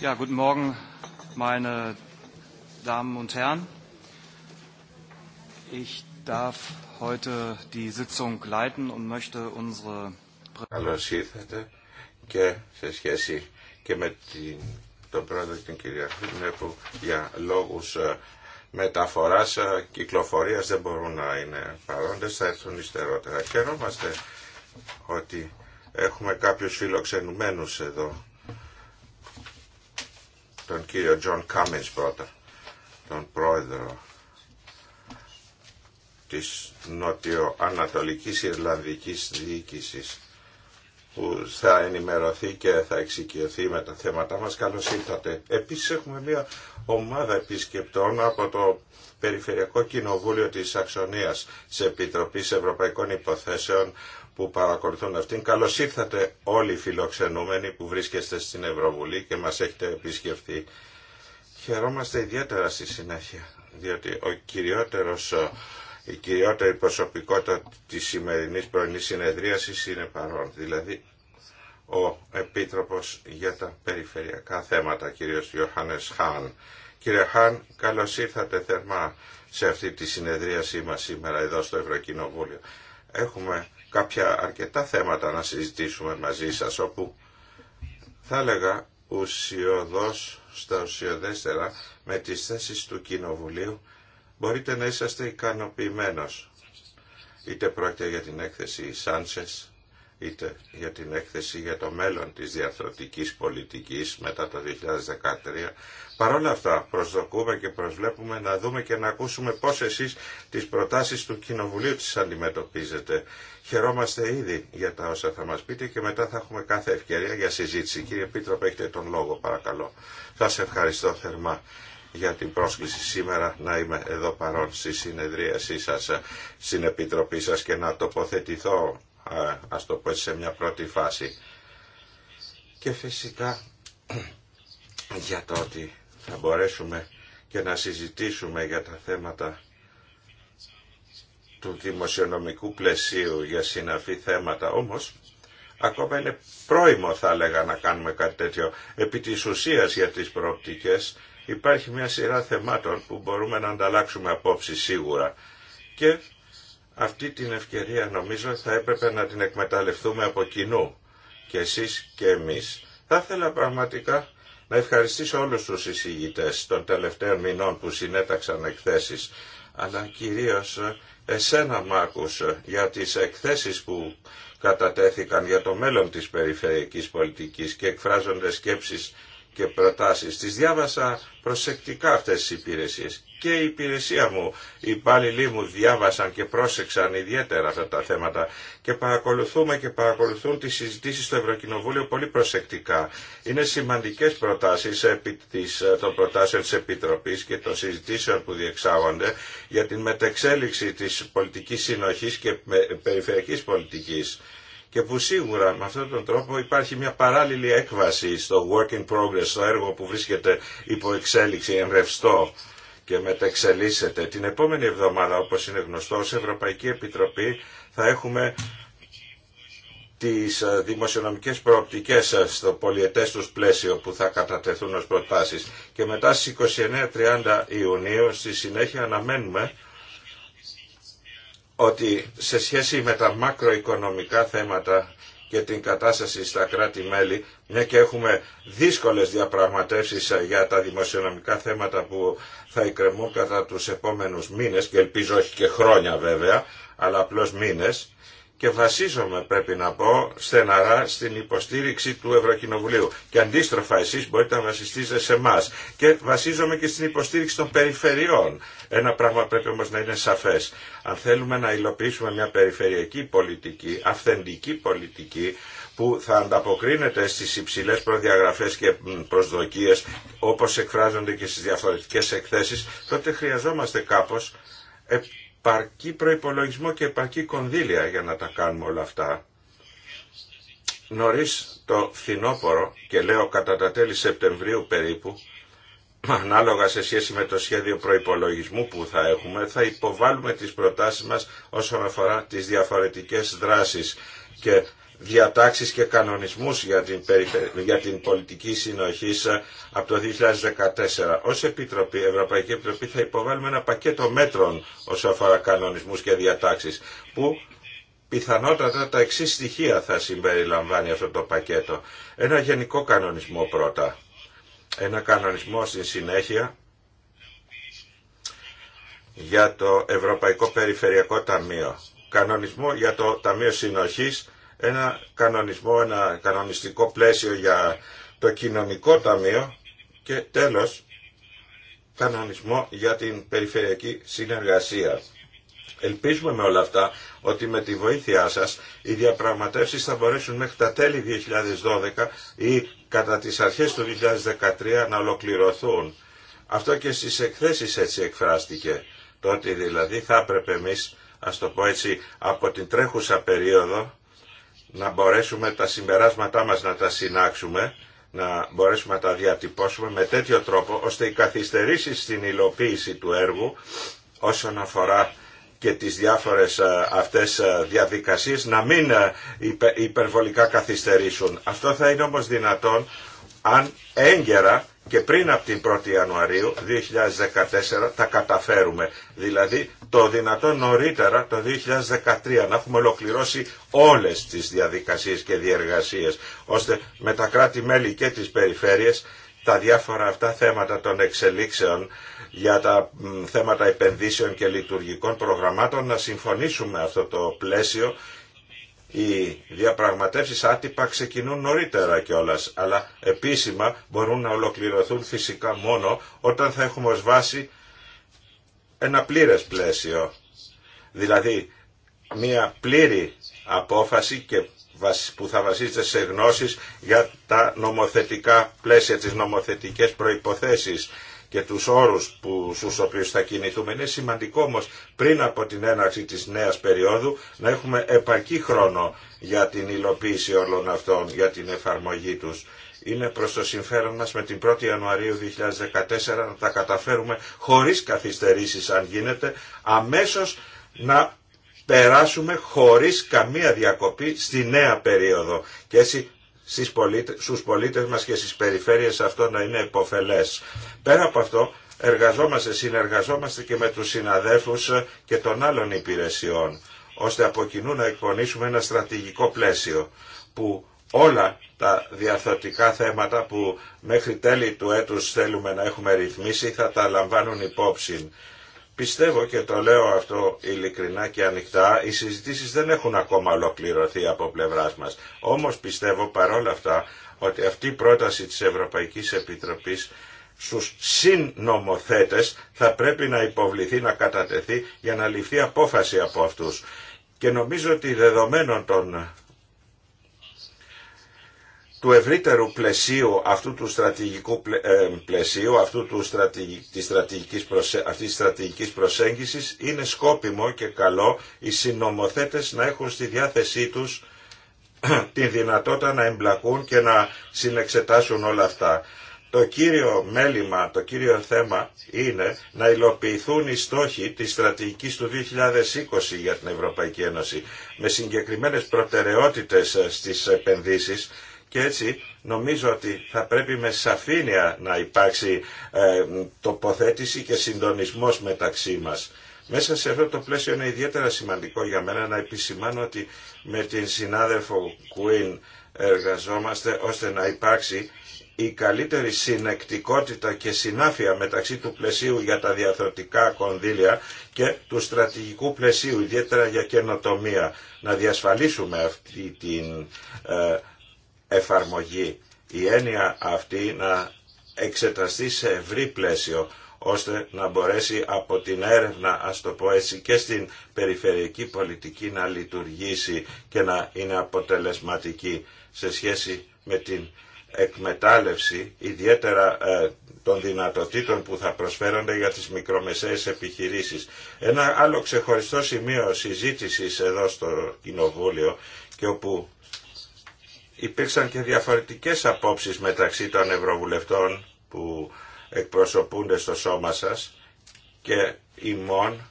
Ja, guten Morgen, meine Damen und Herren. Ich darf heute die Sitzung leiten und möchte unsere Καλώς ήρθατε και σε σχέση και με την, τον πρόεδρο και την κυρία Χρύμνε που για λόγους ε, μεταφοράς ε, κυκλοφορίας δεν μπορούν να είναι παρόντες, θα έρθουν υστερότερα. Χαιρόμαστε ότι έχουμε κάποιους φιλοξενουμένους εδώ τον κύριο Τζον Κάμινς πρώτα, τον πρόεδρο της νοτιοανατολικής Ιρλανδικής Διοίκησης που θα ενημερωθεί και θα εξοικειωθεί με τα θέματά μας. Καλώς ήρθατε. Επίσης έχουμε μια ομάδα επισκεπτών από το Περιφερειακό Κοινοβούλιο της Αξονίας της Επιτροπής Ευρωπαϊκών Υποθέσεων που παρακολουθούν αυτήν. Καλώ ήρθατε όλοι οι φιλοξενούμενοι που βρίσκεστε στην Ευρωβουλή και μα έχετε επισκεφθεί. Χαιρόμαστε ιδιαίτερα στη συνέχεια, διότι ο κυριότερος, η κυριότερη προσωπικότητα της σημερινής πρωινής συνεδρίασης είναι παρόν, δηλαδή ο Επίτροπος για τα Περιφερειακά Θέματα, κύριος Ιωάννης Χάν. Κύριε Χάν, καλώς ήρθατε θερμά σε αυτή τη συνεδρίασή μας σήμερα εδώ στο Ευρωκοινοβούλιο. Έχουμε κάποια αρκετά θέματα να συζητήσουμε μαζί σας, όπου θα έλεγα ουσιοδός στα ουσιοδέστερα με τις θέσεις του Κοινοβουλίου μπορείτε να είσαστε ικανοποιημένος. Είτε πρόκειται για την έκθεση Σάνσες, είτε για την έκθεση για το μέλλον της διαρθρωτικής πολιτικής μετά το 2013. Παρ' όλα αυτά προσδοκούμε και προσβλέπουμε να δούμε και να ακούσουμε πώς εσείς τις προτάσεις του Κοινοβουλίου τις αντιμετωπίζετε. Χαιρόμαστε ήδη για τα όσα θα μας πείτε και μετά θα έχουμε κάθε ευκαιρία για συζήτηση. Κύριε Πίτροπε, έχετε τον λόγο παρακαλώ. Θα Σας ευχαριστώ θερμά για την πρόσκληση σήμερα να είμαι εδώ παρόν στη συνεδρίασή σας, στην Επιτροπή σας και να τοποθετηθώ ας το πω σε μια πρώτη φάση. Και φυσικά για το ότι θα μπορέσουμε και να συζητήσουμε για τα θέματα του δημοσιονομικού πλαισίου για συναφή θέματα. Όμως, ακόμα είναι πρόημο θα έλεγα να κάνουμε κάτι τέτοιο. Επί της ουσίας για τις προοπτικές υπάρχει μια σειρά θεμάτων που μπορούμε να ανταλλάξουμε απόψεις σίγουρα. Και αυτή την ευκαιρία νομίζω θα έπρεπε να την εκμεταλλευτούμε από κοινού και εσείς και εμείς. Θα ήθελα πραγματικά να ευχαριστήσω όλους τους εισηγητές των τελευταίων μηνών που συνέταξαν εκθέσεις, αλλά κυρίως ε, εσένα Μάκους ε, για τις εκθέσεις που κατατέθηκαν για το μέλλον της περιφερειακής πολιτικής και εκφράζονται σκέψεις και προτάσεις. Τις διάβασα προσεκτικά αυτές τις υπηρεσίες και η υπηρεσία μου, οι υπάλληλοι μου διάβασαν και πρόσεξαν ιδιαίτερα αυτά τα θέματα και παρακολουθούμε και παρακολουθούν τις συζητήσεις στο Ευρωκοινοβούλιο πολύ προσεκτικά. Είναι σημαντικές προτάσεις επί της, των προτάσεων της Επιτροπής και των συζητήσεων που διεξάγονται για την μετεξέλιξη της πολιτικής συνοχής και περιφερειακής πολιτικής και που σίγουρα με αυτόν τον τρόπο υπάρχει μια παράλληλη έκβαση στο work in progress, στο έργο που βρίσκεται υπό εξέλιξη, εμρευστό και μετεξελίσσεται. Την επόμενη εβδομάδα, όπως είναι γνωστό, σε Ευρωπαϊκή Επιτροπή θα έχουμε τις ε, δημοσιονομικές προοπτικές ε, στο πολιετές τους πλαίσιο που θα κατατεθούν ως προτάσεις. Και μετά στις 29-30 Ιουνίου, στη συνέχεια αναμένουμε ότι σε σχέση με τα μακροοικονομικά θέματα και την κατάσταση στα κράτη-μέλη, μια και έχουμε δύσκολες διαπραγματεύσεις ε, για τα δημοσιονομικά θέματα που θα εκκρεμούν κατά τους επόμενους μήνες και ελπίζω όχι και χρόνια βέβαια, αλλά απλώς μήνες, και βασίζομαι πρέπει να πω στεναρά στην υποστήριξη του Ευρωκοινοβουλίου και αντίστροφα εσείς μπορείτε να βασιστείτε σε εμά. και βασίζομαι και στην υποστήριξη των περιφερειών. Ένα πράγμα πρέπει όμως να είναι σαφές. Αν θέλουμε να υλοποιήσουμε μια περιφερειακή πολιτική, αυθεντική πολιτική, που θα ανταποκρίνεται στις υψηλές προδιαγραφές και προσδοκίες όπως εκφράζονται και στις διαφορετικές εκθέσεις, τότε χρειαζόμαστε κάπως ε, επαρκή προϋπολογισμό και επαρκή κονδύλια για να τα κάνουμε όλα αυτά. Νωρίς το φθινόπωρο, και λέω κατά τα τέλη Σεπτεμβρίου περίπου, ανάλογα σε σχέση με το σχέδιο προϋπολογισμού που θα έχουμε, θα υποβάλουμε τις προτάσεις μας όσον αφορά τις διαφορετικές δράσεις και διατάξεις και κανονισμούς για την, για την πολιτική συνοχή ε, από το 2014. Ως Επιτροπή, Ευρωπαϊκή Επιτροπή θα υποβάλουμε ένα πακέτο μέτρων όσο αφορά κανονισμούς και διατάξεις που πιθανότατα τα εξή στοιχεία θα συμπεριλαμβάνει αυτό το πακέτο. Ένα γενικό κανονισμό πρώτα. Ένα κανονισμό στην συνέχεια για το Ευρωπαϊκό Περιφερειακό Ταμείο. Κανονισμό για το Ταμείο Συνοχής ένα κανονισμό, ένα κανονιστικό πλαίσιο για το κοινωνικό ταμείο και τέλος κανονισμό για την περιφερειακή συνεργασία. Ελπίζουμε με όλα αυτά ότι με τη βοήθειά σας οι διαπραγματεύσεις θα μπορέσουν μέχρι τα τέλη 2012 ή κατά τις αρχές του 2013 να ολοκληρωθούν. Αυτό και στις εκθέσεις έτσι εκφράστηκε. Το ότι δηλαδή θα έπρεπε εμείς, ας το πω έτσι, από την τρέχουσα περίοδο να μπορέσουμε τα συμπεράσματά μας να τα συνάξουμε, να μπορέσουμε να τα διατυπώσουμε με τέτοιο τρόπο, ώστε οι καθυστερήσει στην υλοποίηση του έργου όσον αφορά και τις διάφορες αυτές διαδικασίες να μην υπερβολικά καθυστερήσουν. Αυτό θα είναι όμως δυνατόν αν έγκαιρα και πριν από την 1η Ιανουαρίου 2014 τα καταφέρουμε. Δηλαδή το δυνατόν νωρίτερα το 2013 να έχουμε ολοκληρώσει όλες τις διαδικασίες και διεργασίες ώστε με τα κράτη-μέλη και τις περιφέρειες τα διάφορα αυτά θέματα των εξελίξεων για τα θέματα επενδύσεων και λειτουργικών προγραμμάτων να συμφωνήσουμε αυτό το πλαίσιο οι διαπραγματεύσεις άτυπα ξεκινούν νωρίτερα κιόλα, αλλά επίσημα μπορούν να ολοκληρωθούν φυσικά μόνο όταν θα έχουμε ως βάση ένα πλήρες πλαίσιο. Δηλαδή, μια πλήρη απόφαση και που θα βασίζεται σε γνώσεις για τα νομοθετικά πλαίσια, τις νομοθετικές προϋποθέσεις και τους όρους που, στους οποίους θα κινηθούμε. Είναι σημαντικό όμως πριν από την έναρξη της νέας περίοδου να έχουμε επαρκή χρόνο για την υλοποίηση όλων αυτών, για την εφαρμογή τους. Είναι προς το συμφέρον μας με την 1η Ιανουαρίου 2014 να τα καταφέρουμε χωρίς καθυστερήσεις αν γίνεται, αμέσως να περάσουμε χωρίς καμία διακοπή στη νέα περίοδο και έτσι στις πολίτες, στους πολίτες μας και στις περιφέρειες αυτό να είναι υποφελές. Πέρα από αυτό εργαζόμαστε, συνεργαζόμαστε και με τους συναδέλφους και των άλλων υπηρεσιών ώστε από κοινού να εκπονήσουμε ένα στρατηγικό πλαίσιο που όλα τα διαρθωτικά θέματα που μέχρι τέλη του έτους θέλουμε να έχουμε ρυθμίσει θα τα λαμβάνουν υπόψη Πιστεύω και το λέω αυτό ειλικρινά και ανοιχτά, οι συζητήσεις δεν έχουν ακόμα ολοκληρωθεί από πλευράς μας. Όμως πιστεύω παρόλα αυτά ότι αυτή η πρόταση της Ευρωπαϊκής Επιτροπής στους συνομοθέτες θα πρέπει να υποβληθεί, να κατατεθεί για να ληφθεί απόφαση από αυτούς. Και νομίζω ότι δεδομένων των του ευρύτερου πλαισίου αυτού του στρατηγικού ε, πλαισίου, αυτού του στρατηγικής αυτής της στρατηγικής προσέγγισης είναι σκόπιμο και καλό οι συνομοθέτες να έχουν στη διάθεσή τους την δυνατότητα να εμπλακούν και να συνεξετάσουν όλα αυτά. Το κύριο μέλημα, το κύριο θέμα είναι να υλοποιηθούν οι στόχοι της στρατηγικής του 2020 για την Ευρωπαϊκή Ένωση με συγκεκριμένες προτεραιότητες ε, στις επενδύσεις και έτσι νομίζω ότι θα πρέπει με σαφήνεια να υπάρξει ε, τοποθέτηση και συντονισμός μεταξύ μας. Μέσα σε αυτό το πλαίσιο είναι ιδιαίτερα σημαντικό για μένα να επισημάνω ότι με την συνάδελφο Κουίν εργαζόμαστε ώστε να υπάρξει η καλύτερη συνεκτικότητα και συνάφεια μεταξύ του πλαισίου για τα διαθροτικά κονδύλια και του στρατηγικού πλαισίου, ιδιαίτερα για καινοτομία. Να διασφαλίσουμε αυτή την ε, εφαρμογή. Η έννοια αυτή να εξεταστεί σε ευρύ πλαίσιο ώστε να μπορέσει από την έρευνα, και στην περιφερειακή πολιτική να λειτουργήσει και να είναι αποτελεσματική σε σχέση με την εκμετάλλευση ιδιαίτερα ε, των δυνατοτήτων που θα προσφέρονται για τις μικρομεσαίες επιχειρήσεις. Ένα άλλο ξεχωριστό σημείο συζήτησης εδώ στο Κοινοβούλιο και όπου υπήρξαν και διαφορετικές απόψεις μεταξύ των ευρωβουλευτών που εκπροσωπούνται στο σώμα σας και ημών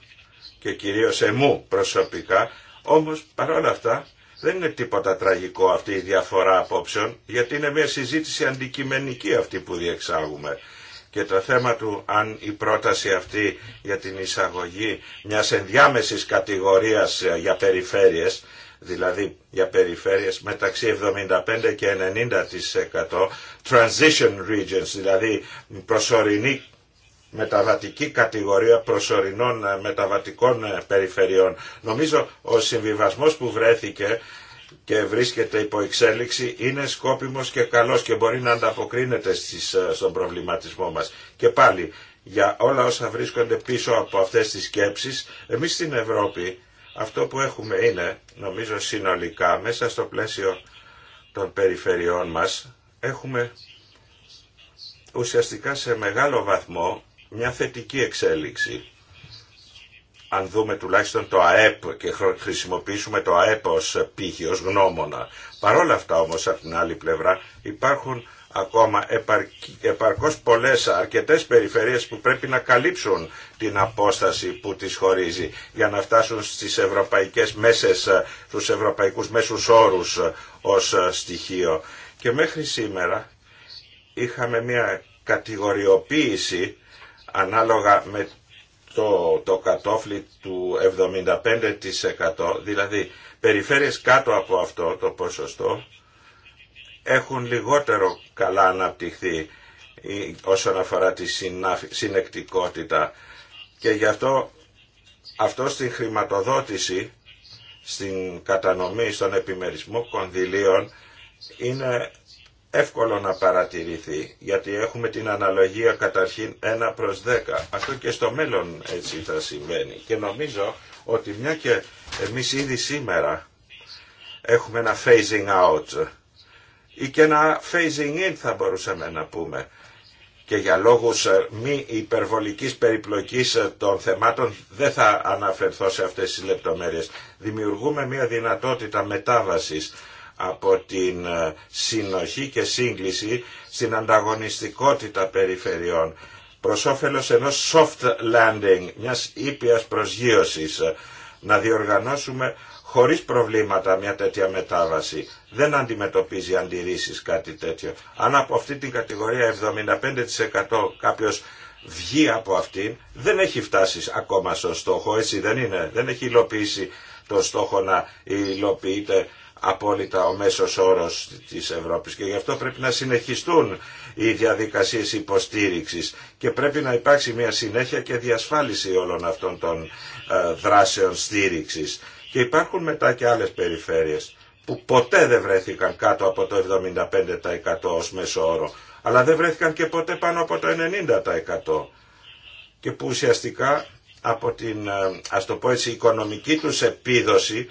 και κυρίως εμού προσωπικά, όμως παρόλα αυτά δεν είναι τίποτα τραγικό αυτή η διαφορά απόψεων, γιατί είναι μια συζήτηση αντικειμενική αυτή που διεξάγουμε. Και το θέμα του αν η πρόταση αυτή για την εισαγωγή μιας ενδιάμεσης κατηγορίας για περιφέρειες δηλαδή για περιφέρειες μεταξύ 75 και 90% transition regions, δηλαδή προσωρινή μεταβατική κατηγορία προσωρινών ε, μεταβατικών ε, περιφερειών. Νομίζω ο συμβιβασμός που βρέθηκε και βρίσκεται υπό εξέλιξη είναι σκόπιμος και καλός και μπορεί να ανταποκρίνεται στις, ε, στον προβληματισμό μας. Και πάλι, για όλα όσα βρίσκονται πίσω από αυτές τις σκέψεις, εμείς στην Ευρώπη αυτό που έχουμε είναι, νομίζω συνολικά, μέσα στο πλαίσιο των περιφερειών μας, έχουμε ουσιαστικά σε μεγάλο βαθμό μια θετική εξέλιξη. Αν δούμε τουλάχιστον το ΑΕΠ και χρησιμοποιήσουμε το ΑΕΠ ως πύχη, ως γνώμονα. Παρόλα αυτά όμως από την άλλη πλευρά υπάρχουν ακόμα επαρκώς πολλές αρκετές περιφερειές που πρέπει να καλύψουν την απόσταση που τις χωρίζει για να φτάσουν στις ευρωπαϊκές μέσες, στους ε, ευρωπαϊκούς μέσους όρους ε, ως ε, στοιχείο. Και μέχρι σήμερα είχαμε μια κατηγοριοποίηση ανάλογα με το, το κατόφλι του 75%, δηλαδή περιφέρειες κάτω από αυτό το ποσοστό έχουν λιγότερο καλά αναπτυχθεί όσον αφορά τη συνεκτικότητα και γι' αυτό αυτό στην χρηματοδότηση, στην κατανομή, στον επιμερισμό κονδυλίων είναι εύκολο να παρατηρηθεί γιατί έχουμε την αναλογία καταρχήν 1 προς 10. Αυτό και στο μέλλον έτσι θα συμβαίνει και νομίζω ότι μια και εμείς ήδη σήμερα έχουμε ένα phasing out ή και ένα phasing in θα μπορούσαμε να πούμε και για λόγους ε, μη υπερβολικής περιπλοκής ε, των θεμάτων δεν θα αναφερθώ σε αυτές τις λεπτομέρειες. Δημιουργούμε μια δυνατότητα μετάβασης από την ε, συνοχή και σύγκληση στην ανταγωνιστικότητα περιφερειών προς όφελος ενός soft landing, μιας ήπιας προσγείωσης, να διοργανώσουμε χωρίς προβλήματα μια τέτοια μετάβαση. Δεν αντιμετωπίζει αντιρρήσεις κάτι τέτοιο. Αν από αυτή την κατηγορία 75% κάποιος βγει από αυτήν, δεν έχει φτάσει ακόμα στον στόχο, έτσι δεν είναι. Δεν έχει υλοποιήσει τον στόχο να υλοποιείται απόλυτα ο μέσος όρος της Ευρώπης και γι' αυτό πρέπει να συνεχιστούν οι διαδικασίες υποστήριξης και πρέπει να υπάρξει μια συνέχεια και διασφάλιση όλων αυτών των ε, δράσεων στήριξης. Και υπάρχουν μετά και άλλες περιφέρειες που ποτέ δεν βρέθηκαν κάτω από το 75% ως μέσο όρο, αλλά δεν βρέθηκαν και ποτέ πάνω από το 90% και που ουσιαστικά από την, ε, ας το πω έτσι, οικονομική τους επίδοση,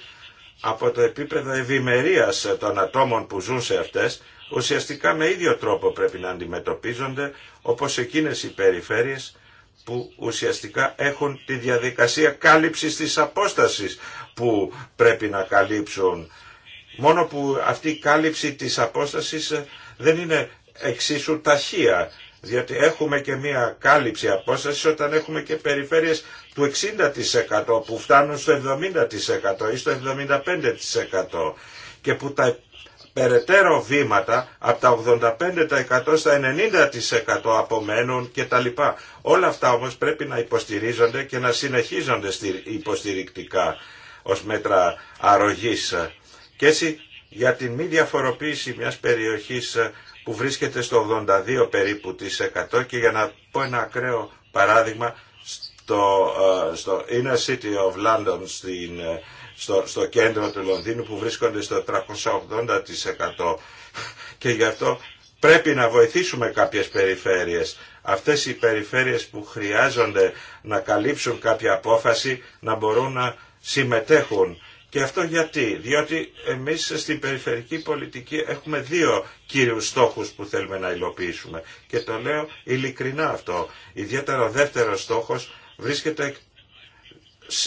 από το επίπεδο ευημερία των ατόμων που ζουν σε αυτές, ουσιαστικά με ίδιο τρόπο πρέπει να αντιμετωπίζονται, όπως εκείνες οι περιφέρειες που ουσιαστικά έχουν τη διαδικασία κάλυψης της απόστασης που πρέπει να καλύψουν. Μόνο που αυτή η κάλυψη της απόστασης ε, δεν είναι εξίσου ταχεία, διότι έχουμε και μία κάλυψη απόστασης όταν έχουμε και περιφέρειες του 60% που φτάνουν στο 70% ή στο 75% και που τα περαιτέρω βήματα από τα 85% στα 90% απομένουν κτλ. Όλα αυτά όμως πρέπει να υποστηρίζονται και να συνεχίζονται υποστηρικτικά ως μέτρα αρρωγής. Και έτσι για την μη διαφοροποίηση μιας περιοχής που βρίσκεται στο 82 περίπου της 100 και για να πω ένα ακραίο παράδειγμα στο, ε, στο Inner City of London στην ε, στο, στο κέντρο του Λονδίνου που βρίσκονται στο 380% και γι' αυτό πρέπει να βοηθήσουμε κάποιες περιφέρειες. Αυτές οι περιφέρειες που χρειάζονται να καλύψουν κάποια απόφαση να μπορούν να συμμετέχουν. Και αυτό γιατί, διότι εμείς στην περιφερική πολιτική έχουμε δύο κύριους στόχους που θέλουμε να υλοποιήσουμε. Και το λέω ειλικρινά αυτό. Ιδιαίτερα ο δεύτερος στόχος βρίσκεται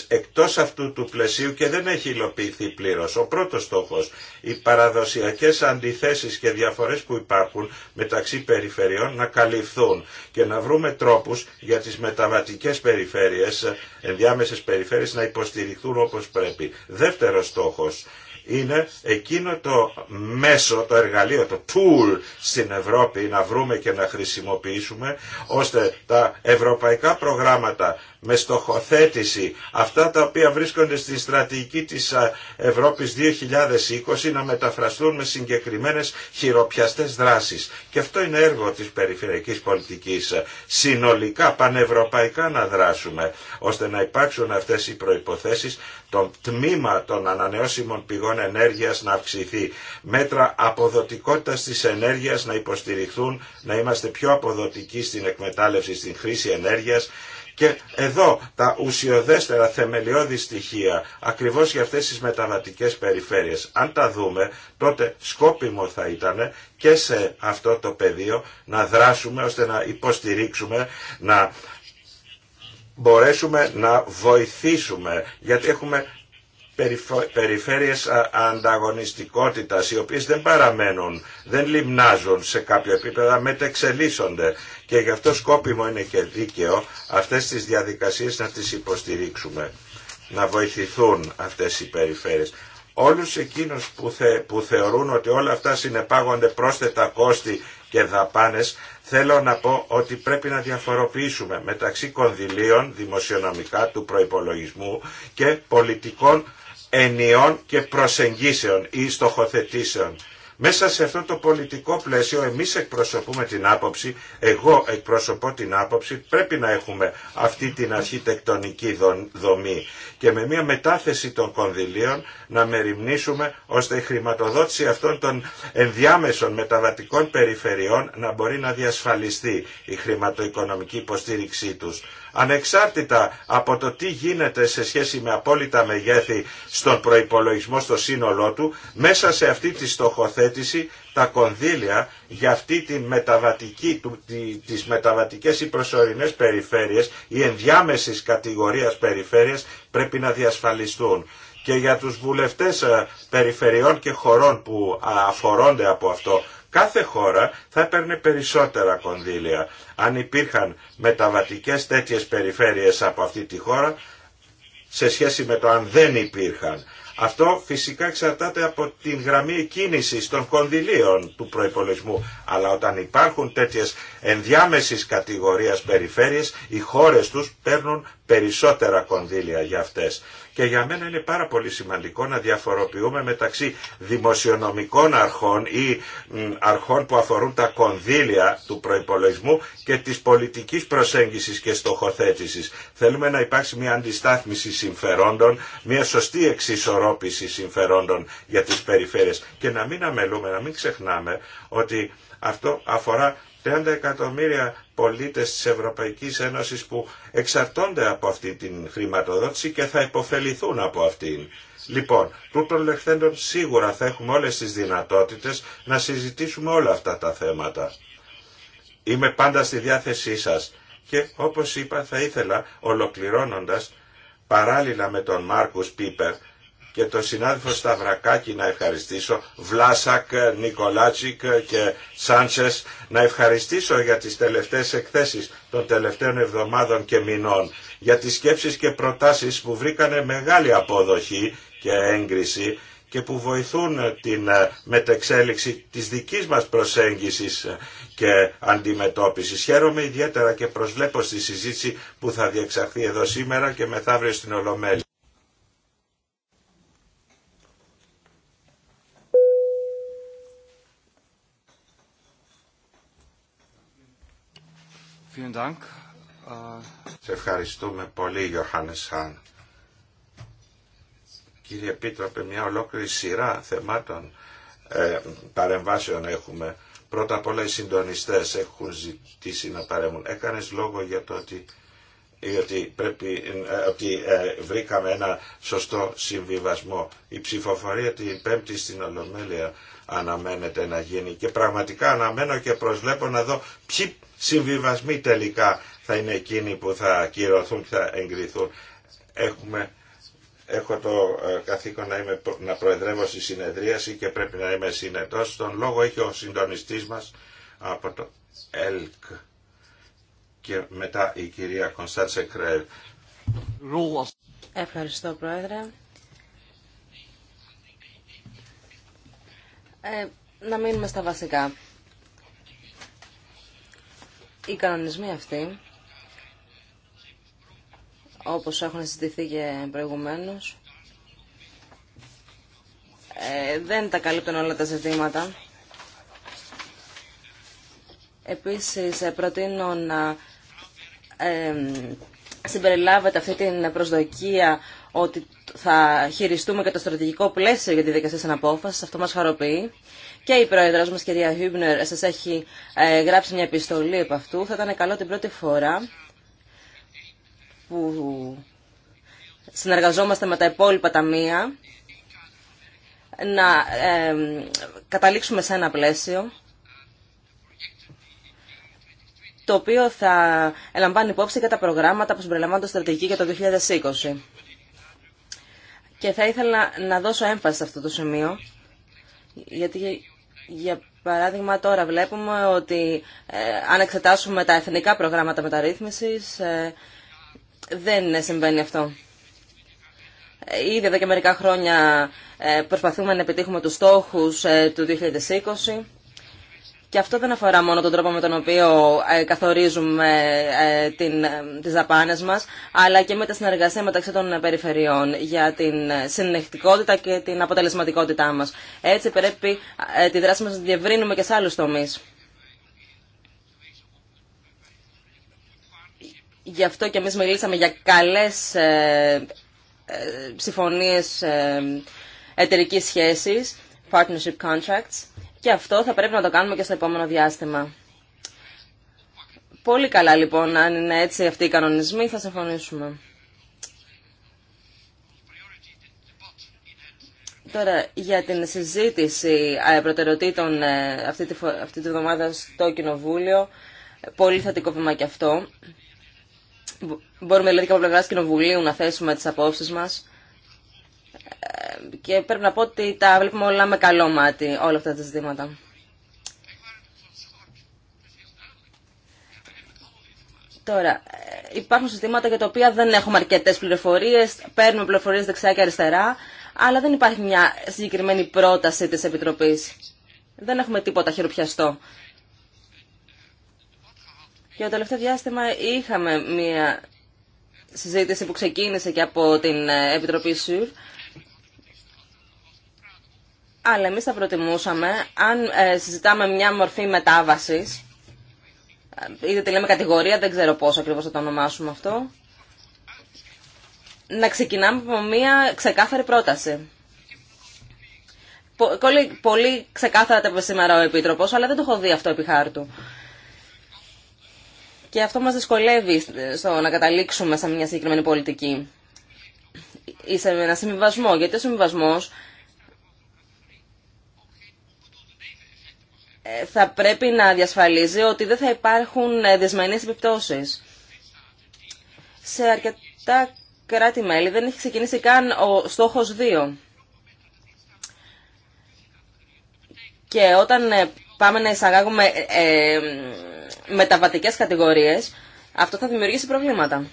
εκτός αυτού του πλαισίου και δεν έχει υλοποιηθεί πλήρως. Ο πρώτος στόχος, οι παραδοσιακές αντιθέσεις και διαφορές που υπάρχουν μεταξύ περιφερειών να καλυφθούν και να βρούμε τρόπους για τις μεταβατικές περιφέρειες, ενδιάμεσες περιφέρειες να υποστηριχθούν όπως πρέπει. Δεύτερος στόχος, είναι εκείνο το μέσο, το εργαλείο, το tool στην Ευρώπη να βρούμε και να χρησιμοποιήσουμε ώστε τα ευρωπαϊκά προγράμματα με στοχοθέτηση αυτά τα οποία βρίσκονται στη στρατηγική της Ευρώπης 2020 να μεταφραστούν με συγκεκριμένες χειροπιαστές δράσεις. Και αυτό είναι έργο της περιφερειακής πολιτικής. Συνολικά, πανευρωπαϊκά να δράσουμε, ώστε να υπάρξουν αυτές οι προϋποθέσεις το τμήμα των ανανεώσιμων πηγών ενέργειας να αυξηθεί. Μέτρα αποδοτικότητας της ενέργειας να υποστηριχθούν, να είμαστε πιο αποδοτικοί στην εκμετάλλευση, στην χρήση ενέργειας και εδώ τα ουσιοδέστερα θεμελιώδη στοιχεία ακριβώς για αυτές τις μετανατικές περιφέρειες. Αν τα δούμε τότε σκόπιμο θα ήταν και σε αυτό το πεδίο να δράσουμε ώστε να υποστηρίξουμε, να μπορέσουμε να βοηθήσουμε γιατί έχουμε περιφέρειες ανταγωνιστικότητας οι οποίες δεν παραμένουν, δεν λιμνάζουν σε κάποιο επίπεδο, μετεξελίσσονται και γι' αυτό σκόπιμο είναι και δίκαιο αυτές τις διαδικασίες να τις υποστηρίξουμε, να βοηθηθούν αυτές οι περιφέρειες. Όλους εκείνους που, θε, που θεωρούν ότι όλα αυτά συνεπάγονται πρόσθετα κόστη και δαπάνες, θέλω να πω ότι πρέπει να διαφοροποιήσουμε μεταξύ κονδυλίων δημοσιονομικά του προϋπολογισμού και πολιτικών ενιών και προσεγγίσεων ή στοχοθετήσεων. Μέσα σε αυτό το πολιτικό πλαίσιο εμείς εκπροσωπούμε την άποψη, εγώ εκπροσωπώ την άποψη, πρέπει να έχουμε αυτή την αρχιτεκτονική δομή και με μια μετάθεση των κονδυλίων να μεριμνήσουμε ώστε η χρηματοδότηση αυτών των ενδιάμεσων μεταβατικών περιφερειών να μπορεί να διασφαλιστεί η χρηματοοικονομική υποστήριξή τους ανεξάρτητα από το τι γίνεται σε σχέση με απόλυτα μεγέθη στον προϋπολογισμό στο σύνολό του, μέσα σε αυτή τη στοχοθέτηση τα κονδύλια για αυτή τη μεταβατική, τις μεταβατικές ή προσωρινές περιφέρειες ή ενδιάμεσης κατηγορίας περιφέρειες πρέπει να διασφαλιστούν και για τους βουλευτές ε, περιφερειών και χωρών που αφορώνται από αυτό Κάθε χώρα θα έπαιρνε περισσότερα κονδύλια. Αν υπήρχαν μεταβατικές τέτοιες περιφέρειες από αυτή τη χώρα, σε σχέση με το αν δεν υπήρχαν. Αυτό φυσικά εξαρτάται από την γραμμή κίνησης των κονδυλίων του προπολογισμού. Αλλά όταν υπάρχουν τέτοιες ενδιάμεση κατηγορία περιφέρειες, οι χώρε του παίρνουν περισσότερα κονδύλια για αυτέ. Και για μένα είναι πάρα πολύ σημαντικό να διαφοροποιούμε μεταξύ δημοσιονομικών αρχών ή αρχών που αφορούν τα κονδύλια του προπολογισμού και τη πολιτική προσέγγιση και στοχοθέτηση. Θέλουμε να υπάρξει μια αντιστάθμιση συμφερόντων, μια σωστή εξισορρόπηση εξισορρόπηση συμφερόντων για τις περιφέρειες. Και να μην αμελούμε, να μην ξεχνάμε ότι αυτό αφορά 30 εκατομμύρια πολίτες της Ευρωπαϊκής Ένωσης που εξαρτώνται από αυτή την χρηματοδότηση και θα υποφεληθούν από αυτήν. Λοιπόν, τούτων λεχθέντων σίγουρα θα έχουμε όλες τις δυνατότητες να συζητήσουμε όλα αυτά τα θέματα. Είμαι πάντα στη διάθεσή σας και όπως είπα θα ήθελα ολοκληρώνοντας παράλληλα με τον Μάρκους Πίπερ και τον συνάδελφο Σταυρακάκη να ευχαριστήσω, Βλάσακ, Νικολάτσικ και Σάντσες, να ευχαριστήσω για τις τελευταίες εκθέσεις των τελευταίων εβδομάδων και μηνών, για τις σκέψεις και προτάσεις που βρήκανε μεγάλη αποδοχή και έγκριση και που βοηθούν την ε, μετεξέλιξη της δικής μας προσέγγισης και αντιμετώπισης. Χαίρομαι ιδιαίτερα και προσβλέπω στη συζήτηση που θα διεξαχθεί εδώ σήμερα και μεθαύριο στην Ολομέλη. Σε ευχαριστούμε πολύ, Γιωχάνες Χάν. Κύριε Επίτροπε, μια ολόκληρη σειρά θεμάτων ε, παρεμβάσεων έχουμε. Πρώτα απ' όλα οι συντονιστές έχουν ζητήσει να παρέμουν. Έκανες λόγο για το ότι πρέπει, ε, ότι ε, βρήκαμε ένα σωστό συμβιβασμό. Η ψηφοφορία την Πέμπτη στην Ολομέλεια αναμένεται να γίνει και πραγματικά αναμένω και προσβλέπω να δω ποιοι συμβιβασμοί τελικά θα είναι εκείνοι που θα κυρωθούν και θα εγκριθούν. Έχουμε έχω το ε, καθήκον να, είμαι, να προεδρεύω στη συνεδρίαση και πρέπει να είμαι συνετός. Τον λόγο έχει ο συντονιστής μας από το ΕΛΚ και μετά η κυρία Κωνσταντσε Κρέλ. Ευχαριστώ Πρόεδρε. Ε, να μείνουμε στα βασικά. Οι κανονισμοί αυτοί, όπως έχουν συζητηθεί και προηγουμένως, ε, δεν τα καλύπτουν όλα τα ζητήματα. Επίσης, ε, προτείνω να ε, συμπεριλάβετε αυτή την προσδοκία ότι θα χειριστούμε και το στρατηγικό πλαίσιο για τη δικασία της απόφαση. Αυτό μας χαροποιεί και η πρόεδρο μας, κυρία Χίμπνερ, σα έχει ε, γράψει μια επιστολή από αυτού. Θα ήταν καλό την πρώτη φορά που συνεργαζόμαστε με τα υπόλοιπα ταμεία να καταλήξουμε σε ένα πλαίσιο το οποίο θα ελαμβάνει υπόψη και τα προγράμματα που συμπεριλαμβάνονται στρατηγική για το 2020. Και θα ήθελα να δώσω έμφαση σε αυτό το σημείο, γιατί για παράδειγμα, τώρα βλέπουμε ότι ε, αν εξετάσουμε τα εθνικά προγράμματα μεταρρύθμισης, ε, δεν συμβαίνει αυτό. Ε, ήδη εδώ και μερικά χρόνια ε, προσπαθούμε να επιτύχουμε τους στόχους του 2020 και αυτό δεν αφορά μόνο τον τρόπο με τον οποίο ε, καθορίζουμε ε, ε, τις δαπάνες μας, αλλά και με τα συνεργασία μεταξύ των περιφερειών για την συνεχτικότητα και την αποτελεσματικότητά μας. Έτσι πρέπει τη δράση μας να διευρύνουμε και σε άλλους τομείς. Γι' αυτό και εμείς μιλήσαμε για καλές συμφωνίες εταιρικής σχέσης, partnership contracts, και αυτό θα πρέπει να το κάνουμε και στο επόμενο διάστημα. Πολύ καλά λοιπόν, αν είναι έτσι αυτοί οι κανονισμοί θα συμφωνήσουμε. Τώρα, για την συζήτηση ε, προτεραιοτήτων ε, αυτή τη, αυτή τη βδομάδα στο Κοινοβούλιο, πολύ θετικό βήμα και αυτό. Μπορούμε δηλαδή από πλευρά Κοινοβουλίου να θέσουμε τις απόψεις μας και πρέπει να πω ότι τα βλέπουμε όλα με καλό μάτι όλα αυτά τα ζητήματα. Τώρα, υπάρχουν συστήματα για τα οποία δεν έχουμε αρκετές πληροφορίες, παίρνουμε πληροφορίες δεξιά και αριστερά, αλλά δεν υπάρχει μια συγκεκριμένη πρόταση της Επιτροπής. Δεν έχουμε τίποτα χειροπιαστό. Και το τελευταίο διάστημα είχαμε μια συζήτηση που ξεκίνησε και από την Επιτροπή ΣΥΡ, αλλά εμείς θα προτιμούσαμε, αν ε, συζητάμε μια μορφή μετάβασης, ε, είτε τη λέμε κατηγορία, δεν ξέρω πώς ακριβώς θα το ονομάσουμε αυτό, να ξεκινάμε από μια ξεκάθαρη πρόταση. Πολύ, πολύ ξεκάθαρα τα σήμερα ο Επίτροπος, αλλά δεν το έχω δει αυτό επί χάρτου. Και αυτό μας δυσκολεύει στο να καταλήξουμε σε μια συγκεκριμένη πολιτική ή σε ένα συμβιβασμό, γιατί ο συμβιβασμός Ε, θα πρέπει να διασφαλίζει ότι δεν θα υπάρχουν ε, δεσμενείς επιπτώσεις. Σε αρκετά κράτη-μέλη δεν έχει ξεκινήσει καν ο στόχος 2. Και όταν ε, πάμε να εισαγάγουμε ε, μεταβατικές κατηγορίες, αυτό θα δημιουργήσει προβλήματα.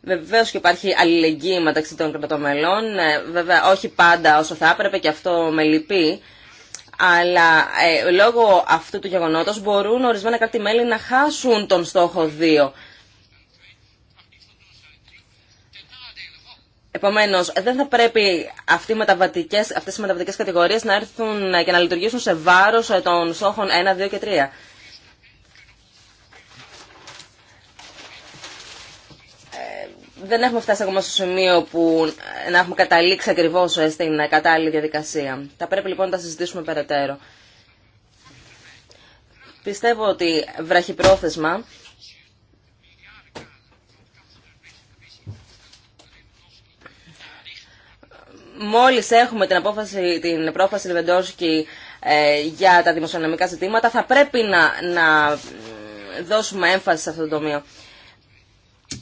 Βεβαίως και υπάρχει αλληλεγγύη μεταξύ των κρατομελών. βέβαια όχι πάντα όσο θα έπρεπε και αυτό με λυπεί, αλλά ε, λόγω αυτού του γεγονότος μπορούν ορισμένα κράτη μέλη να χάσουν τον στόχο 2. Επομένω, δεν θα πρέπει αυτοί οι μεταβατικές, αυτές οι μεταβατικές κατηγορίες να έρθουν και να λειτουργήσουν σε βάρος ε, των στόχων 1, 2 και 3. δεν έχουμε φτάσει ακόμα στο σημείο που να έχουμε καταλήξει ακριβώ ε, στην κατάλληλη διαδικασία. Θα πρέπει λοιπόν να τα συζητήσουμε περαιτέρω. Πιστεύω ότι βραχυπρόθεσμα μόλις έχουμε την, απόφαση, την πρόφαση Λεβεντόσκη ε, για τα δημοσιονομικά ζητήματα θα πρέπει να, να δώσουμε έμφαση σε αυτό το τομείο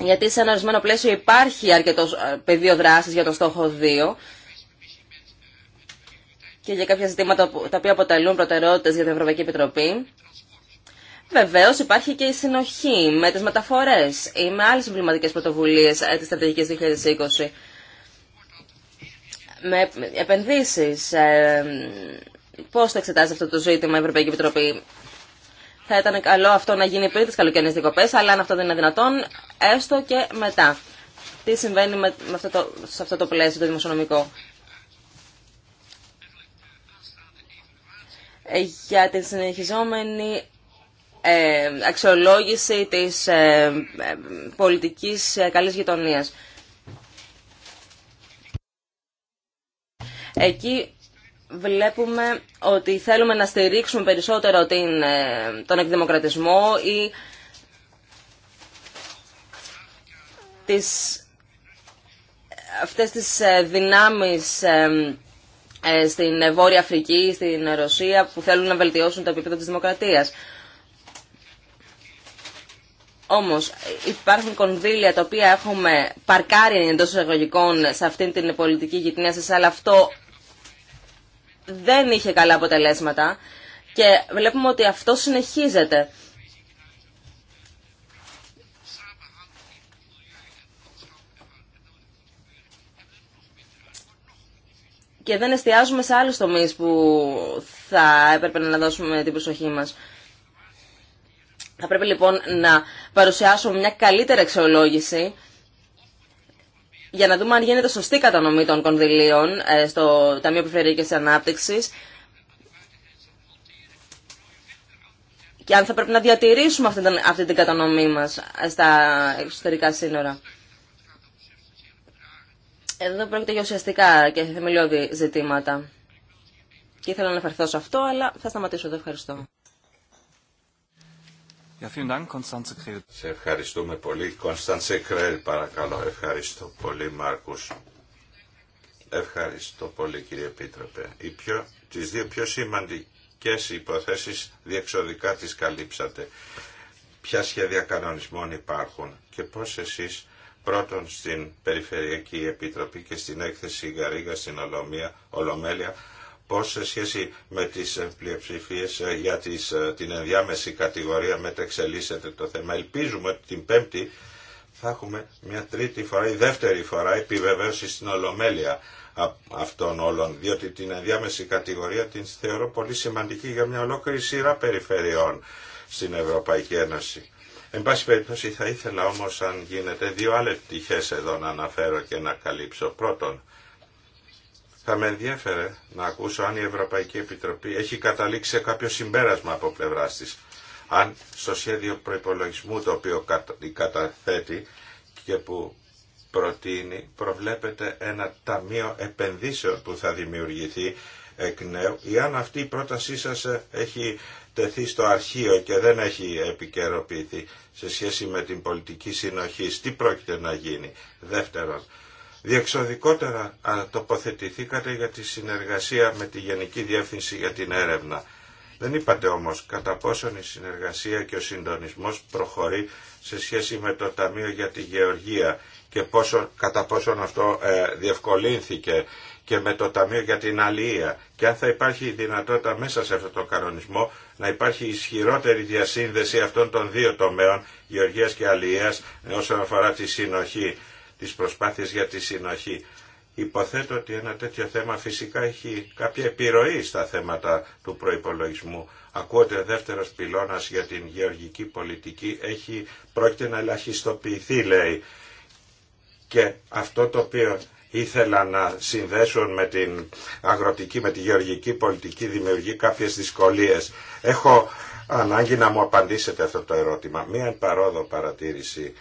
γιατί σε ένα ορισμένο πλαίσιο υπάρχει αρκετό ε, πεδίο δράση για τον στόχο 2 και για κάποια ζητήματα τα οποία αποτελούν προτεραιότητε για την Ευρωπαϊκή Επιτροπή. Βεβαίω υπάρχει και η συνοχή με τι μεταφορέ ή με άλλε εμβληματικέ πρωτοβουλίε ε, τη στρατηγική 2020. Με επενδύσει. Ε, Πώ θα εξετάζει αυτό το ζήτημα η Ευρωπαϊκή Επιτροπή. Θα ήταν καλό αυτό να γίνει πριν τι καλοκαιρινέ δικοπέ, αλλά αν αυτό δεν είναι δυνατόν, έστω και μετά. Τι συμβαίνει με, αυτό το, σε αυτό το πλαίσιο το δημοσιονομικό. Ε, για την συνεχιζόμενη ε, αξιολόγηση της ε, ε, πολιτικής ε, καλής γειτονίας. Εκεί βλέπουμε ότι θέλουμε να στηρίξουμε περισσότερο την, ε, τον εκδημοκρατισμό ή τις, αυτές τις ε, δυνάμεις ε, στην Βόρεια Αφρική, στην Ρωσία που θέλουν να βελτιώσουν το επίπεδο της δημοκρατίας. Όμως υπάρχουν κονδύλια τα οποία έχουμε παρκάρει εντός εισαγωγικών σε αυτήν την πολιτική γειτονία αλλά αυτό δεν είχε καλά αποτελέσματα και βλέπουμε ότι αυτό συνεχίζεται. και δεν εστιάζουμε σε άλλους τομείς που θα έπρεπε να δώσουμε την προσοχή μας. Θα πρέπει λοιπόν να παρουσιάσουμε μια καλύτερη αξιολόγηση για να δούμε αν γίνεται σωστή κατανομή των κονδυλίων ε, στο Ταμείο Περιφερειακής Ανάπτυξης και αν θα πρέπει να διατηρήσουμε αυτή την, αυτή την κατανομή μας ε, στα εξωτερικά σύνορα. Εδώ πρόκειται για ουσιαστικά και θεμελιώδη ζητήματα. Και ήθελα να αναφερθώ σε αυτό, αλλά θα σταματήσω εδώ. Ευχαριστώ. Σε ευχαριστούμε πολύ. Κωνσταντσε Κρέλ, παρακαλώ. Ευχαριστώ πολύ, Μάρκους. Ευχαριστώ πολύ, κύριε Επίτροπε. Οι τις δύο πιο σημαντικές υποθέσεις διεξοδικά τις καλύψατε. Ποια σχέδια κανονισμών υπάρχουν και πώς εσείς πρώτον στην Περιφερειακή Επιτροπή και στην έκθεση Γαρίγα στην Ολομία, Ολομέλεια πώς σε σχέση με τις ε, πλειοψηφίες ε, για ε, την ενδιάμεση κατηγορία μετεξελίσσεται το θέμα. Ελπίζουμε ότι την Πέμπτη θα έχουμε μια τρίτη φορά ή δεύτερη φορά επιβεβαίωση στην Ολομέλεια αυτών όλων, διότι την ενδιάμεση κατηγορία την θεωρώ πολύ σημαντική για μια ολόκληρη σειρά περιφερειών στην Ευρωπαϊκή Ένωση. Εν πάση περιπτώσει θα ήθελα όμως αν γίνεται δύο άλλες πτυχές εδώ να αναφέρω και να καλύψω. Πρώτον, θα με ενδιαφέρε να ακούσω αν η Ευρωπαϊκή Επιτροπή έχει καταλήξει σε κάποιο συμπέρασμα από πλευρά τη. Αν στο σχέδιο προπολογισμού το οποίο καταθέτει και που προτείνει, προβλέπεται ένα ταμείο επενδύσεων που θα δημιουργηθεί εκ νέου ή αν αυτή η πρότασή σας ε, έχει τεθεί στο αρχείο και δεν έχει επικαιροποιηθεί σε σχέση με την πολιτική συνοχή. Τι πρόκειται να γίνει. Δεύτερον, Διεξοδικότερα τοποθετηθήκατε για τη συνεργασία με τη Γενική Διεύθυνση για την Έρευνα. Δεν είπατε όμως κατά πόσον η συνεργασία και ο συντονισμός προχωρεί σε σχέση με το Ταμείο για τη Γεωργία και πόσο, κατά πόσον αυτό ε, διευκολύνθηκε και με το Ταμείο για την Αλληλεία και αν θα υπάρχει η δυνατότητα μέσα σε αυτό το κανονισμό να υπάρχει ισχυρότερη διασύνδεση αυτών των δύο τομέων, Γεωργίας και Αλίας, όσον αφορά τη συνοχή τις προσπάθειες για τη συνοχή. Υποθέτω ότι ένα τέτοιο θέμα φυσικά έχει κάποια επιρροή στα θέματα του προϋπολογισμού. Ακούω ότι ο δεύτερος πυλώνας για την γεωργική πολιτική έχει, πρόκειται να ελαχιστοποιηθεί λέει. Και αυτό το οποίο ήθελα να συνδέσουν με την αγροτική, με τη γεωργική πολιτική δημιουργεί κάποιες δυσκολίες. Έχω ανάγκη να μου απαντήσετε αυτό το ερώτημα. Μία παρόδο παρατήρηση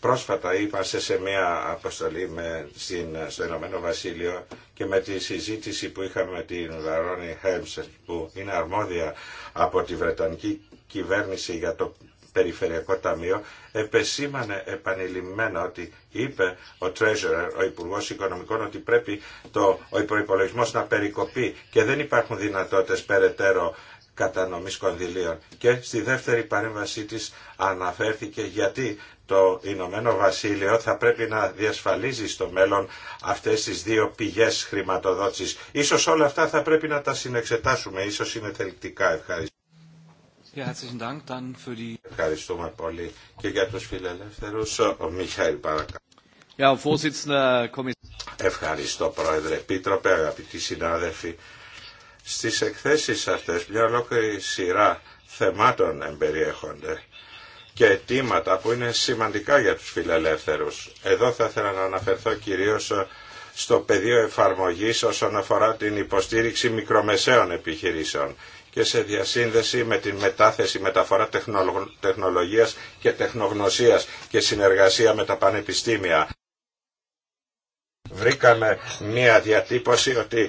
Πρόσφατα είπα σε μια αποστολή με, στην, στο Ηνωμένο Βασίλειο και με τη συζήτηση που είχαμε με την Βαρόνι Χέμσερ που είναι αρμόδια από τη Βρετανική κυβέρνηση για το Περιφερειακό Ταμείο επεσήμανε επανειλημμένα ότι είπε ο Treasurer, ο Υπουργός Οικονομικών, ότι πρέπει το, ο υπολογισμός να περικοπεί και δεν υπάρχουν δυνατότητες περαιτέρω κατανομής κονδυλίων. Και στη δεύτερη παρέμβασή της αναφέρθηκε γιατί το Ηνωμένο Βασίλειο θα πρέπει να διασφαλίζει στο μέλλον αυτές τις δύο πηγές χρηματοδότησης. Ίσως όλα αυτά θα πρέπει να τα συνεξετάσουμε, ίσως είναι θελκτικά. Ευχαριστώ. Ευχαριστούμε πολύ και για τους φιλελεύθερους. Ο Μιχαήλ παρακαλώ. Ευχαριστώ Πρόεδρε πίτροπε, αγαπητοί συνάδελφοι. Στις εκθέσεις αυτές μια ολόκληρη σειρά θεμάτων εμπεριέχονται και αιτήματα που είναι σημαντικά για τους φιλελεύθερους. Εδώ θα ήθελα να αναφερθώ κυρίως στο πεδίο εφαρμογής όσον αφορά την υποστήριξη μικρομεσαίων επιχειρήσεων και σε διασύνδεση με την μετάθεση, μεταφορά τεχνολογίας και τεχνογνωσίας και συνεργασία με τα πανεπιστήμια βρήκαμε μία διατύπωση ότι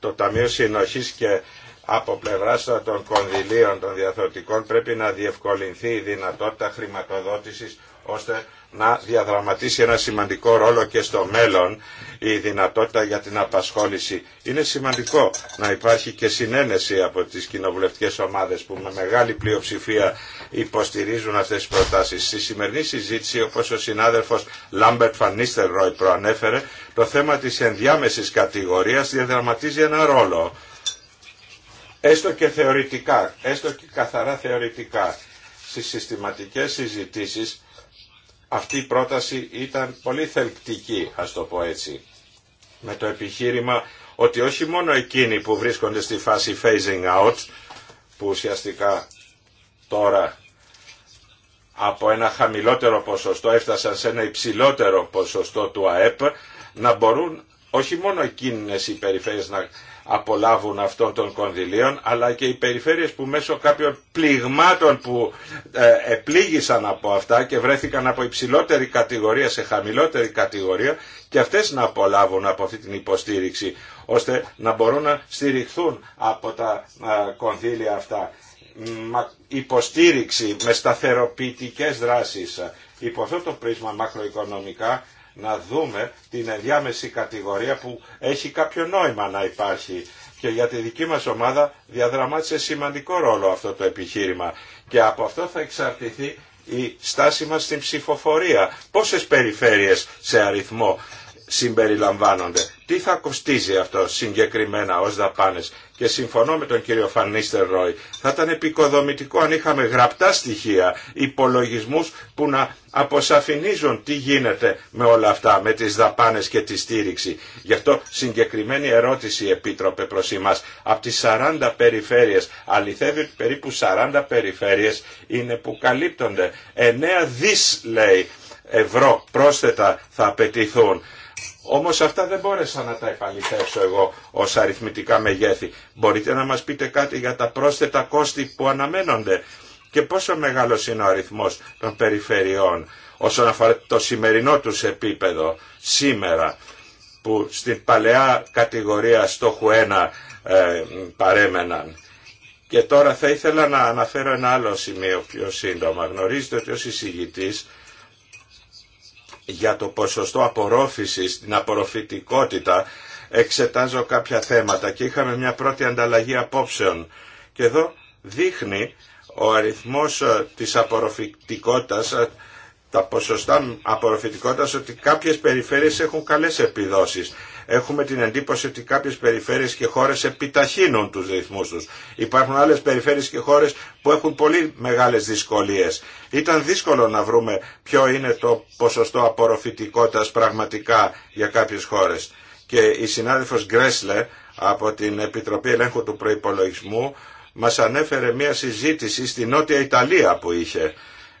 το Ταμείο Συνοχής και από πλευρά των κονδυλίων των διαθωτικών πρέπει να διευκολυνθεί η δυνατότητα χρηματοδότησης ώστε να διαδραματίσει ένα σημαντικό ρόλο και στο μέλλον η δυνατότητα για την απασχόληση. Είναι σημαντικό να υπάρχει και συνένεση από τις κοινοβουλευτικές ομάδες που με μεγάλη πλειοψηφία υποστηρίζουν αυτές τις προτάσεις. Στη σημερινή συζήτηση, όπως ο συνάδελφος Λάμπερτ Φανίστερ Ρόι προανέφερε, το θέμα της ενδιάμεσης κατηγορίας διαδραματίζει ένα ρόλο. Έστω και θεωρητικά, έστω και καθαρά θεωρητικά, στις συστηματικές συζητήσεις αυτή η πρόταση ήταν πολύ θελκτική, ας το πω έτσι, με το επιχείρημα ότι όχι μόνο εκείνοι που βρίσκονται στη φάση phasing out, που ουσιαστικά τώρα από ένα χαμηλότερο ποσοστό έφτασαν σε ένα υψηλότερο ποσοστό του ΑΕΠ, να μπορούν όχι μόνο εκείνες οι περιφέρειες να απολάβουν αυτών των κονδυλίων αλλά και οι περιφέρειες που μέσω κάποιων πληγμάτων που ε, επλήγησαν από αυτά και βρέθηκαν από υψηλότερη κατηγορία σε χαμηλότερη κατηγορία και αυτές να απολάβουν από αυτή την υποστήριξη ώστε να μπορούν να στηριχθούν από τα ε, κονδύλια αυτά υποστήριξη με σταθεροποιητικές δράσεις ε, υπό αυτό το πρίσμα μακροοικονομικά να δούμε την ενδιάμεση κατηγορία που έχει κάποιο νόημα να υπάρχει. Και για τη δική μας ομάδα διαδραμάτισε σημαντικό ρόλο αυτό το επιχείρημα. Και από αυτό θα εξαρτηθεί η στάση μας στην ψηφοφορία. Πόσες περιφέρειες σε αριθμό συμπεριλαμβάνονται. Τι θα κοστίζει αυτό συγκεκριμένα ως δαπάνες και συμφωνώ με τον κύριο Φανίστερ Ρόι, θα ήταν επικοδομητικό αν είχαμε γραπτά στοιχεία, υπολογισμούς που να αποσαφηνίζουν τι γίνεται με όλα αυτά, με τις δαπάνες και τη στήριξη. Γι' αυτό συγκεκριμένη ερώτηση επίτροπε προς εμάς. Από τις 40 περιφέρειες, αληθεύει ότι περίπου 40 περιφέρειες είναι που καλύπτονται. 9 δις λέει ευρώ πρόσθετα θα απαιτηθούν όμως αυτά δεν μπόρεσα να τα επαληθεύσω εγώ ως αριθμητικά μεγέθη. Μπορείτε να μας πείτε κάτι για τα πρόσθετα κόστη που αναμένονται και πόσο μεγάλος είναι ο αριθμός των περιφερειών όσον αφορά το σημερινό τους επίπεδο σήμερα που στην παλαιά κατηγορία στόχου 1 ε, παρέμεναν. Και τώρα θα ήθελα να αναφέρω ένα άλλο σημείο πιο σύντομα. Γνωρίζετε ότι ως εισηγητής για το ποσοστό απορρόφησης, την απορροφητικότητα, εξετάζω κάποια θέματα και είχαμε μια πρώτη ανταλλαγή απόψεων. Και εδώ δείχνει ο αριθμός ε, της απορροφητικότητας, ε, τα ποσοστά απορροφητικότητας ότι κάποιες περιφέρειες έχουν καλές επιδόσεις έχουμε την εντύπωση ότι κάποιες περιφέρειες και χώρες επιταχύνουν τους ρυθμούς τους. Υπάρχουν άλλες περιφέρειες και χώρες που έχουν πολύ μεγάλες δυσκολίες. Ήταν δύσκολο να βρούμε ποιο είναι το ποσοστό απορροφητικότητας πραγματικά για κάποιες χώρες. Και η συνάδελφος Γκρέσλε από την Επιτροπή Ελέγχου του Προϋπολογισμού μας ανέφερε μια συζήτηση στη Νότια Ιταλία που είχε.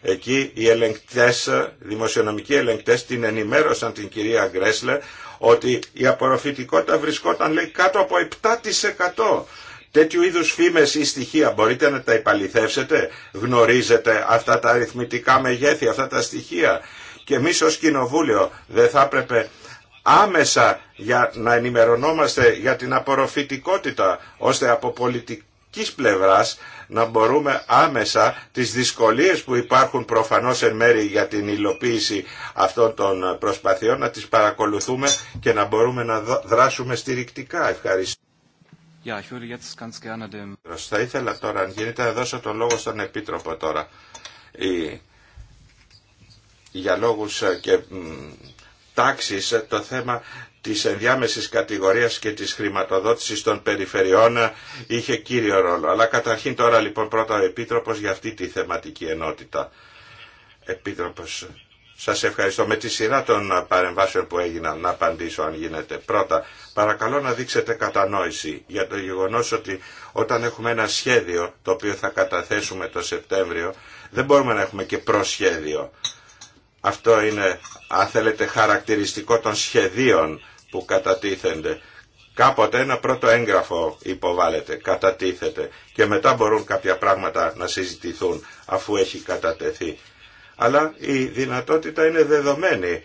Εκεί οι ελεγκτές, δημοσιονομικοί ελεγκτές την ενημέρωσαν την κυρία Γκρέσλε ότι η απορροφητικότητα βρισκόταν λέει κάτω από 7%. Τέτοιου είδους φήμες ή στοιχεία μπορείτε να τα υπαλληθεύσετε, γνωρίζετε αυτά τα αριθμητικά μεγέθη, αυτά τα στοιχεία. Και εμείς ως κοινοβούλιο δεν θα έπρεπε άμεσα για να ενημερωνόμαστε για την απορροφητικότητα, ώστε από πολιτική πλευράς να μπορούμε άμεσα τις δυσκολίες που υπάρχουν προφανώς εν μέρη για την υλοποίηση αυτών των προσπαθειών να τις παρακολουθούμε και να μπορούμε να δράσουμε στηρικτικά. Ευχαριστώ. Ja, ich würde jetzt ganz gerne dem... Θα ήθελα τώρα, αν γίνεται, να δώσω τον λόγο στον Επίτροπο τώρα. Η... Για λόγους ε, και τάξης ε, το θέμα της ενδιάμεσης κατηγορίας και της χρηματοδότησης των περιφερειών είχε κύριο ρόλο. Αλλά καταρχήν τώρα λοιπόν πρώτα ο Επίτροπος για αυτή τη θεματική ενότητα. Επίτροπος, σας ευχαριστώ. Με τη σειρά των παρεμβάσεων που έγιναν να απαντήσω αν γίνεται. Πρώτα, παρακαλώ να δείξετε κατανόηση για το γεγονός ότι όταν έχουμε ένα σχέδιο το οποίο θα καταθέσουμε το Σεπτέμβριο δεν μπορούμε να έχουμε και προσχέδιο. Αυτό είναι αν θέλετε, χαρακτηριστικό των σχεδίων που κατατίθενται. Κάποτε ένα πρώτο έγγραφο υποβάλλεται, κατατίθεται και μετά μπορούν κάποια πράγματα να συζητηθούν αφού έχει κατατεθεί. Αλλά η δυνατότητα είναι δεδομένη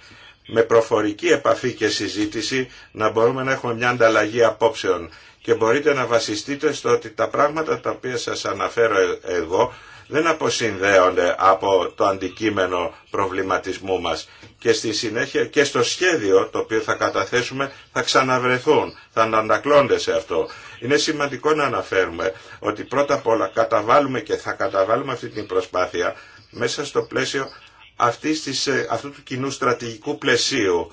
με προφορική επαφή και συζήτηση να μπορούμε να έχουμε μια ανταλλαγή απόψεων και μπορείτε να βασιστείτε στο ότι τα πράγματα τα οποία σας αναφέρω εγώ δεν αποσυνδέονται από το αντικείμενο προβληματισμού μας και στη συνέχεια και στο σχέδιο το οποίο θα καταθέσουμε θα ξαναβρεθούν, θα αντακλώνται σε αυτό. Είναι σημαντικό να αναφέρουμε ότι πρώτα απ' όλα καταβάλουμε και θα καταβάλουμε αυτή την προσπάθεια μέσα στο πλαίσιο αυτής της, ε, αυτού του κοινού στρατηγικού πλαισίου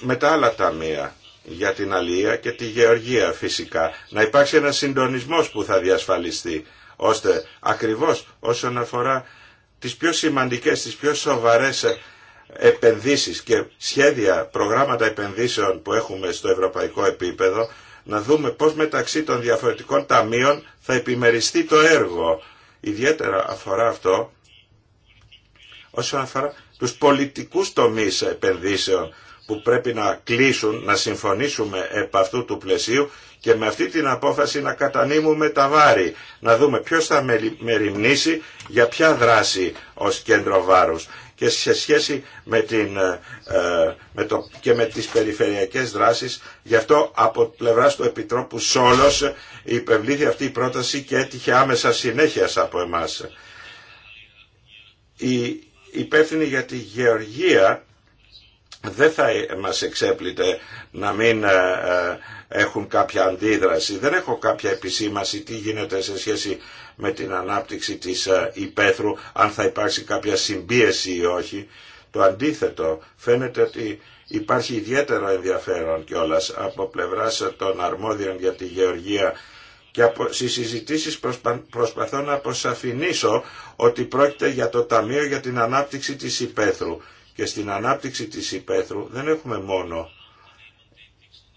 με τα άλλα ταμεία για την αλληλεία και τη γεωργία φυσικά. Να υπάρξει ένας συντονισμός που θα διασφαλιστεί, ώστε ακριβώς όσον αφορά τις πιο σημαντικές, τις πιο σοβαρές επενδύσεις και σχέδια, προγράμματα επενδύσεων που έχουμε στο ευρωπαϊκό επίπεδο, να δούμε πώς μεταξύ των διαφορετικών ταμείων θα επιμεριστεί το έργο. Ιδιαίτερα αφορά αυτό όσον αφορά τους πολιτικούς τομείς επενδύσεων που πρέπει να κλείσουν, να συμφωνήσουμε επ' αυτού του πλαισίου και με αυτή την απόφαση να κατανείμουμε τα βάρη, να δούμε ποιος θα μεριμνήσει για ποια δράση ως κέντρο βάρους και σε σχέση με την, ε, ε, με το, και με τις περιφερειακές δράσεις. Γι' αυτό από πλευράς του Επιτρόπου Σόλος υπευλήθη αυτή η πρόταση και έτυχε άμεσα συνέχεια από εμάς. Η υπεύθυνη για τη γεωργία δεν θα μας εξέπλητε να μην ε, ε, έχουν κάποια αντίδραση. Δεν έχω κάποια επισήμαση τι γίνεται σε σχέση με την ανάπτυξη της ε, υπαίθρου, αν θα υπάρξει κάποια συμπίεση ή όχι. Το αντίθετο φαίνεται ότι υπάρχει ιδιαίτερο ενδιαφέρον κιόλα από πλευράς των αρμόδιων για τη γεωργία και από, στις συζητήσεις προσπαθώ να αποσαφηνίσω ότι πρόκειται για το Ταμείο για την Ανάπτυξη της Υπαίθρου και στην ανάπτυξη της υπαίθρου δεν έχουμε μόνο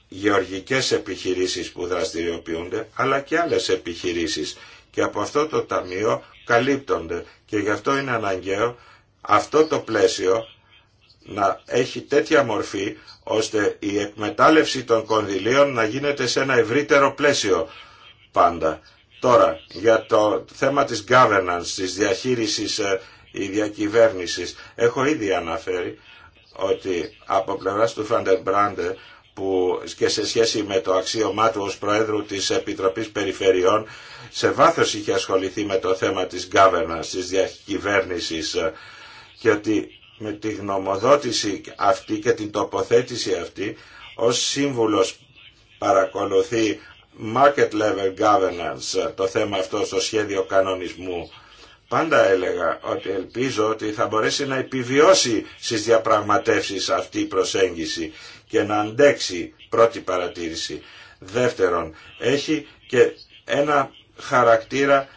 γεωργικές επιχειρήσεις που δραστηριοποιούνται, αλλά και άλλες επιχειρήσεις. Και από αυτό το ταμείο καλύπτονται. Και γι' αυτό είναι αναγκαίο αυτό το πλαίσιο να έχει τέτοια μορφή, ώστε η εκμετάλλευση των κονδυλίων να γίνεται σε ένα ευρύτερο πλαίσιο πάντα. Τώρα, για το θέμα της governance, της διαχείρισης ε, η διακυβέρνηση. Έχω ήδη αναφέρει ότι από πλευρά του Φαντερ Μπράντε που και σε σχέση με το αξίωμά του ως Προέδρου της Επιτροπής Περιφερειών σε βάθος είχε ασχοληθεί με το θέμα της governance, της διακυβέρνησης και ότι με τη γνωμοδότηση αυτή και την τοποθέτηση αυτή ως σύμβουλος παρακολουθεί market level governance το θέμα αυτό στο σχέδιο κανονισμού Πάντα έλεγα ότι ελπίζω ότι θα μπορέσει να επιβιώσει στις διαπραγματεύσεις αυτή η προσέγγιση και να αντέξει πρώτη παρατήρηση. Δεύτερον, έχει και ένα χαρακτήρα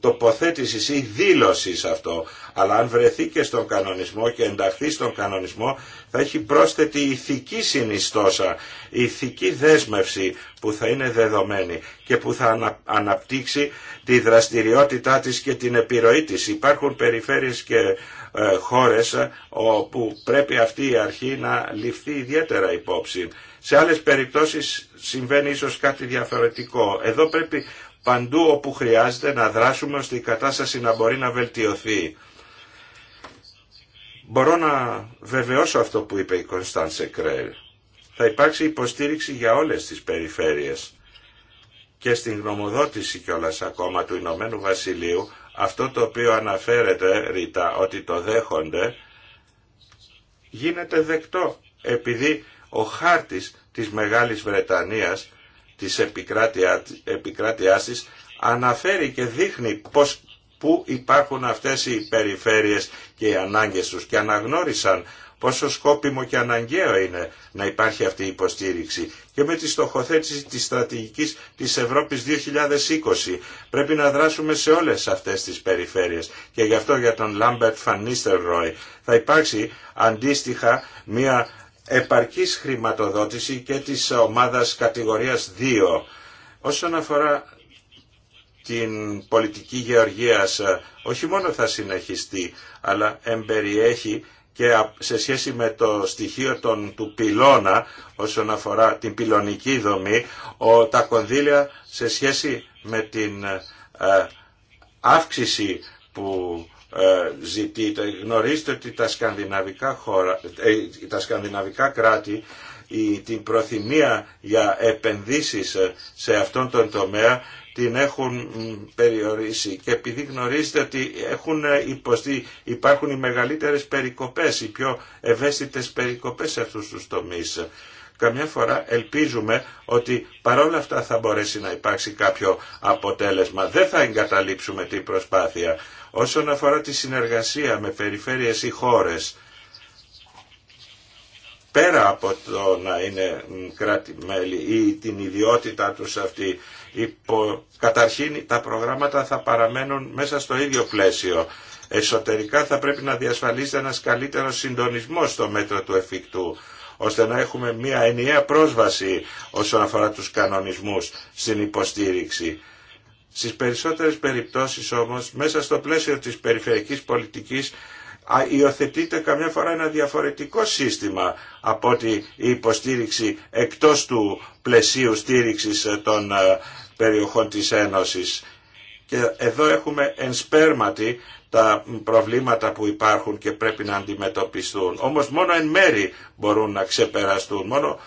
Τοποθέτηση ή δήλωση αυτό αλλά αν βρεθεί και στον κανονισμό και ενταχθεί στον κανονισμό θα έχει πρόσθετη ηθική συνιστόσα ηθική δέσμευση που θα είναι δεδομένη και που θα αναπτύξει τη δραστηριότητά της και την επιρροή της υπάρχουν περιφέρειες και ε, χώρες ε, όπου πρέπει αυτή η αρχή να ληφθεί ιδιαίτερα υπόψη. Σε άλλες περιπτώσεις συμβαίνει ίσως κάτι διαφορετικό. Εδώ πρέπει παντού όπου χρειάζεται να δράσουμε ώστε η κατάσταση να μπορεί να βελτιωθεί. Μπορώ να βεβαιώσω αυτό που είπε η Κωνσταντσε Κρέλ. Θα υπάρξει υποστήριξη για όλες τις περιφέρειες και στην γνωμοδότηση κιόλας ακόμα του Ηνωμένου Βασιλείου αυτό το οποίο αναφέρεται ριτά ότι το δέχονται γίνεται δεκτό επειδή ο χάρτης της Μεγάλης Βρετανίας της επικράτειάς της αναφέρει και δείχνει πώς, πού υπάρχουν αυτές οι περιφέρειες και οι ανάγκες τους και αναγνώρισαν πόσο σκόπιμο και αναγκαίο είναι να υπάρχει αυτή η υποστήριξη. Και με τη στοχοθέτηση της στρατηγικής της Ευρώπης 2020 πρέπει να δράσουμε σε όλες αυτές τις περιφέρειες. Και γι' αυτό για τον Λάμπερτ Φανίστερ Ρόι θα υπάρξει αντίστοιχα μια επαρκής χρηματοδότηση και της ομάδας κατηγορίας 2. Όσον αφορά την πολιτική γεωργίας, όχι μόνο θα συνεχιστεί, αλλά εμπεριέχει και σε σχέση με το στοιχείο των, του πυλώνα όσον αφορά την πυλωνική δομή, ο, τα κονδύλια σε σχέση με την ε, αύξηση που ε, ζητείτε. Γνωρίζετε ότι τα σκανδιναβικά, χώρα, ε, τα σκανδιναβικά κράτη η, την προθυμία για επενδύσεις ε, σε αυτόν τον τομέα την έχουν περιορίσει και επειδή γνωρίζετε ότι έχουν υπάρχουν οι μεγαλύτερες περικοπές, οι πιο ευαίσθητες περικοπές σε αυτούς τους τομείς καμιά φορά ελπίζουμε ότι παρόλα αυτά θα μπορέσει να υπάρξει κάποιο αποτέλεσμα. Δεν θα εγκαταλείψουμε την προσπάθεια. Όσον αφορά τη συνεργασία με περιφέρειες ή χώρες, πέρα από το να είναι κράτη-μέλη ή την ιδιότητά τους αυτή, υπο... καταρχήν τα προγράμματα θα παραμένουν μέσα στο ίδιο πλαίσιο. Εσωτερικά θα πρέπει να διασφαλίζεται ένας καλύτερος συντονισμός στο μέτρο του εφικτού ώστε να έχουμε μια ενιαία πρόσβαση όσον αφορά τους κανονισμούς στην υποστήριξη. Στις περισσότερες περιπτώσεις όμως, μέσα στο πλαίσιο της περιφερειακής πολιτικής, υιοθετείται καμιά φορά ένα διαφορετικό σύστημα από ότι η υποστήριξη εκτός του πλαισίου στήριξης ε, των ε, περιοχών της Ένωσης. Και εδώ έχουμε σπέρματι τα προβλήματα που υπάρχουν και πρέπει να αντιμετωπιστούν. Όμως μόνο εν μέρη μπορούν να ξεπεραστούν, μόνο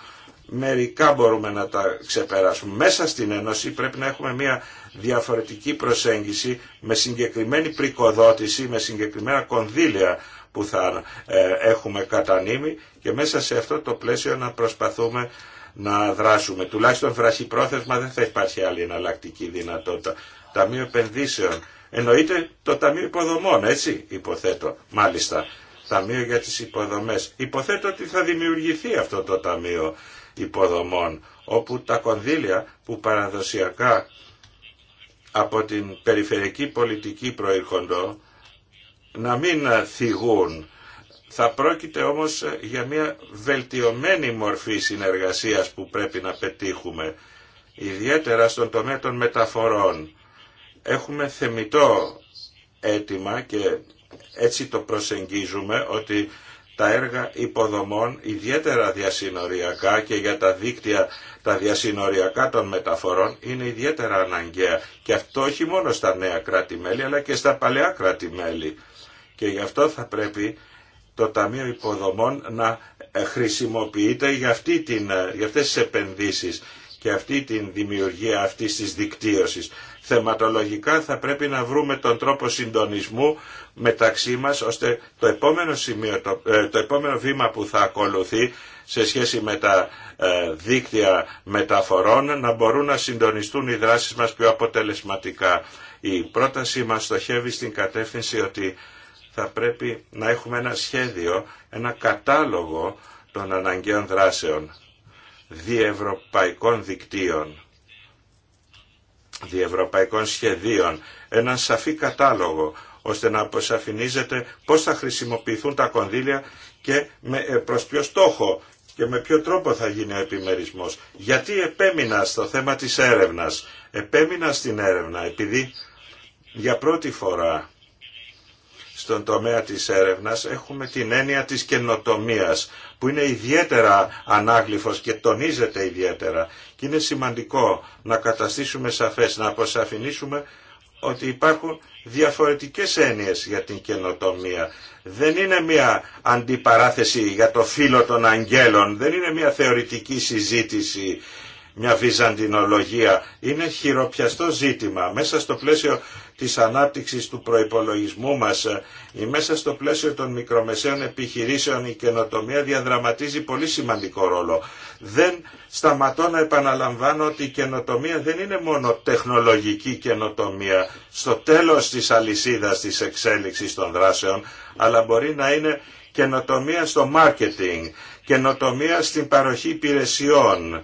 μερικά μπορούμε να τα ξεπεράσουμε. Μέσα στην Ένωση πρέπει να έχουμε μια διαφορετική προσέγγιση με συγκεκριμένη πρικοδότηση, με συγκεκριμένα κονδύλια που θα ε, έχουμε κατανείμει και μέσα σε αυτό το πλαίσιο να προσπαθούμε να δράσουμε. Τουλάχιστον βραχυπρόθεσμα δεν θα υπάρχει άλλη εναλλακτική δυνατότητα. Ταμείο επενδύσεων Εννοείται το Ταμείο Υποδομών, έτσι υποθέτω. Μάλιστα, Ταμείο για τις Υποδομές. Υποθέτω ότι θα δημιουργηθεί αυτό το Ταμείο Υποδομών, όπου τα κονδύλια που παραδοσιακά από την περιφερειακή πολιτική προήρχοντο να μην θυγούν. Θα πρόκειται όμως για μια βελτιωμένη μορφή συνεργασίας που πρέπει να πετύχουμε, ιδιαίτερα στον τομέα των μεταφορών έχουμε θεμητό αίτημα και έτσι το προσεγγίζουμε ότι τα έργα υποδομών ιδιαίτερα διασυνοριακά και για τα δίκτυα τα διασυνοριακά των μεταφορών είναι ιδιαίτερα αναγκαία και αυτό όχι μόνο στα νέα κράτη-μέλη αλλά και στα παλαιά κράτη-μέλη και γι' αυτό θα πρέπει το Ταμείο Υποδομών να ε, χρησιμοποιείται για, αυτή την, ε, για αυτές τις επενδύσεις και αυτή την δημιουργία αυτής της δικτύωσης θεματολογικά θα πρέπει να βρούμε τον τρόπο συντονισμού μεταξύ μας ώστε το επόμενο, σημείο, το, ε, επόμενο βήμα που θα ακολουθεί σε σχέση με τα ε, δίκτυα μεταφορών να μπορούν να συντονιστούν οι δράσεις μας πιο αποτελεσματικά. Η πρότασή μας στοχεύει στην κατεύθυνση ότι θα πρέπει να έχουμε ένα σχέδιο, ένα κατάλογο των αναγκαίων δράσεων διευρωπαϊκών δικτύων διευρωπαϊκών σχεδίων, έναν σαφή κατάλογο ώστε να αποσαφηνίζεται πώς θα χρησιμοποιηθούν τα κονδύλια και με, ε, προς ποιο στόχο και με ποιο τρόπο θα γίνει ο επιμερισμός. Γιατί επέμεινα στο θέμα της έρευνας. Επέμεινα στην έρευνα επειδή για πρώτη φορά στον τομέα της έρευνας έχουμε την έννοια της καινοτομίας που είναι ιδιαίτερα ανάγλυφος και τονίζεται ιδιαίτερα και είναι σημαντικό να καταστήσουμε σαφές, να αποσαφηνίσουμε ότι υπάρχουν διαφορετικές έννοιες για την καινοτομία. Δεν είναι μια αντιπαράθεση για το φύλλο των αγγέλων, δεν είναι μια θεωρητική συζήτηση, μια βυζαντινολογία. Είναι χειροπιαστό ζήτημα μέσα στο πλαίσιο της ανάπτυξης του προϋπολογισμού μας. Ε, η μέσα στο πλαίσιο των μικρομεσαίων επιχειρήσεων η καινοτομία διαδραματίζει πολύ σημαντικό ρόλο. Δεν σταματώ να επαναλαμβάνω ότι η καινοτομία δεν είναι μόνο τεχνολογική καινοτομία στο τέλος της αλυσίδας της εξέλιξης των δράσεων, αλλά μπορεί να είναι καινοτομία στο marketing, καινοτομία στην παροχή υπηρεσιών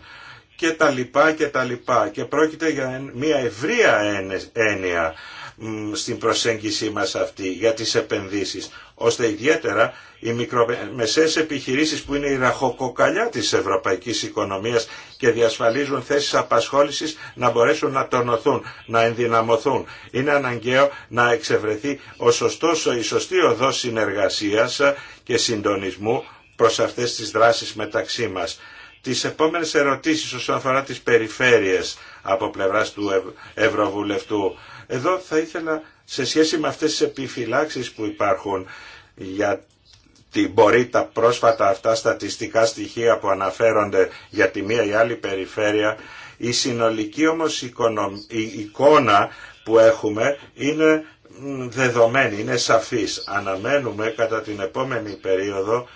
και τα λοιπά και τα λοιπά. Και πρόκειται για μια ευρεία έννοια στην προσέγγιση μας αυτή για τις επενδύσεις, ώστε ιδιαίτερα οι μικρομεσαίες επιχειρήσεις που είναι η ραχοκοκαλιά της ευρωπαϊκής οικονομίας και διασφαλίζουν θέσεις απασχόλησης να μπορέσουν να τονωθούν, να ενδυναμωθούν. Είναι αναγκαίο να εξευρεθεί ο η σωστή οδό συνεργασίας και συντονισμού προς αυτές τις δράσεις μεταξύ μας. Τις επόμενες ερωτήσεις όσον αφορά τις περιφέρειες από πλευράς του Ευρωβουλευτού εδώ θα ήθελα σε σχέση με αυτές τις επιφυλάξεις που υπάρχουν για την μπορεί τα πρόσφατα αυτά στατιστικά στοιχεία που αναφέρονται για τη μία ή άλλη περιφέρεια, η συνολική όμως εικόνα που έχουμε είναι δεδομένη, είναι σαφής. Αναμένουμε κατά την επόμενη περίοδο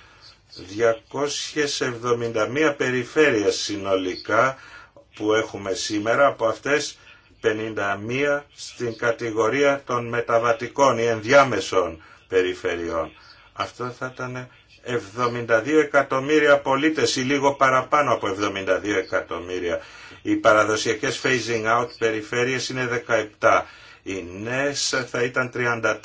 271 περιφέρειες συνολικά που έχουμε σήμερα, από αυτές 51 στην κατηγορία των μεταβατικών ή ενδιάμεσων περιφερειών. Αυτό θα ήταν 72 εκατομμύρια πολίτες ή λίγο παραπάνω από 72 εκατομμύρια. Οι παραδοσιακές phasing out περιφέρειες είναι 17. Οι νέες θα ήταν 34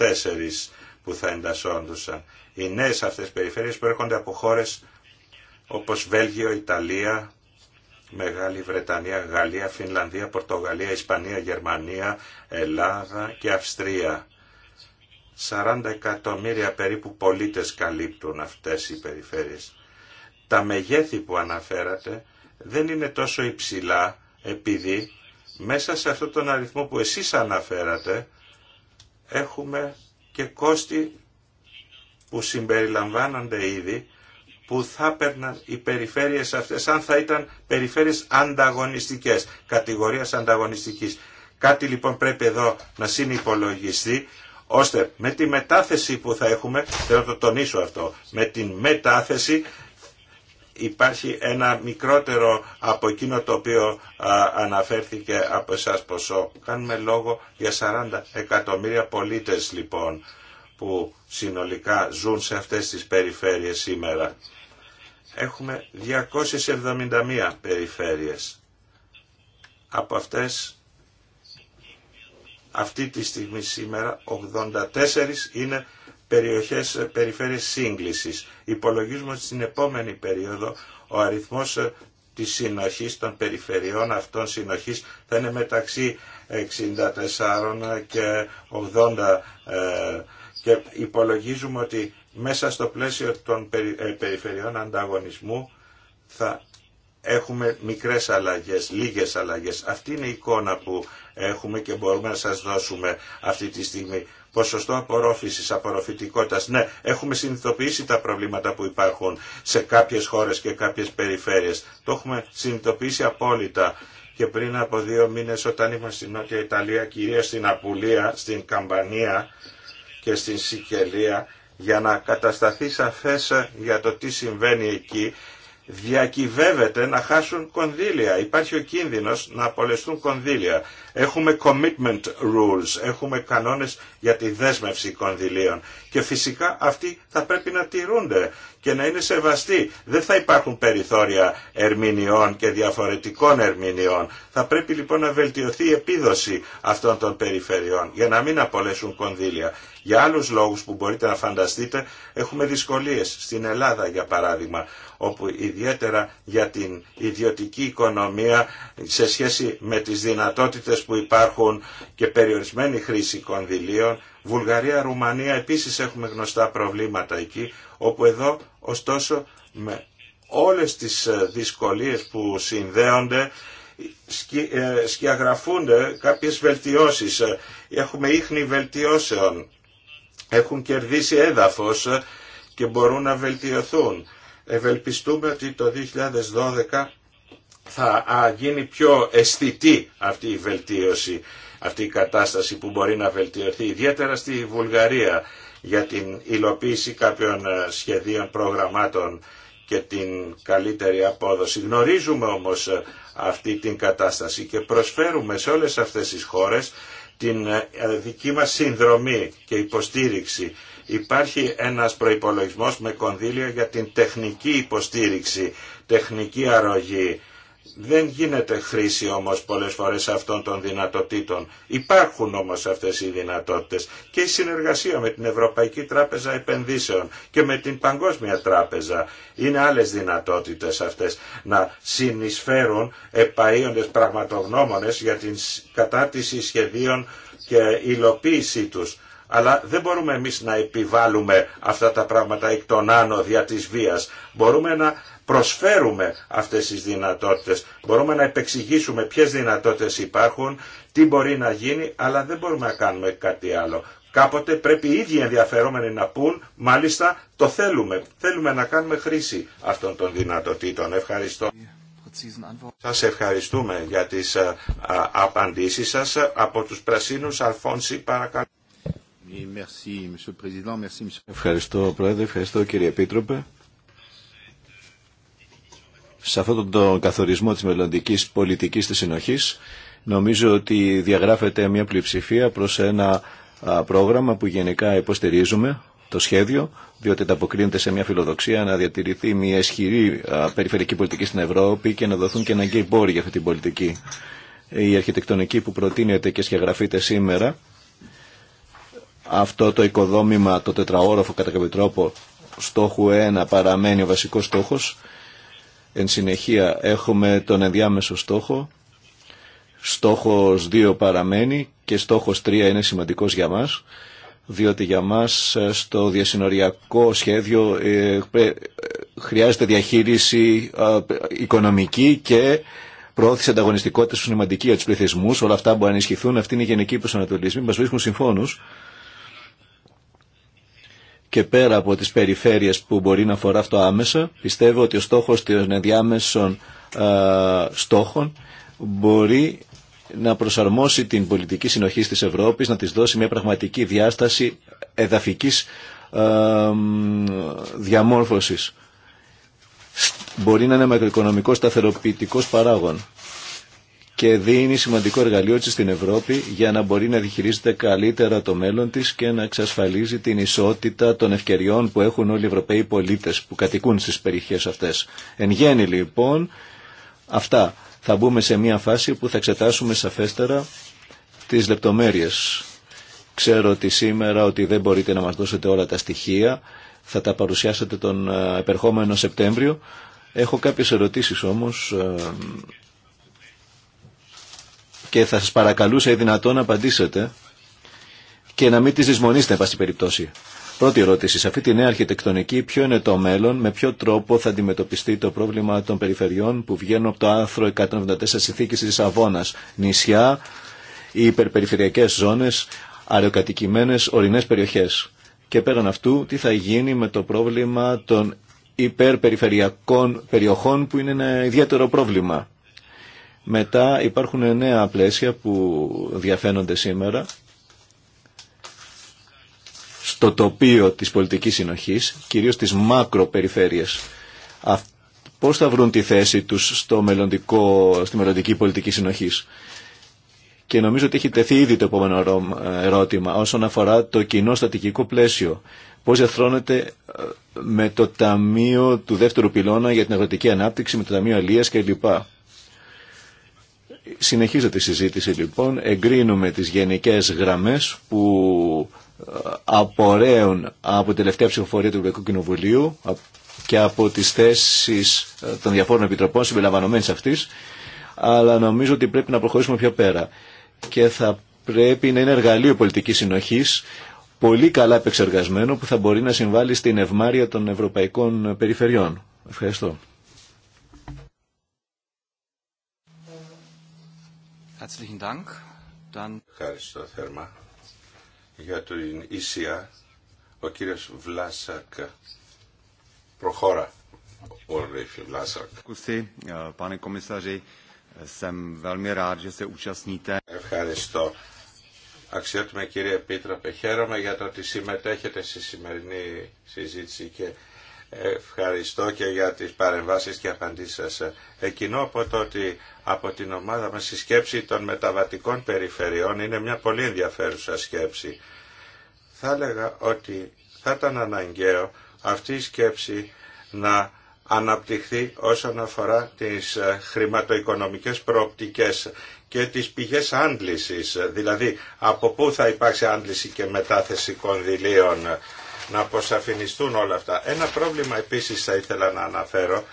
που θα εντασσόντουσαν. Οι νέες αυτές περιφέρειες προέρχονται από χώρες όπως Βέλγιο, Ιταλία, Μεγάλη Βρετανία, Γαλλία, Φινλανδία, Πορτογαλία, Ισπανία, Γερμανία, Ελλάδα και Αυστρία. 40 εκατομμύρια περίπου πολίτες καλύπτουν αυτές οι περιφέρειες. Τα μεγέθη που αναφέρατε δεν είναι τόσο υψηλά επειδή μέσα σε αυτόν τον αριθμό που εσείς αναφέρατε έχουμε και κόστη που συμπεριλαμβάνονται ήδη που θα έπαιρναν οι περιφέρειες αυτές αν θα ήταν περιφέρειες ανταγωνιστικές, κατηγορίας ανταγωνιστικής. Κάτι λοιπόν πρέπει εδώ να συνυπολογιστεί ώστε με τη μετάθεση που θα έχουμε, θέλω να το τονίσω αυτό, με την μετάθεση υπάρχει ένα μικρότερο από εκείνο το οποίο αναφέρθηκε από εσάς ποσό. Κάνουμε λόγο για 40 εκατομμύρια πολίτες λοιπόν που συνολικά ζουν σε αυτές τις περιφέρειες σήμερα. Έχουμε 271 περιφέρειες. Από αυτές, αυτή τη στιγμή σήμερα, 84 είναι περιοχές, περιφέρειες σύγκλησης. Υπολογίζουμε ότι στην επόμενη περίοδο ο αριθμός ε, της συνοχής των περιφερειών αυτών συνοχής θα είναι μεταξύ 64 και 80 και υπολογίζουμε ότι μέσα στο πλαίσιο των ε, περιφερειών ανταγωνισμού θα έχουμε μικρές αλλαγές, λίγες αλλαγές. Αυτή είναι η εικόνα που έχουμε και μπορούμε να σας δώσουμε αυτή τη στιγμή. Ποσοστό απορρόφησης, απορροφητικότητας. Ναι, έχουμε συνειδητοποιήσει τα προβλήματα που υπάρχουν σε κάποιες χώρες και κάποιες περιφέρειες. Το έχουμε συνειδητοποιήσει απόλυτα και πριν από δύο μήνες όταν ήμουν στην Νότια Ιταλία, κυρία στην Απουλία, στην Καμπανία, και στην Σικελία για να κατασταθεί σαφές για το τι συμβαίνει εκεί διακυβεύεται να χάσουν κονδύλια. Υπάρχει ο κίνδυνος να απολεστούν κονδύλια. Έχουμε commitment rules, έχουμε κανόνες για τη δέσμευση κονδυλίων και φυσικά αυτοί θα πρέπει να τηρούνται και να είναι σεβαστή. Δεν θα υπάρχουν περιθώρια ερμηνεών και διαφορετικών ερμηνεών. Θα πρέπει λοιπόν να βελτιωθεί η επίδοση αυτών των περιφερειών για να μην απολέσουν κονδύλια. Για άλλους λόγους που μπορείτε να φανταστείτε έχουμε δυσκολίες στην Ελλάδα για παράδειγμα όπου ιδιαίτερα για την ιδιωτική οικονομία σε σχέση με τις δυνατότητες που υπάρχουν και περιορισμένη χρήση κονδυλίων Βουλγαρία, Ρουμανία επίσης έχουμε γνωστά προβλήματα εκεί όπου εδώ Ωστόσο, με όλες τις ε, δυσκολίες που συνδέονται, ε, σκιαγραφούνται κάποιες βελτιώσεις. Ε, έχουμε ίχνη βελτιώσεων. Έχουν κερδίσει έδαφος και μπορούν να βελτιωθούν. Ευελπιστούμε ότι το 2012 θα γίνει πιο αισθητή αυτή η βελτίωση, αυτή η κατάσταση που μπορεί να βελτιωθεί, ιδιαίτερα στη Βουλγαρία για την υλοποίηση κάποιων ε, σχεδίων προγραμμάτων και την καλύτερη απόδοση. Γνωρίζουμε όμως ε, αυτή την κατάσταση και προσφέρουμε σε όλες αυτές τις χώρες την ε, δική μας συνδρομή και υποστήριξη. Υπάρχει ένας προϋπολογισμός με κονδύλια για την τεχνική υποστήριξη, τεχνική αρρωγή δεν γίνεται χρήση όμως πολλές φορές αυτών των δυνατοτήτων. Υπάρχουν όμως αυτές οι δυνατότητες και η συνεργασία με την Ευρωπαϊκή Τράπεζα Επενδύσεων και με την Παγκόσμια Τράπεζα είναι άλλες δυνατότητες αυτές να συνεισφέρουν επαΐοντες πραγματογνώμονες για την κατάρτιση σχεδίων και υλοποίησή τους αλλά δεν μπορούμε εμείς να επιβάλλουμε αυτά τα πράγματα εκ των άνω δια της βίας. Μπορούμε να προσφέρουμε αυτές τις δυνατότητες. Μπορούμε να επεξηγήσουμε ποιες δυνατότητες υπάρχουν, τι μπορεί να γίνει, αλλά δεν μπορούμε να κάνουμε κάτι άλλο. Κάποτε πρέπει οι ίδιοι ενδιαφερόμενοι να πούν, μάλιστα το θέλουμε. Θέλουμε να κάνουμε χρήση αυτών των δυνατοτήτων. Ευχαριστώ. Σας ευχαριστούμε για τις απαντήσεις σας. Από τους Πρασίνους, Αλφόνση, παρακαλώ. Ευχαριστώ Πρόεδρε, ευχαριστώ κύριε Επίτροπε σε αυτόν τον καθορισμό της μελλοντική πολιτικής της συνοχής νομίζω ότι διαγράφεται μια πλειοψηφία προς ένα πρόγραμμα που γενικά υποστηρίζουμε το σχέδιο, διότι αποκρίνεται σε μια φιλοδοξία να διατηρηθεί μια ισχυρή περιφερειακή πολιτική στην Ευρώπη και να δοθούν και αναγκαίοι πόροι για αυτή την πολιτική. Η αρχιτεκτονική που προτείνεται και σχεγραφείται σήμερα, αυτό το οικοδόμημα, το τετραόροφο κατά κάποιο τρόπο, στόχου 1 παραμένει ο βασικός στόχος, Εν συνεχεία έχουμε τον ενδιάμεσο στόχο. Στόχος 2 παραμένει και στόχος 3 είναι σημαντικός για μας, διότι για μας ε, στο διασυνοριακό σχέδιο ε, ε, χρειάζεται διαχείριση οικονομική και προώθηση ανταγωνιστικότητα που σημαντική για του πληθυσμού. Όλα αυτά που να Αυτή είναι η γενική προσανατολισμή. Μα βρίσκουν συμφώνου και πέρα από τις περιφέρειες που μπορεί να αφορά αυτό άμεσα, πιστεύω ότι ο στόχος των ενδιάμεσων ε, στόχων μπορεί να προσαρμόσει την πολιτική συνοχή της Ευρώπης, να της δώσει μια πραγματική διάσταση εδαφικής ε, διαμόρφωσης. Μπορεί να είναι μακροοικονομικός σταθεροποιητικός παράγων και δίνει σημαντικό εργαλείο της στην Ευρώπη για να μπορεί να διχειρίζεται καλύτερα το μέλλον της και να εξασφαλίζει την ισότητα των ευκαιριών που έχουν όλοι οι Ευρωπαίοι πολίτες που κατοικούν στις περιοχές αυτές. Εν γέννη λοιπόν αυτά θα μπούμε σε μια φάση που θα εξετάσουμε σαφέστερα τις λεπτομέρειες. Ξέρω ότι σήμερα ότι δεν μπορείτε να μας δώσετε όλα τα στοιχεία, θα τα παρουσιάσετε τον ε, επερχόμενο Σεπτέμβριο. Έχω κάποιες ερωτήσεις όμως ε, και θα σας παρακαλούσα ή δυνατόν να απαντήσετε και να μην τις δυσμονήσετε, πάση περιπτώσει. Πρώτη ερώτηση. Σε αυτή τη νέα αρχιτεκτονική, ποιο είναι το μέλλον, με ποιο τρόπο θα αντιμετωπιστεί το πρόβλημα των περιφερειών που βγαίνουν από το άρθρο 194 συνθήκη τη Αβώνα. Νησιά, οι υπερπεριφερειακέ ζώνε, αεροκατοικημένε, ορεινέ περιοχέ. Και πέραν αυτού, τι θα γίνει με το πρόβλημα των υπερπεριφερειακών περιοχών που είναι ένα ιδιαίτερο πρόβλημα. Μετά υπάρχουν νέα πλαίσια που διαφαίνονται σήμερα στο τοπίο της πολιτικής συνοχής, κυρίως στις μακροπεριφέρειες. Πώς θα βρουν τη θέση τους στο μελλοντικό, στη μελλοντική πολιτική συνοχής. Και νομίζω ότι έχει τεθεί ήδη το επόμενο ερώτημα όσον αφορά το κοινό στατικικό πλαίσιο. Πώς διαθρώνεται ε, με το Ταμείο του Δεύτερου Πυλώνα για την Αγροτική Ανάπτυξη, με το Ταμείο Αλίας κλπ. Συνεχίζεται η συζήτηση λοιπόν, εγκρίνουμε τις γενικές γραμμές που ε, απορρέουν από την τελευταία ψηφοφορία του Ευρωπαϊκού Κοινοβουλίου και από τις θέσεις ε, των διαφόρων επιτροπών συμπεριλαμβανομένης αυτής, αλλά νομίζω ότι πρέπει να προχωρήσουμε πιο πέρα. Και θα πρέπει να είναι εργαλείο πολιτικής συνοχής, πολύ καλά επεξεργασμένο, που θα μπορεί να συμβάλλει στην ευμάρεια των ευρωπαϊκών περιφερειών. Ευχαριστώ. Ευχαριστώ θερμά για την ΙΣΙΑ ο κύριος Βλάσακ προχώρα ο Βλάσακ. πάνε κομισάρι, ε, Ευχαριστώ. Αξιότιμε κύριε Επίτροπε, χαίρομαι για το ότι συμμετέχετε στη σημερινή συζήτηση και Ευχαριστώ και για τις παρεμβάσεις και απαντήσεις σας. Εκείνο από το ότι από την ομάδα μας η σκέψη των μεταβατικών περιφερειών είναι μια πολύ ενδιαφέρουσα σκέψη. Θα έλεγα ότι θα ήταν αναγκαίο αυτή η σκέψη να αναπτυχθεί όσον αφορά τις ε, χρηματοοικονομικές προοπτικές και τις πηγές άντλησης, δηλαδή από πού θα υπάρξει άντληση και μετάθεση κονδυλίων να αποσαφινιστούν όλα αυτά. Ένα πρόβλημα επίσης θα ήθελα να αναφέρω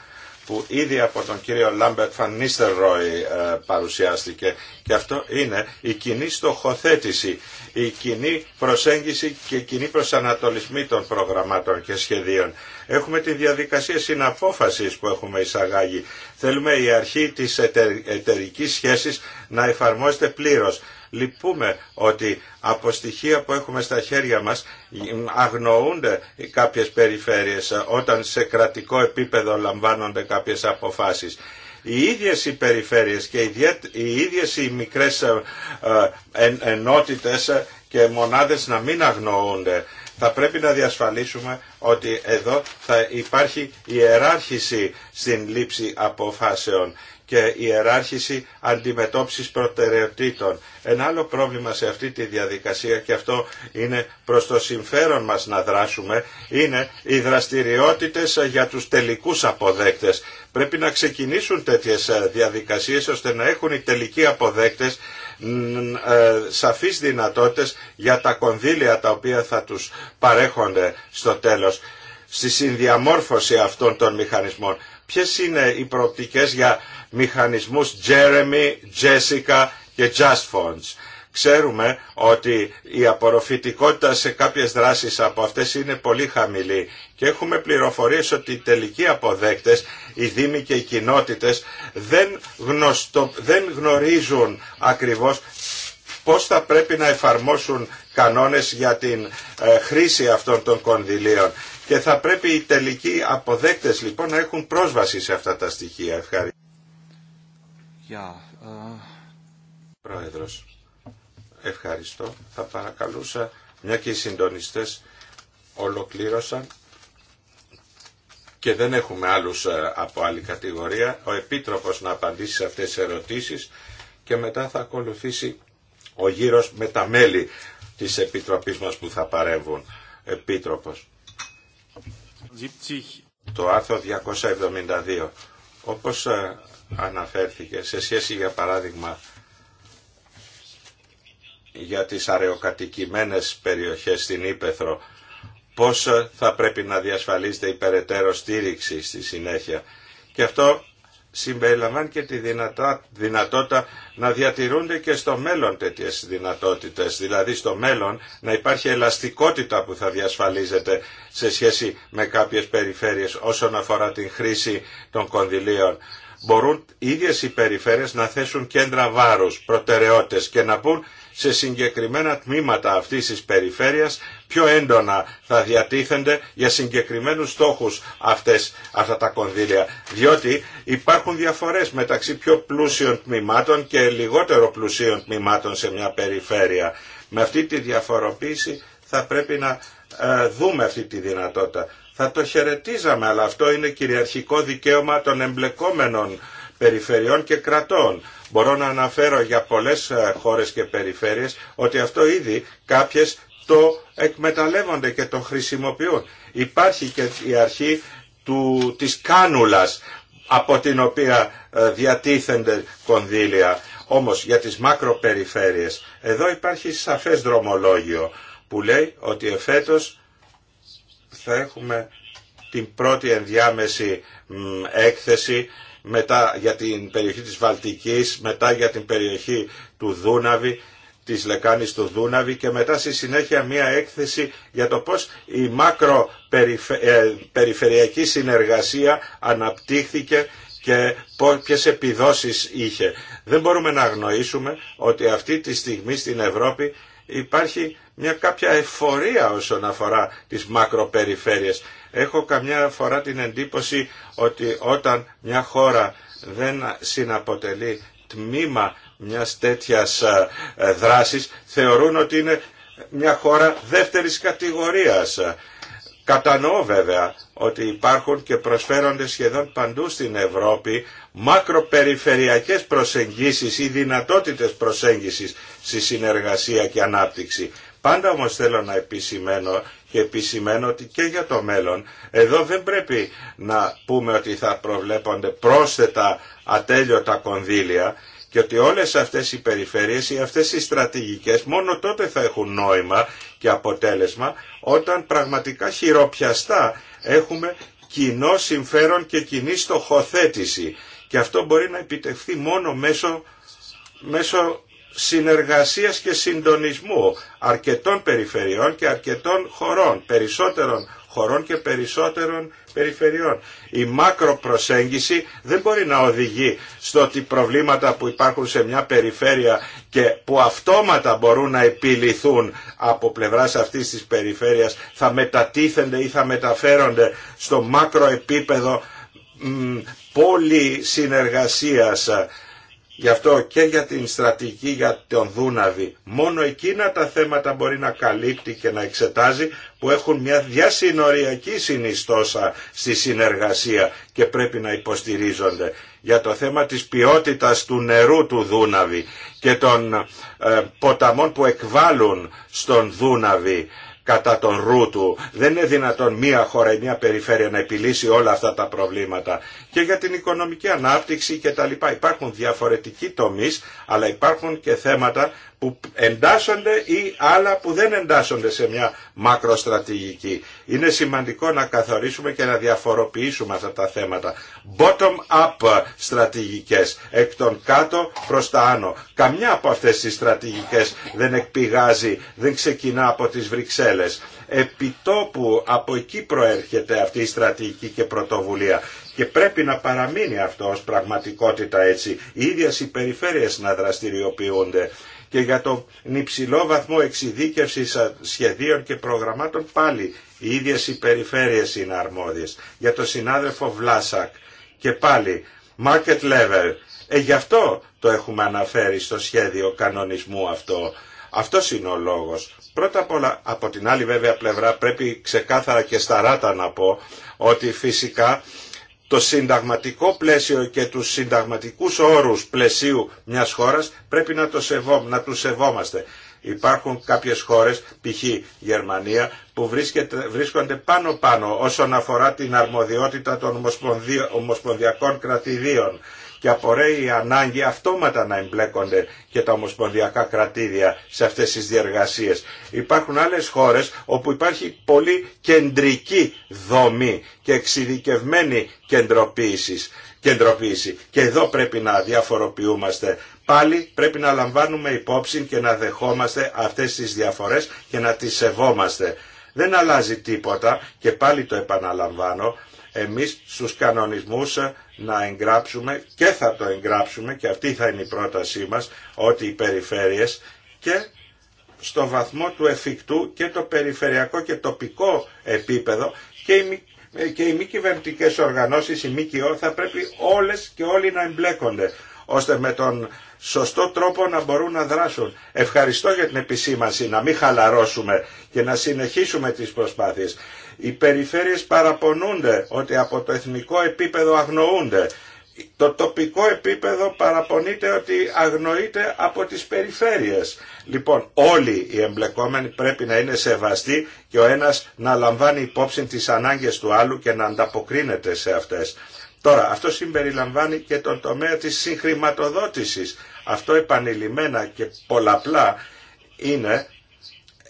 που ήδη από τον κύριο Λάμπερτ Φαν Ρόι ε, παρουσιάστηκε και αυτό είναι η κοινή στοχοθέτηση, η κοινή προσέγγιση και η κοινή προσανατολισμή των προγραμμάτων και σχεδίων. Έχουμε τη διαδικασία συναπόφασης που έχουμε εισαγάγει. Θέλουμε η αρχή της εταιρικής σχέσης να εφαρμόζεται πλήρως Λυπούμε ότι από στοιχεία που έχουμε στα χέρια μας αγνοούνται κάποιες περιφέρειες ε, όταν σε κρατικό επίπεδο λαμβάνονται κάποιες αποφάσεις οι ίδιες οι περιφέρειες και οι ίδιες οι μικρές ε, ε, ενότητες και μονάδες να μην αγνοούνται. Θα πρέπει να διασφαλίσουμε ότι εδώ θα υπάρχει ιεράρχηση στην λήψη αποφάσεων και ιεράρχηση αντιμετώπισης προτεραιοτήτων. Ένα άλλο πρόβλημα σε αυτή τη διαδικασία και αυτό είναι προς το συμφέρον μας να δράσουμε είναι οι δραστηριότητες για τους τελικούς αποδέκτες. Πρέπει να ξεκινήσουν τέτοιες ε, διαδικασίες ώστε να έχουν οι τελικοί αποδέκτες ε, σαφείς δυνατότητες για τα κονδύλια τα οποία θα τους παρέχονται στο τέλος στη συνδιαμόρφωση αυτών των μηχανισμών. Ποιες είναι οι προοπτικές για μηχανισμούς Jeremy, Jessica και Just Funds. Ξέρουμε ότι η απορροφητικότητα σε κάποιες δράσεις από αυτές είναι πολύ χαμηλή και έχουμε πληροφορίες ότι οι τελικοί αποδέκτες, οι δήμοι και οι κοινότητες δεν, γνωστο, δεν γνωρίζουν ακριβώς πώς θα πρέπει να εφαρμόσουν κανόνες για την ε, χρήση αυτών των κονδυλίων. Και θα πρέπει οι τελικοί αποδέκτες λοιπόν να έχουν πρόσβαση σε αυτά τα στοιχεία. Ευχαριστώ. Γεια. Uh, ευχαριστώ. Θα παρακαλούσα, μια και οι συντονιστές ολοκλήρωσαν και δεν έχουμε άλλους ε, από άλλη κατηγορία, ο Επίτροπος να απαντήσει σε αυτές τις ερωτήσεις και μετά θα ακολουθήσει ο γύρος με τα μέλη της Επιτροπής μας που θα παρέμβουν Επίτροπος. Το άρθρο 272. Όπως ε, αναφέρθηκε σε σχέση για παράδειγμα για τις αρεοκατοικημένες περιοχές στην Ήπεθρο πώς θα πρέπει να διασφαλίζεται η περαιτέρω στήριξη στη συνέχεια και αυτό συμπεριλαμβάνει και τη δυνατότητα να διατηρούνται και στο μέλλον τέτοιες δυνατότητες. Δηλαδή στο μέλλον να υπάρχει ελαστικότητα που θα διασφαλίζεται σε σχέση με κάποιες περιφέρειες όσον αφορά την χρήση των κονδυλίων μπορούν οι ίδιες οι περιφέρειες να θέσουν κέντρα βάρους, προτεραιότητες και να πούν σε συγκεκριμένα τμήματα αυτής της περιφέρειας πιο έντονα θα διατίθενται για συγκεκριμένους στόχους αυτές, αυτά τα κονδύλια. Διότι υπάρχουν διαφορές μεταξύ πιο πλούσιων τμήματων και λιγότερο πλουσίων τμήματων σε μια περιφέρεια. Με αυτή τη διαφοροποίηση θα πρέπει να ε, δούμε αυτή τη δυνατότητα. Θα το χαιρετίζαμε, αλλά αυτό είναι κυριαρχικό δικαίωμα των εμπλεκόμενων περιφερειών και κρατών. Μπορώ να αναφέρω για πολλές ε, χώρες και περιφέρειες ότι αυτό ήδη κάποιες το εκμεταλλεύονται και το χρησιμοποιούν. Υπάρχει και η αρχή του, της κάνουλας από την οποία ε, διατίθενται κονδύλια. Όμως για τις μακροπεριφέρειες εδώ υπάρχει σαφές δρομολόγιο που λέει ότι εφέτος θα έχουμε την πρώτη ενδιάμεση έκθεση μετά για την περιοχή της Βαλτικής, μετά για την περιοχή του Δούναβη, της λεκάνης του Δούναβη και μετά στη συνέχεια μία έκθεση για το πώς η μακροπεριφερειακή ε, συνεργασία αναπτύχθηκε και ποιες επιδόσεις είχε. Δεν μπορούμε να αγνοήσουμε ότι αυτή τη στιγμή στην Ευρώπη υπάρχει μια κάποια εφορία όσον αφορά τις μακροπεριφέρειες. Έχω καμιά φορά την εντύπωση ότι όταν μια χώρα δεν συναποτελεί τμήμα μιας τέτοιας ε, ε, δράσης θεωρούν ότι είναι μια χώρα δεύτερης κατηγορίας. Κατανοώ βέβαια ότι υπάρχουν και προσφέρονται σχεδόν παντού στην Ευρώπη μακροπεριφερειακές προσεγγίσεις ή δυνατότητες προσέγγισης στη συνεργασία και ανάπτυξη. Πάντα όμως θέλω να επισημαίνω και επισημαίνω ότι και για το μέλλον εδώ δεν πρέπει να πούμε ότι θα προβλέπονται πρόσθετα ατέλειωτα κονδύλια και ότι όλες αυτές οι περιφέρειες ή αυτές οι στρατηγικές μόνο τότε θα έχουν νόημα και αποτέλεσμα όταν πραγματικά χειροπιαστά Έχουμε κοινό συμφέρον και κοινή στοχοθέτηση. Και αυτό μπορεί να επιτευχθεί μόνο μέσω, μέσω συνεργασίας και συντονισμού αρκετών περιφερειών και αρκετών χωρών, περισσότερων χωρών και περισσότερων περιφερειών. Η μακροπροσέγγιση δεν μπορεί να οδηγεί στο ότι προβλήματα που υπάρχουν σε μια περιφέρεια και που αυτόματα μπορούν να επιληθούν από πλευράς αυτής της περιφέρειας θα μετατίθενται ή θα μεταφέρονται στο μάκρο επίπεδο πόλη συνεργασίας. Γι' αυτό και για την στρατηγική για τον Δούναβη. Μόνο εκείνα τα θέματα μπορεί να καλύπτει και να εξετάζει που έχουν μια διασυνοριακή συνιστόσα στη συνεργασία και πρέπει να υποστηρίζονται. Για το θέμα της ποιότητας του νερού του Δούναβη και των ε, ποταμών που εκβάλλουν στον Δούναβη κατά τον Ρούτου. Δεν είναι δυνατόν μία χώρα ή μία περιφέρεια να επιλύσει όλα αυτά τα προβλήματα. Και για την οικονομική ανάπτυξη και τα λοιπά. Υπάρχουν διαφορετικοί τομείς, αλλά υπάρχουν και θέματα που εντάσσονται ή άλλα που δεν εντάσσονται σε μια μακροστρατηγική. Είναι σημαντικό να καθορίσουμε και να διαφοροποιήσουμε αυτά τα θέματα. Bottom-up στρατηγικές, εκ των κάτω προς τα άνω. Καμιά από αυτές τις στρατηγικές δεν εκπηγάζει, δεν ξεκινά από τις Βρυξέλλες. Επιτόπου από εκεί προέρχεται αυτή η στρατηγική και πρωτοβουλία. Και πρέπει να παραμείνει αυτό ως πραγματικότητα έτσι. Οι ίδιες οι περιφέρειες να δραστηριοποιούνται και για τον υψηλό βαθμό εξειδίκευσης σχεδίων και προγραμμάτων πάλι οι ίδιες οι περιφέρειες είναι αρμόδιες. Για τον συνάδελφο Βλάσακ και πάλι market level. Ε, γι' αυτό το έχουμε αναφέρει στο σχέδιο κανονισμού αυτό. Αυτό είναι ο λόγος. Πρώτα απ' όλα, από την άλλη βέβαια πλευρά πρέπει ξεκάθαρα και σταράτα να πω ότι φυσικά το συνταγματικό πλαίσιο και τους συνταγματικούς όρους πλαισίου μιας χώρας πρέπει να, το σεβό, να τους σεβόμαστε. Υπάρχουν κάποιες χώρες, π.χ. Γερμανία, που βρίσκονται πάνω-πάνω όσον αφορά την αρμοδιότητα των ομοσπονδιακών κρατηδίων και απορρέει η ανάγκη αυτόματα να εμπλέκονται και τα ομοσπονδιακά κρατήδια σε αυτές τις διεργασίες. Υπάρχουν άλλες χώρες όπου υπάρχει πολύ κεντρική δομή και εξειδικευμένη κεντροποίηση. Και εδώ πρέπει να διαφοροποιούμαστε. Πάλι πρέπει να λαμβάνουμε υπόψη και να δεχόμαστε αυτές τις διαφορές και να τις σεβόμαστε. Δεν αλλάζει τίποτα και πάλι το επαναλαμβάνω εμείς στους κανονισμούς να εγγράψουμε και θα το εγγράψουμε και αυτή θα είναι η πρότασή μας ότι οι περιφέρειες και στο βαθμό του εφικτού και το περιφερειακό και τοπικό επίπεδο και οι και οι μη κυβερνητικέ οργανώσεις, οι ΜΚΟ, θα πρέπει όλες και όλοι να εμπλέκονται, ώστε με τον σωστό τρόπο να μπορούν να δράσουν. Ευχαριστώ για την επισήμανση, να μην χαλαρώσουμε και να συνεχίσουμε τις προσπάθειες. Οι περιφέρειες παραπονούνται ότι από το εθνικό επίπεδο αγνοούνται. Το τοπικό επίπεδο παραπονείται ότι αγνοείται από τις περιφέρειες. Λοιπόν, όλοι οι εμπλεκόμενοι πρέπει να είναι σεβαστοί και ο ένας να λαμβάνει υπόψη τις ανάγκες του άλλου και να ανταποκρίνεται σε αυτές. Τώρα, αυτό συμπεριλαμβάνει και τον τομέα της συγχρηματοδότησης. Αυτό επανειλημμένα και πολλαπλά είναι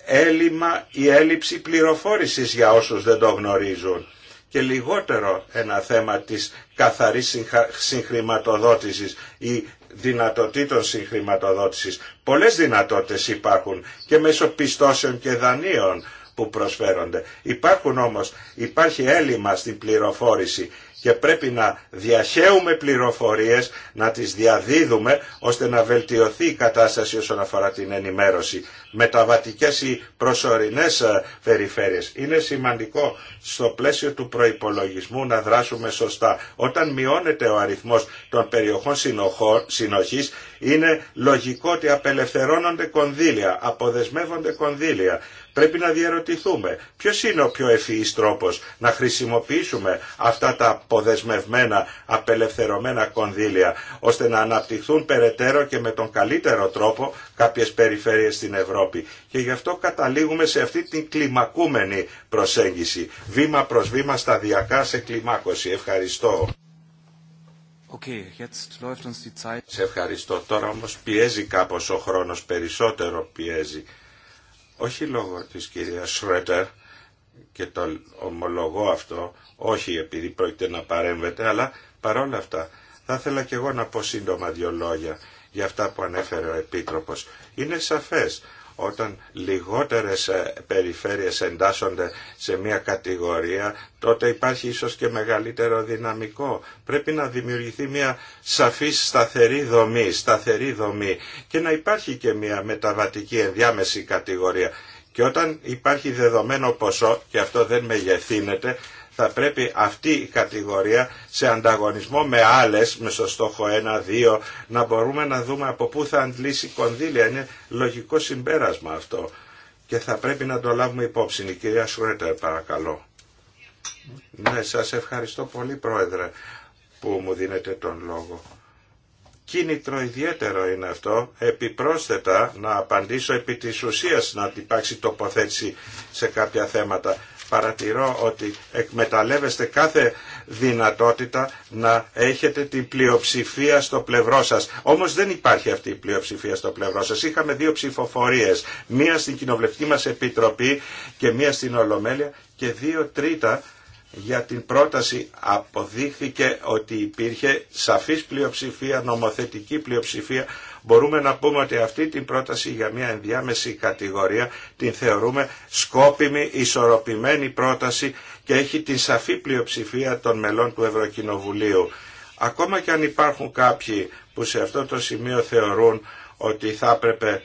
έλλειμμα ή έλλειψη πληροφόρησης για όσους δεν το γνωρίζουν και λιγότερο ένα θέμα της καθαρής συγχρηματοδότησης ή δυνατοτήτων συγχρηματοδότησης. Πολλές δυνατότητες υπάρχουν και μέσω πιστώσεων και δανείων που προσφέρονται. Υπάρχουν όμως, υπάρχει έλλειμμα στην πληροφόρηση και πρέπει να διαχέουμε πληροφορίες, να τις διαδίδουμε ώστε να βελτιωθεί η κατάσταση όσον αφορά την ενημέρωση. Μεταβατικές ή προσωρινές ε, περιφέρειες. Είναι σημαντικό στο πλαίσιο του προϋπολογισμού να δράσουμε σωστά. Όταν μειώνεται ο αριθμός των περιοχών συνοχής είναι λογικό ότι απελευθερώνονται κονδύλια, αποδεσμεύονται κονδύλια Πρέπει να διαρωτηθούμε ποιος είναι ο πιο ευφυής τρόπος να χρησιμοποιήσουμε αυτά τα αποδεσμευμένα, απελευθερωμένα κονδύλια, ώστε να αναπτυχθούν περαιτέρω και με τον καλύτερο τρόπο κάποιες περιφέρειες στην Ευρώπη. Και γι' αυτό καταλήγουμε σε αυτή την κλιμακούμενη προσέγγιση, βήμα προς βήμα σταδιακά σε κλιμάκωση. Ευχαριστώ. jetzt läuft uns die Zeit. Σε ευχαριστώ. Τώρα όμως πιέζει κάπως ο χρόνος, περισσότερο πιέζει όχι λόγω της κυρία Σρέτερ και το ομολογώ αυτό, όχι επειδή πρόκειται να παρέμβετε, αλλά παρόλα αυτά θα ήθελα και εγώ να πω σύντομα δύο λόγια για αυτά που ανέφερε ο Επίτροπος. Είναι σαφές όταν λιγότερες ε, περιφέρειες εντάσσονται σε μια κατηγορία, τότε υπάρχει ίσως και μεγαλύτερο δυναμικό. Πρέπει να δημιουργηθεί μια σαφής σταθερή δομή, σταθερή δομή και να υπάρχει και μια μεταβατική ενδιάμεση κατηγορία. Και όταν υπάρχει δεδομένο ποσό, και αυτό δεν μεγεθύνεται, θα πρέπει αυτή η κατηγορία σε ανταγωνισμό με άλλες, με στο στόχο 1, 2, να μπορούμε να δούμε από πού θα αντλήσει κονδύλια. Είναι λογικό συμπέρασμα αυτό και θα πρέπει να το λάβουμε υπόψη. Η κυρία Σουρέτερ παρακαλώ. Ναι, σας ευχαριστώ πολύ πρόεδρε που μου δίνετε τον λόγο. Κίνητρο ιδιαίτερο είναι αυτό, επιπρόσθετα να απαντήσω επί της ουσίας να υπάρξει τοποθέτηση σε κάποια θέματα παρατηρώ ότι εκμεταλλεύεστε κάθε δυνατότητα να έχετε την πλειοψηφία στο πλευρό σας. Όμως δεν υπάρχει αυτή η πλειοψηφία στο πλευρό σας. Είχαμε δύο ψηφοφορίες, μία στην Κοινοβουλευτική μας Επιτροπή και μία στην Ολομέλεια και δύο τρίτα για την πρόταση αποδείχθηκε ότι υπήρχε σαφής πλειοψηφία, νομοθετική πλειοψηφία μπορούμε να πούμε ότι αυτή την πρόταση για μια ενδιάμεση κατηγορία την θεωρούμε σκόπιμη, ισορροπημένη πρόταση και έχει την σαφή πλειοψηφία των μελών του Ευρωκοινοβουλίου. Ακόμα και αν υπάρχουν κάποιοι που σε αυτό το σημείο θεωρούν ότι θα έπρεπε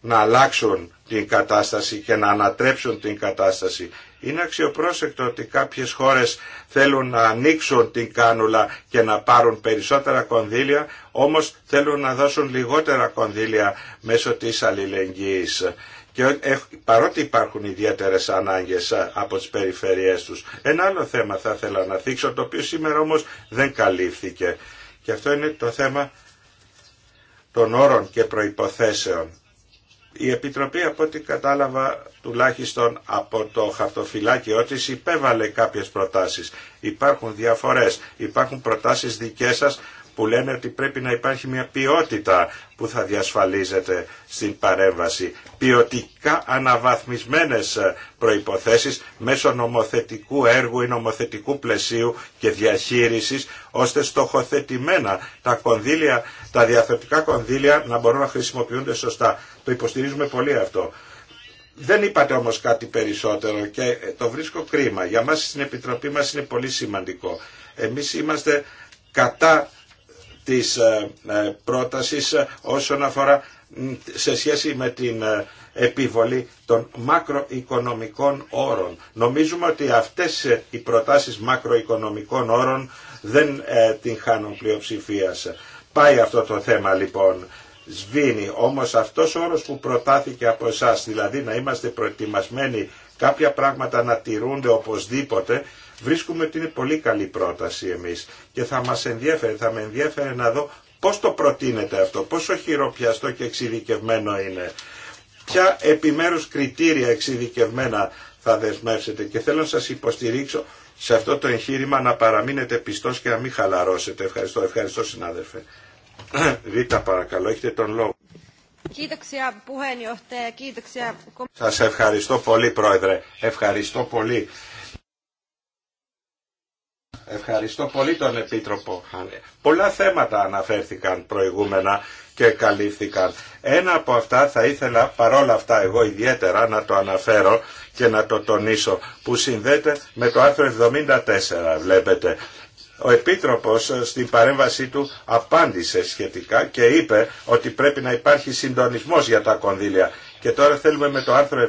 να αλλάξουν την κατάσταση και να ανατρέψουν την κατάσταση. Είναι αξιοπρόσεκτο ότι κάποιες χώρες θέλουν να ανοίξουν την κάνουλα και να πάρουν περισσότερα κονδύλια, όμως θέλουν να δώσουν λιγότερα κονδύλια μέσω της αλληλεγγύης. Και παρότι υπάρχουν ιδιαίτερες ανάγκες από τις περιφερειές τους. Ένα άλλο θέμα θα ήθελα να θίξω, το οποίο σήμερα όμως δεν καλύφθηκε. Και αυτό είναι το θέμα των όρων και προϋποθέσεων. Η Επιτροπή από ό,τι κατάλαβα τουλάχιστον από το χαρτοφυλάκιό της υπέβαλε κάποιες προτάσεις. Υπάρχουν διαφορές, υπάρχουν προτάσεις δικές σας που λένε ότι πρέπει να υπάρχει μια ποιότητα που θα διασφαλίζεται στην παρέμβαση. Ποιοτικά αναβαθμισμένες προϋποθέσεις μέσω νομοθετικού έργου ή νομοθετικού πλαισίου και διαχείρισης, ώστε στοχοθετημένα τα, κονδύλια, τα διαθετικά κονδύλια να μπορούν να χρησιμοποιούνται σωστά. Το υποστηρίζουμε πολύ αυτό. Δεν είπατε όμως κάτι περισσότερο και το βρίσκω κρίμα. Για μας στην Επιτροπή μας είναι πολύ σημαντικό. Εμείς είμαστε κατά της ε, ε, πρότασης ε, όσον αφορά σε σχέση με την επιβολή των μακροοικονομικών όρων. Νομίζουμε ότι αυτές οι προτάσεις μακροοικονομικών όρων δεν την χάνουν πλειοψηφία. Πάει αυτό το θέμα λοιπόν σβήνει. Όμως αυτός ο όρος που προτάθηκε από εσά, δηλαδή να είμαστε προετοιμασμένοι κάποια πράγματα να τηρούνται οπωσδήποτε, βρίσκουμε ότι είναι πολύ καλή πρόταση εμείς και θα μα ενδιαφέρει, θα με ενδιαφέρει να δω πώς το προτείνεται αυτό, πόσο χειροπιαστό και εξειδικευμένο είναι. Ποια επιμέρους κριτήρια εξειδικευμένα θα δεσμεύσετε και θέλω να σας υποστηρίξω σε αυτό το εγχείρημα να παραμείνετε πιστός και να μην χαλαρώσετε. Ευχαριστώ, ευχαριστώ συνάδελφε. Ρίτα παρακαλώ, έχετε τον λόγο. Σα ευχαριστώ πολύ πρόεδρε, ευχαριστώ πολύ. Ευχαριστώ πολύ τον Επίτροπο. Πολλά θέματα αναφέρθηκαν προηγούμενα και καλύφθηκαν. Ένα από αυτά θα ήθελα παρόλα αυτά εγώ ιδιαίτερα να το αναφέρω και να το τονίσω που συνδέεται με το άρθρο 74 βλέπετε ο Επίτροπος ε, στην παρέμβασή του απάντησε σχετικά και είπε ότι πρέπει να υπάρχει συντονισμός για τα κονδύλια. Και τώρα θέλουμε με το άρθρο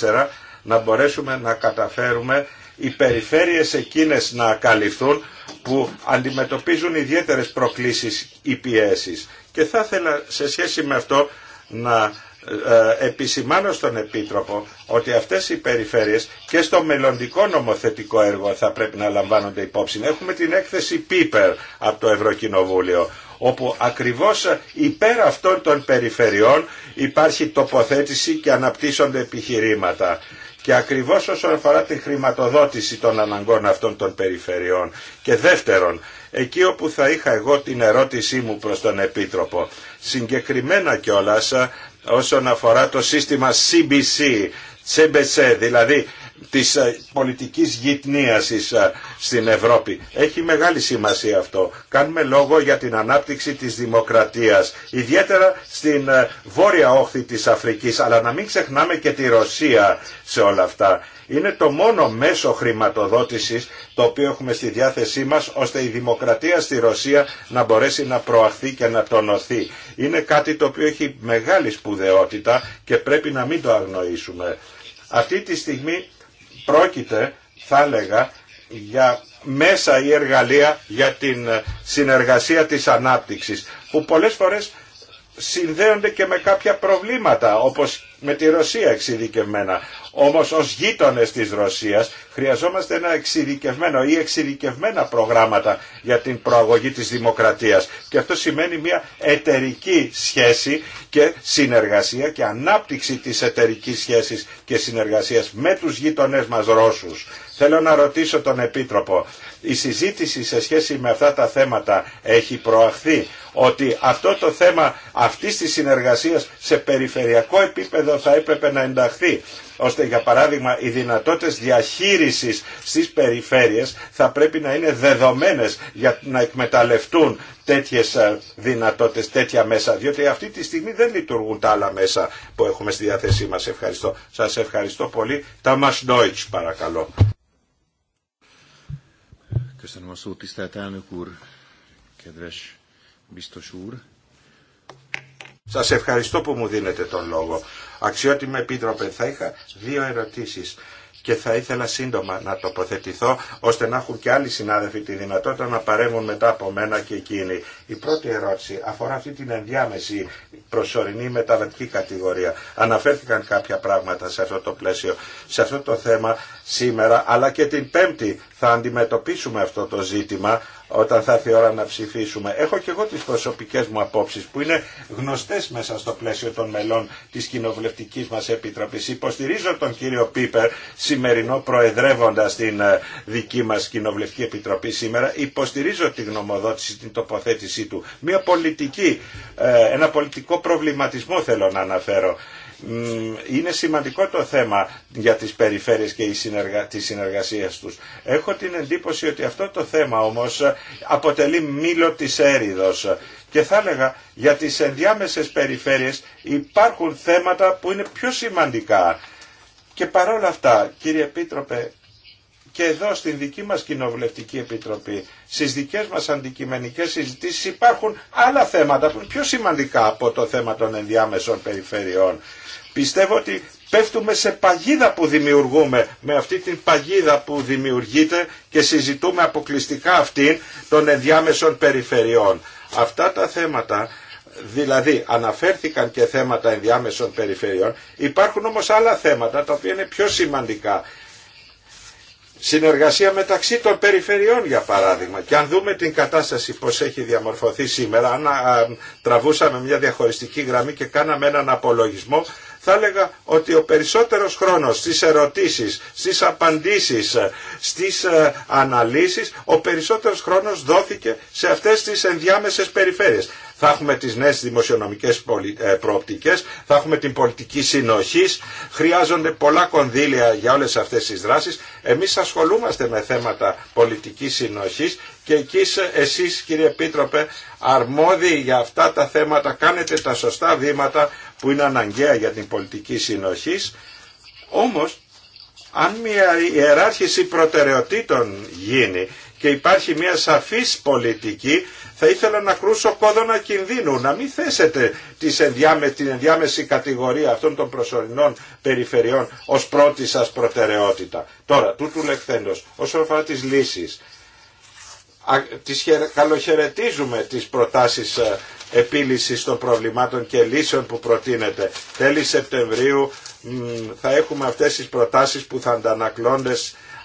74 να μπορέσουμε να καταφέρουμε οι περιφέρειες εκείνες να καλυφθούν που αντιμετωπίζουν ιδιαίτερες προκλήσεις ή πιέσεις. Και θα ήθελα σε σχέση με αυτό να ε, ε, επισημάνω στον Επίτροπο ότι αυτές οι περιφέρειες και στο μελλοντικό νομοθετικό έργο θα πρέπει να λαμβάνονται υπόψη. Έχουμε την έκθεση Πίπερ από το Ευρωκοινοβούλιο όπου ακριβώς υπέρ αυτών των περιφερειών υπάρχει τοποθέτηση και αναπτύσσονται επιχειρήματα. Και ακριβώς όσον αφορά την χρηματοδότηση των αναγκών αυτών των περιφερειών. Και δεύτερον, εκεί όπου θα είχα εγώ την ερώτησή μου προς τον Επίτροπο, συγκεκριμένα κιόλας όσον αφορά το σύστημα CBC, CBC, δηλαδή της ε, πολιτικής γυτνίασης ε, στην Ευρώπη. Έχει μεγάλη σημασία αυτό. Κάνουμε λόγο για την ανάπτυξη της δημοκρατίας, ιδιαίτερα στην ε, βόρεια όχθη της Αφρικής, αλλά να μην ξεχνάμε και τη Ρωσία σε όλα αυτά. Είναι το μόνο μέσο χρηματοδότησης το οποίο έχουμε στη διάθεσή μας ώστε η δημοκρατία στη Ρωσία να μπορέσει να προαχθεί και να τονωθεί. Είναι κάτι το οποίο έχει μεγάλη σπουδαιότητα και πρέπει να μην το αγνοήσουμε. Αυτή τη στιγμή Πρόκειται, θα έλεγα, για μέσα ή εργαλεία για την ε, συνεργασία της ανάπτυξης, που πολλές φορές συνδέονται και με κάποια προβλήματα, όπως με τη Ρωσία εξειδικευμένα. Όμως ως γείτονες της Ρωσίας χρειαζόμαστε ένα εξειδικευμένο ή εξειδικευμένα προγράμματα για την προαγωγή της δημοκρατίας. Και αυτό σημαίνει μια εταιρική σχέση και συνεργασία και ανάπτυξη της εταιρική σχέσης και συνεργασίας με τους γείτονές μας Ρώσους. Θέλω να ρωτήσω τον Επίτροπο, η συζήτηση σε σχέση με αυτά τα θέματα έχει προαχθεί ότι αυτό το θέμα αυτή της συνεργασίας σε περιφερειακό επίπεδο θα έπρεπε να ενταχθεί ώστε για παράδειγμα οι δυνατότητες διαχείρισης στις περιφέρειες θα πρέπει να είναι δεδομένες για να εκμεταλλευτούν τέτοιες ε, δυνατότητες, τέτοια μέσα, διότι αυτή τη στιγμή δεν λειτουργούν τα άλλα μέσα που έχουμε στη διάθεσή μας. Ευχαριστώ. Σας ευχαριστώ πολύ. μας παρακαλώ. Köszönöm σας ευχαριστώ που μου δίνετε τον λόγο. Αξιότιμη Επίτροπε, θα είχα δύο ερωτήσεις και θα ήθελα σύντομα να τοποθετηθώ ώστε να έχουν και άλλοι συνάδελφοι τη δυνατότητα να παρέμβουν μετά από μένα και εκείνοι. Η πρώτη ερώτηση αφορά αυτή την ενδιάμεση προσωρινή μεταβατική κατηγορία. Αναφέρθηκαν κάποια πράγματα σε αυτό το πλαίσιο, σε αυτό το θέμα σήμερα, αλλά και την Πέμπτη θα αντιμετωπίσουμε αυτό το ζήτημα όταν θα έρθει η ώρα να ψηφίσουμε. Έχω και εγώ τις προσωπικές μου απόψεις που είναι γνωστές μέσα στο πλαίσιο των μελών της κοινοβουλευτικής μας επιτροπής. Υποστηρίζω τον κύριο Πίπερ σημερινό προεδρεύοντα την ε, δική μας κοινοβουλευτική επιτροπή σήμερα. Υποστηρίζω τη γνωμοδότηση, την τοποθέτηση μια πολιτική, ε, ένα πολιτικό προβληματισμό θέλω να αναφέρω. Είναι σημαντικό το θέμα για τις περιφέρειες και τη συνεργασία τους. Έχω την εντύπωση ότι αυτό το θέμα όμως αποτελεί μήλο της έρηδος. Και θα έλεγα για τις ενδιάμεσες περιφέρειες υπάρχουν θέματα που είναι πιο σημαντικά. Και παρόλα αυτά, κύριε Επίτροπε, και εδώ στην δική μας Κοινοβουλευτική Επιτροπή, στις δικές μας αντικειμενικές συζητήσεις υπάρχουν άλλα θέματα που είναι πιο σημαντικά από το θέμα των ενδιάμεσων περιφερειών. Πιστεύω ότι πέφτουμε σε παγίδα που δημιουργούμε, με αυτή την παγίδα που δημιουργείται και συζητούμε αποκλειστικά αυτήν των ενδιάμεσων περιφερειών. Αυτά τα θέματα δηλαδή αναφέρθηκαν και θέματα ενδιάμεσων περιφερειών, υπάρχουν όμως άλλα θέματα τα οποία είναι πιο σημαντικά Συνεργασία μεταξύ των περιφερειών για παράδειγμα. Και αν δούμε την κατάσταση πώς έχει διαμορφωθεί σήμερα, αν τραβούσαμε μια διαχωριστική γραμμή και κάναμε έναν απολογισμό, θα έλεγα ότι ο περισσότερος χρόνος στις ερωτήσεις, στις απαντήσεις, στις ε, αναλύσεις, ο περισσότερος χρόνος δόθηκε σε αυτές τις ενδιάμεσες περιφέρειες. Θα έχουμε τις νέες δημοσιονομικές ε, προοπτικές, θα έχουμε την πολιτική συνοχή, χρειάζονται πολλά κονδύλια για όλες αυτές τις δράσεις. Εμείς ασχολούμαστε με θέματα πολιτικής συνοχής και εκεί εσείς κύριε Επίτροπε αρμόδιοι για αυτά τα θέματα κάνετε τα σωστά βήματα που είναι αναγκαία για την πολιτική συνοχής, όμως αν μια ιεράρχηση προτεραιοτήτων γίνει και υπάρχει μια σαφής πολιτική, θα ήθελα να κρούσω κόδωνα κινδύνου, να μην θέσετε τις ενδιάμε, την ενδιάμεση κατηγορία αυτών των προσωρινών περιφερειών ως πρώτη σας προτεραιότητα. Τώρα, τούτου λεχθέντος, όσον αφορά τις λύσεις, τις καλοχαιρετίζουμε τις προτάσεις ε, επίλυσης των προβλημάτων και λύσεων που προτείνεται. Τέλη Σεπτεμβρίου θα έχουμε αυτές τις προτάσεις που θα αντανακλώνται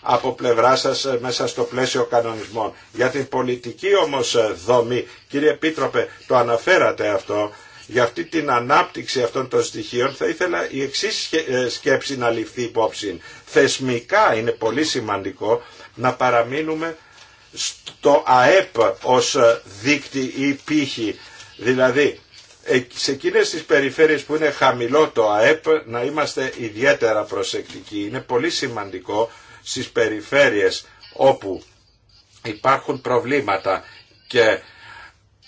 από πλευρά σας ε, μέσα στο πλαίσιο κανονισμών. Για την πολιτική όμως ε, δομή, κύριε Επίτροπε, το αναφέρατε αυτό, για αυτή την ανάπτυξη αυτών των στοιχείων θα ήθελα η εξή ε, σκέψη να ληφθεί υπόψη. Θεσμικά είναι πολύ σημαντικό να παραμείνουμε στο ΑΕΠ ως δίκτυ ή πύχη Δηλαδή, ε, σε εκείνες τις περιφέρειες που είναι χαμηλό το ΑΕΠ να είμαστε ιδιαίτερα προσεκτικοί. Είναι πολύ σημαντικό στις περιφέρειες όπου υπάρχουν προβλήματα και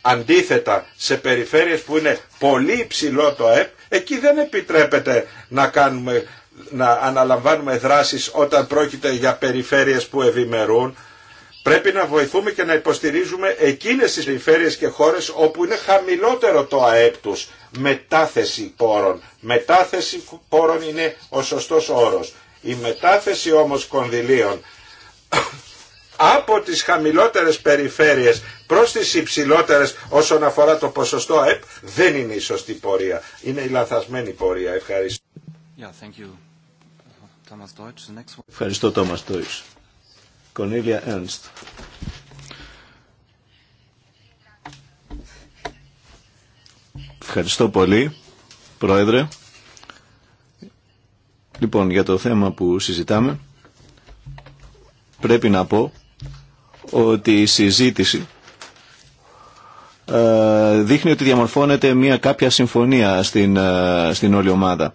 αντίθετα σε περιφέρειες που είναι πολύ υψηλό το ΑΕΠ, εκεί δεν επιτρέπεται να κάνουμε να αναλαμβάνουμε δράσεις όταν πρόκειται για περιφέρειες που ευημερούν Πρέπει να βοηθούμε και να υποστηρίζουμε εκείνες τις περιφέρειες και χώρες όπου είναι χαμηλότερο το ΑΕΠ τους. Μετάθεση πόρων. Μετάθεση πόρων είναι ο σωστός όρος. Η μετάθεση όμως κονδυλίων από τις χαμηλότερες περιφέρειες προς τις υψηλότερες όσον αφορά το ποσοστό ΑΕΠ δεν είναι η σωστή πορεία. Είναι η λανθασμένη πορεία. Ευχαριστώ. Ευχαριστώ Τόμας Τόιτς. Κονίλια Ευχαριστώ πολύ, Πρόεδρε. Λοιπόν, για το θέμα που συζητάμε, πρέπει να πω ότι η συζήτηση ε, δείχνει ότι διαμορφώνεται μια κάποια συμφωνία στην, ε, στην όλη ομάδα.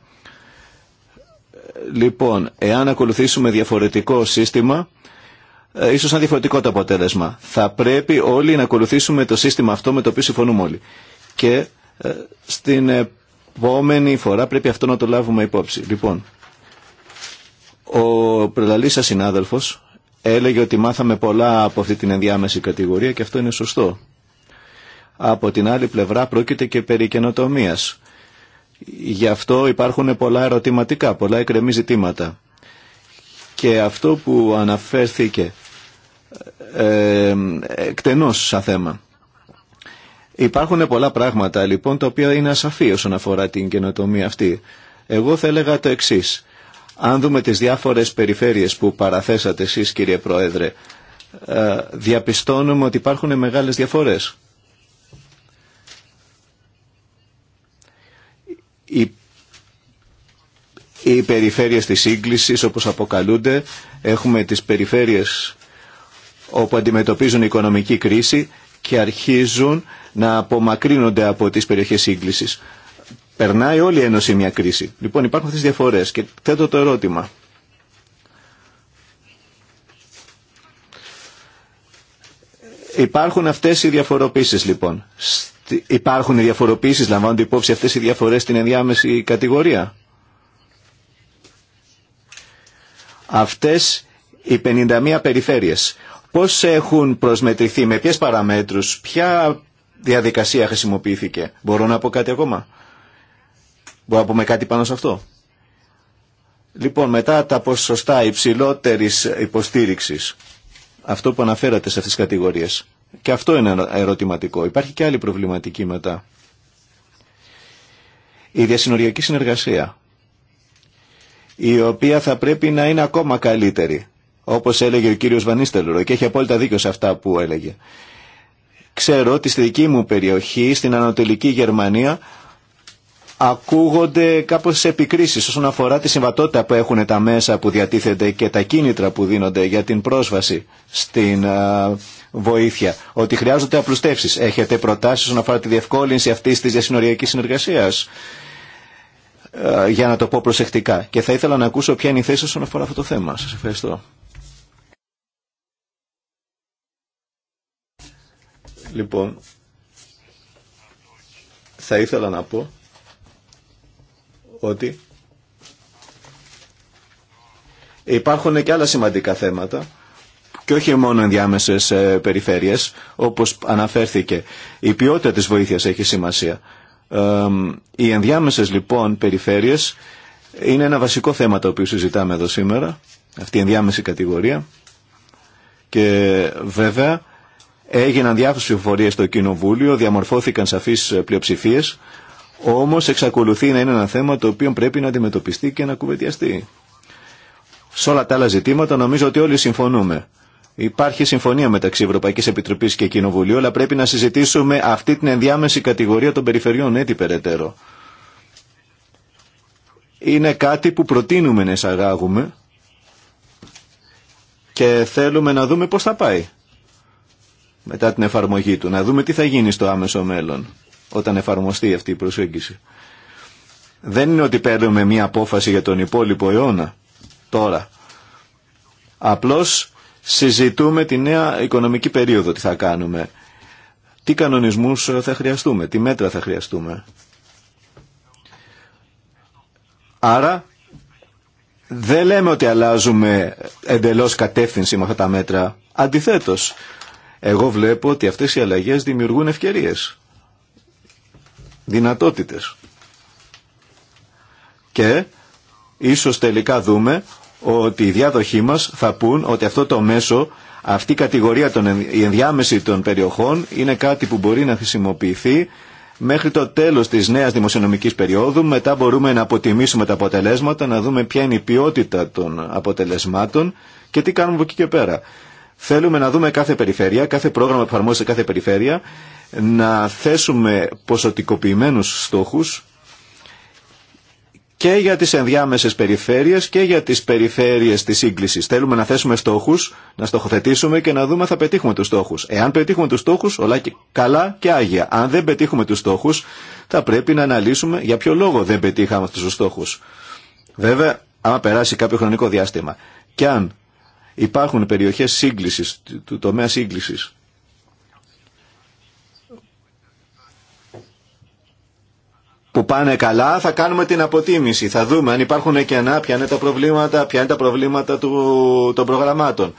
Λοιπόν, εάν ακολουθήσουμε διαφορετικό σύστημα, ε, ίσως ένα διαφορετικό το αποτέλεσμα. Θα πρέπει όλοι να ακολουθήσουμε το σύστημα αυτό με το οποίο συμφωνούμε όλοι. Και ε, στην επόμενη φορά πρέπει αυτό να το λάβουμε υπόψη. Λοιπόν, ο προλαλής σας συνάδελφος έλεγε ότι μάθαμε πολλά από αυτή την ενδιάμεση κατηγορία και αυτό είναι σωστό. Από την άλλη πλευρά πρόκειται και περί καινοτομίας. Γι' αυτό υπάρχουν πολλά ερωτηματικά, πολλά εκρεμή ζητήματα και αυτό που αναφέρθηκε ε, εκτενώς σαν θέμα. Υπάρχουν πολλά πράγματα λοιπόν τα οποία είναι ασαφή όσον αφορά την καινοτομία αυτή. Εγώ θα έλεγα το εξή. Αν δούμε τις διάφορες περιφέρειες που παραθέσατε εσείς κύριε Πρόεδρε, ε, διαπιστώνουμε ότι υπάρχουν μεγάλες διαφορές οι περιφέρειες της σύγκλησης όπως αποκαλούνται, έχουμε τις περιφέρειες όπου αντιμετωπίζουν οικονομική κρίση και αρχίζουν να απομακρύνονται από τις περιοχές σύγκλησης. Περνάει όλη η Ένωση μια κρίση. Λοιπόν υπάρχουν αυτές τις διαφορές και θέτω το ερώτημα. Υπάρχουν αυτές οι διαφοροποίησεις λοιπόν. Υπάρχουν οι διαφοροποίησεις, λαμβάνονται υπόψη αυτές οι διαφορές στην ενδιάμεση κατηγορία. αυτές οι 51 περιφέρειες. Πώς έχουν προσμετρηθεί, με ποιες παραμέτρους, ποια διαδικασία χρησιμοποιήθηκε. Μπορώ να πω κάτι ακόμα. Μπορώ να πούμε κάτι πάνω σε αυτό. Λοιπόν, μετά τα ποσοστά υψηλότερη υποστήριξης, αυτό που αναφέρατε σε αυτές τις κατηγορίες, και αυτό είναι ερωτηματικό. Υπάρχει και άλλη προβληματική μετά. Η διασυνοριακή συνεργασία η οποία θα πρέπει να είναι ακόμα καλύτερη. Όπως έλεγε ο κύριος Βανίστελρο και έχει απόλυτα δίκιο σε αυτά που έλεγε. Ξέρω ότι στη δική μου περιοχή, στην Ανατολική Γερμανία, ακούγονται κάπως επικρίσεις όσον αφορά τη συμβατότητα που έχουν τα μέσα που διατίθενται και τα κίνητρα που δίνονται για την πρόσβαση στην α, βοήθεια. Ότι χρειάζονται απλουστεύσεις. Έχετε προτάσεις όσον αφορά τη διευκόλυνση αυτής της διασυνοριακής συνεργασίας. Ε, για να το πω προσεκτικά. Και θα ήθελα να ακούσω ποια είναι η θέση όσον αφορά αυτό το θέμα. Σας ευχαριστώ. Λοιπόν, θα ήθελα να πω ότι υπάρχουν και άλλα σημαντικά θέματα και όχι μόνο ενδιάμεσες ε, περιφέρειες, όπως αναφέρθηκε. Η ποιότητα της βοήθειας έχει σημασία. Οι ενδιάμεσες λοιπόν περιφέρειες είναι ένα βασικό θέμα το οποίο συζητάμε εδώ σήμερα, αυτή η ενδιάμεση κατηγορία και βέβαια έγιναν διάφορες συμφορίες στο Κοινοβούλιο, διαμορφώθηκαν σαφείς πλειοψηφίες, όμως εξακολουθεί να είναι ένα θέμα το οποίο πρέπει να αντιμετωπιστεί και να κουβεντιαστεί. Σε όλα τα άλλα ζητήματα νομίζω ότι όλοι συμφωνούμε. Υπάρχει συμφωνία μεταξύ Ευρωπαϊκή Επιτροπής και Κοινοβουλίου, αλλά πρέπει να συζητήσουμε αυτή την ενδιάμεση κατηγορία των περιφερειών έτσι περαιτέρω. Είναι κάτι που προτείνουμε να εισαγάγουμε και θέλουμε να δούμε πώς θα πάει μετά την εφαρμογή του, να δούμε τι θα γίνει στο άμεσο μέλλον όταν εφαρμοστεί αυτή η προσέγγιση. Δεν είναι ότι παίρνουμε μία απόφαση για τον υπόλοιπο αιώνα τώρα. Απλώς συζητούμε τη νέα οικονομική περίοδο, τι θα κάνουμε, τι κανονισμούς θα χρειαστούμε, τι μέτρα θα χρειαστούμε. Άρα δεν λέμε ότι αλλάζουμε εντελώς κατεύθυνση με αυτά τα μέτρα. Αντιθέτως, εγώ βλέπω ότι αυτές οι αλλαγές δημιουργούν ευκαιρίες, δυνατότητες. Και ίσως τελικά δούμε ότι οι διάδοχοί μας θα πούν ότι αυτό το μέσο, αυτή η κατηγορία, των, η ενδιάμεση των περιοχών είναι κάτι που μπορεί να χρησιμοποιηθεί μέχρι το τέλος της νέας δημοσιονομικής περίοδου. Μετά μπορούμε να αποτιμήσουμε τα αποτελέσματα, να δούμε ποια είναι η ποιότητα των αποτελεσμάτων και τι κάνουμε από εκεί και πέρα. Θέλουμε να δούμε κάθε περιφέρεια, κάθε πρόγραμμα που εφαρμόζεται κάθε περιφέρεια, να θέσουμε ποσοτικοποιημένους στόχους και για τις ενδιάμεσες περιφέρειες και για τις περιφέρειες της σύγκλησης. Θέλουμε να θέσουμε στόχους, να στοχοθετήσουμε και να δούμε αν θα πετύχουμε τους στόχους. Εάν πετύχουμε τους στόχους, όλα καλά και άγια. Αν δεν πετύχουμε τους στόχους, θα πρέπει να αναλύσουμε για ποιο λόγο δεν πετύχαμε αυτούς τους στόχους. Βέβαια, άμα περάσει κάποιο χρονικό διάστημα και αν υπάρχουν περιοχές σύγκλησης, του τομέα σύγκλησης, που πάνε καλά θα κάνουμε την αποτίμηση. Θα δούμε αν υπάρχουν κενά, ποια είναι τα προβλήματα, ποια είναι τα προβλήματα του, των προγραμμάτων.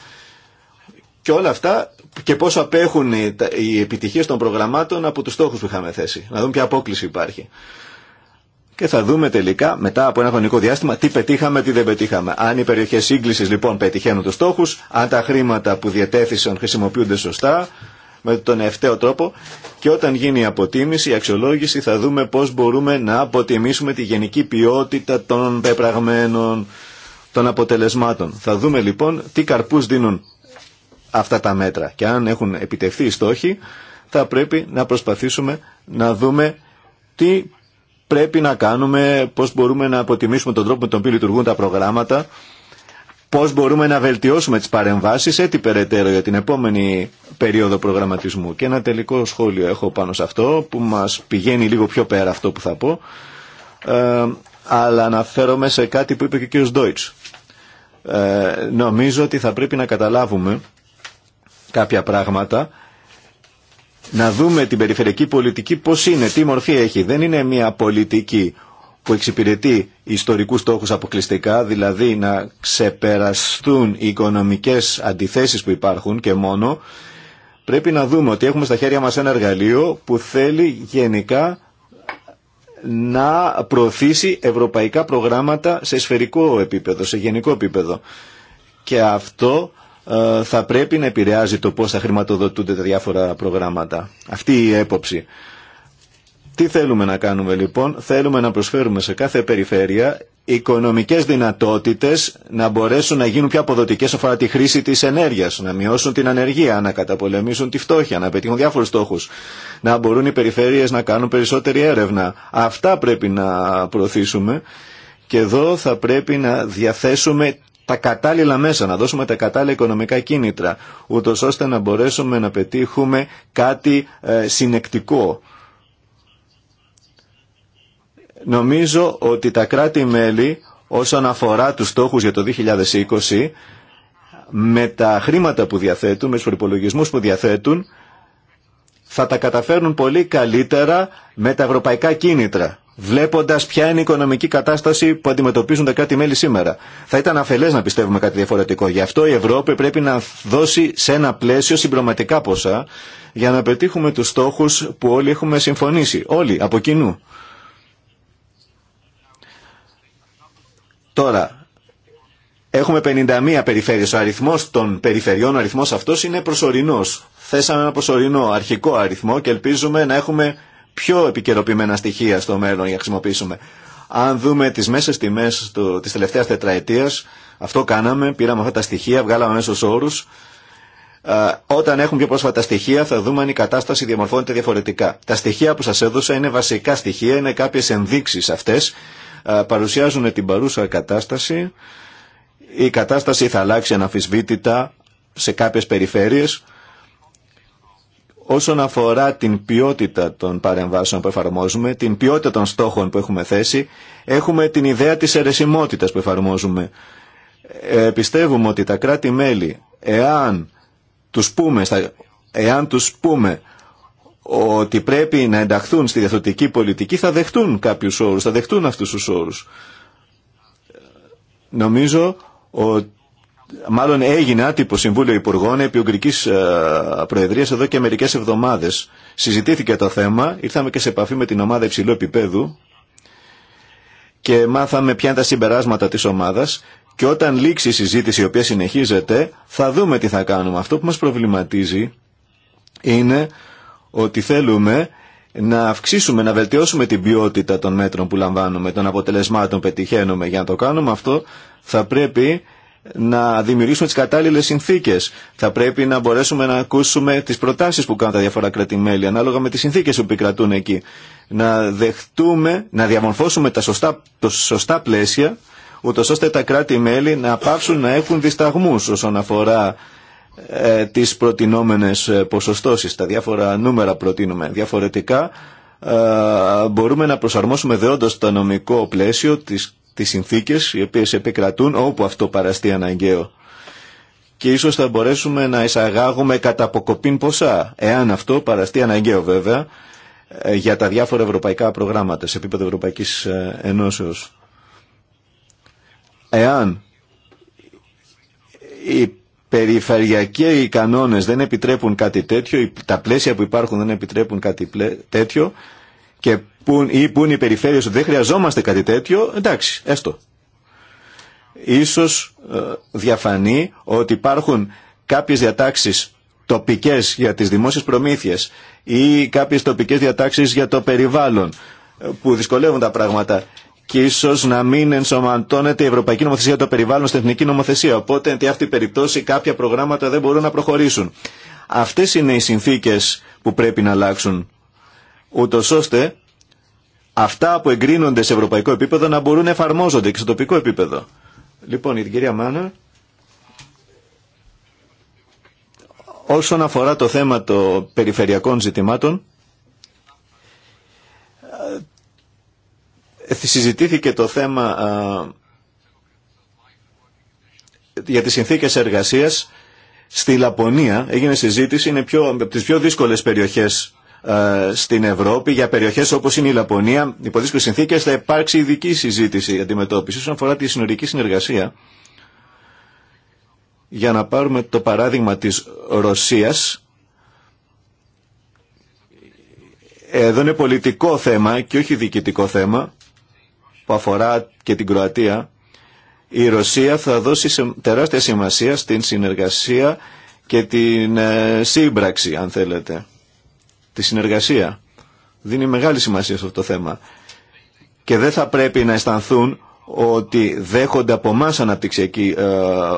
Και όλα αυτά και πόσο απέχουν οι επιτυχίες των προγραμμάτων από τους στόχους που είχαμε θέσει. Να δούμε ποια απόκληση υπάρχει. Και θα δούμε τελικά μετά από ένα χρονικό διάστημα τι πετύχαμε, τι δεν πετύχαμε. Αν οι περιοχές σύγκλησης λοιπόν πετυχαίνουν τους στόχους, αν τα χρήματα που διατέθησαν χρησιμοποιούνται σωστά, με τον ευταίο τρόπο και όταν γίνει η αποτίμηση, η αξιολόγηση θα δούμε πώς μπορούμε να αποτιμήσουμε τη γενική ποιότητα των πεπραγμένων των αποτελεσμάτων. Θα δούμε λοιπόν τι καρπούς δίνουν αυτά τα μέτρα και αν έχουν επιτευχθεί οι στόχοι θα πρέπει να προσπαθήσουμε να δούμε τι πρέπει να κάνουμε, πώς μπορούμε να αποτιμήσουμε τον τρόπο με τον οποίο λειτουργούν τα προγράμματα πώς μπορούμε να βελτιώσουμε τις παρεμβάσεις έτσι περαιτέρω για την επόμενη περίοδο προγραμματισμού. Και ένα τελικό σχόλιο έχω πάνω σε αυτό που μας πηγαίνει λίγο πιο πέρα αυτό που θα πω. Ε, αλλά αναφέρομαι σε κάτι που είπε και ο κ. Ντόιτς. Ε, νομίζω ότι θα πρέπει να καταλάβουμε κάποια πράγματα να δούμε την περιφερειακή πολιτική πώς είναι, τι μορφή έχει. Δεν είναι μια πολιτική που εξυπηρετεί ιστορικούς στόχους αποκλειστικά, δηλαδή να ξεπεραστούν οι οικονομικές αντιθέσεις που υπάρχουν και μόνο, πρέπει να δούμε ότι έχουμε στα χέρια μας ένα εργαλείο που θέλει γενικά να προωθήσει ευρωπαϊκά προγράμματα σε σφαιρικό επίπεδο, σε γενικό επίπεδο. Και αυτό ε, θα πρέπει να επηρεάζει το πώς θα χρηματοδοτούνται τα διάφορα προγράμματα. Αυτή η έποψη. Τι θέλουμε να κάνουμε λοιπόν, θέλουμε να προσφέρουμε σε κάθε περιφέρεια οικονομικές δυνατότητες να μπορέσουν να γίνουν πιο αποδοτικές αφορά τη χρήση της ενέργειας, να μειώσουν την ανεργία, να καταπολεμήσουν τη φτώχεια, να πετύχουν διάφορους στόχους, να μπορούν οι περιφέρειες να κάνουν περισσότερη έρευνα. Αυτά πρέπει να προωθήσουμε και εδώ θα πρέπει να διαθέσουμε τα κατάλληλα μέσα, να δώσουμε τα κατάλληλα οικονομικά κίνητρα, ούτως ώστε να μπορέσουμε να πετύχουμε κάτι ε, συνεκτικό Νομίζω ότι τα κράτη-μέλη όσον αφορά τους στόχους για το 2020 με τα χρήματα που διαθέτουν, με τους προπολογισμού που διαθέτουν θα τα καταφέρνουν πολύ καλύτερα με τα ευρωπαϊκά κίνητρα βλέποντας ποια είναι η οικονομική κατάσταση που αντιμετωπίζουν τα κράτη-μέλη σήμερα. Θα ήταν αφελές να πιστεύουμε κάτι διαφορετικό. Γι' αυτό η Ευρώπη πρέπει να δώσει σε ένα πλαίσιο συμπροματικά ποσά για να πετύχουμε τους στόχους που όλοι έχουμε συμφωνήσει. Όλοι, από κοινού. Τώρα, έχουμε 51 περιφέρειες. Ο αριθμός των περιφερειών, ο αριθμός αυτός είναι προσωρινός. Θέσαμε ένα προσωρινό αρχικό αριθμό και ελπίζουμε να έχουμε πιο επικαιροποιημένα στοιχεία στο μέλλον για να χρησιμοποιήσουμε. Αν δούμε τις μέσες τιμές της τελευταίας τετραετίας, αυτό κάναμε, πήραμε αυτά τα στοιχεία, βγάλαμε μέσω όρους. Όταν έχουμε πιο πρόσφατα στοιχεία θα δούμε αν η κατάσταση διαμορφώνεται διαφορετικά. Τα στοιχεία που σας έδωσα είναι βασικά στοιχεία, είναι κάποιες ενδείξεις αυτές ε, παρουσιάζουν την παρούσα κατάσταση. Η κατάσταση θα αλλάξει αναφυσβήτητα σε κάποιες περιφέρειες. Όσον αφορά την ποιότητα των παρεμβάσεων που εφαρμόζουμε, την ποιότητα των στόχων που έχουμε θέσει, έχουμε την ιδέα της αιρεσιμότητας που εφαρμόζουμε. Ε, πιστεύουμε ότι τα κράτη-μέλη, εάν τους πούμε, εάν τους πούμε ότι πρέπει να ενταχθούν στη διαθωτική πολιτική θα δεχτούν κάποιους όρους, θα δεχτούν αυτούς τους όρους. Νομίζω ότι μάλλον έγινε άτυπο Συμβούλιο Υπουργών επί Ουγγρικής ε, Προεδρίας εδώ και μερικές εβδομάδες. Συζητήθηκε το θέμα, ήρθαμε και σε επαφή με την ομάδα υψηλού επίπεδου και μάθαμε ποια είναι τα συμπεράσματα της ομάδας και όταν λήξει η συζήτηση η οποία συνεχίζεται θα δούμε τι θα κάνουμε. Αυτό που μας προβληματίζει είναι ότι θέλουμε να αυξήσουμε, να βελτιώσουμε την ποιότητα των μέτρων που λαμβάνουμε, των αποτελεσμάτων που πετυχαίνουμε. Για να το κάνουμε αυτό θα πρέπει να δημιουργήσουμε τις κατάλληλες συνθήκες. Θα πρέπει να μπορέσουμε να ακούσουμε τις προτάσεις που κάνουν τα διάφορα κρατημέλη, ανάλογα με τις συνθήκες που επικρατούν εκεί. Να δεχτούμε, να διαμορφώσουμε τα σωστά, σωστά πλαίσια, ούτως ώστε τα κράτη-μέλη να πάψουν να έχουν δισταγμούς όσον αφορά ε, τις προτινόμενες ε, ποσοστώσεις, τα διάφορα νούμερα προτείνουμε. Διαφορετικά ε, μπορούμε να προσαρμόσουμε δεόντως το νομικό πλαίσιο, τις, τις συνθήκες οι οποίες επικρατούν όπου αυτό παραστεί αναγκαίο. Και ίσως θα μπορέσουμε να εισαγάγουμε κατά αποκοπήν ποσά, εάν αυτό παραστεί αναγκαίο βέβαια, ε, για τα διάφορα ευρωπαϊκά προγράμματα σε επίπεδο Ευρωπαϊκής Ενώσεως. Εάν περιφερειακοί οι κανόνες δεν επιτρέπουν κάτι τέτοιο, τα πλαίσια που υπάρχουν δεν επιτρέπουν κάτι τέτοιο και που, ή που είναι οι περιφέρειες ότι δεν χρειαζόμαστε κάτι τέτοιο, εντάξει, έστω. Ίσως ε, διαφανεί ότι υπάρχουν κάποιες διατάξεις τοπικές για τις δημόσιες προμήθειες ή κάποιες τοπικές διατάξεις για το περιβάλλον ε, που δυσκολεύουν τα πράγματα και ίσω να μην ενσωματώνεται η Ευρωπαϊκή Νομοθεσία το περιβάλλον στην Εθνική Νομοθεσία. Οπότε, εν αυτή περιπτώσει, κάποια προγράμματα δεν μπορούν να προχωρήσουν. Αυτέ είναι οι συνθήκε που πρέπει να αλλάξουν, ούτω ώστε αυτά που εγκρίνονται σε ευρωπαϊκό επίπεδο να μπορούν να εφαρμόζονται και στο τοπικό επίπεδο. Λοιπόν, η κυρία Μάνα. Όσον αφορά το θέμα των περιφερειακών ζητημάτων, Ε, συζητήθηκε το θέμα για τις συνθήκες εργασίας στη Λαπωνία. Έγινε συζήτηση, είναι πιο, από τις πιο δύσκολες περιοχές στην Ευρώπη. Για περιοχές όπως είναι η Λαπωνία, υπό δύσκολες συνθήκες θα υπάρξει ειδική συζήτηση για αντιμετώπιση. Όσον αφορά τη συνορική συνεργασία, για να πάρουμε το παράδειγμα της Ρωσίας, ε, εδώ είναι πολιτικό θέμα και όχι διοικητικό θέμα που αφορά και την Κροατία, η Ρωσία θα δώσει τεράστια σημασία στην συνεργασία και την ε, σύμπραξη, αν θέλετε. Τη συνεργασία. Δίνει μεγάλη σημασία σε αυτό το θέμα. Και δεν θα πρέπει να αισθανθούν ότι δέχονται από εμά αναπτυξιακή ε,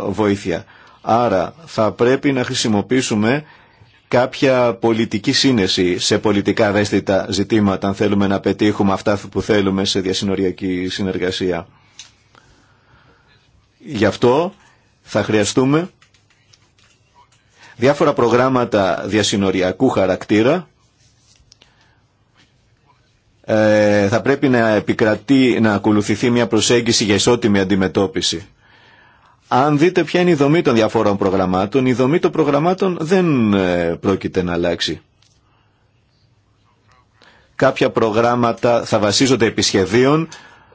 βοήθεια. Άρα θα πρέπει να χρησιμοποιήσουμε κάποια πολιτική σύνεση σε πολιτικά δέστητα ζητήματα αν θέλουμε να πετύχουμε αυτά που θέλουμε σε διασυνοριακή συνεργασία. Γι' αυτό θα χρειαστούμε διάφορα προγράμματα διασυνοριακού χαρακτήρα ε, θα πρέπει να επικρατεί, να ακολουθηθεί μια προσέγγιση για ισότιμη αντιμετώπιση. Αν δείτε ποια είναι η δομή των διαφόρων προγραμμάτων, η δομή των προγραμμάτων δεν ε, πρόκειται να αλλάξει. Κάποια προγράμματα θα βασίζονται επί σχεδίων,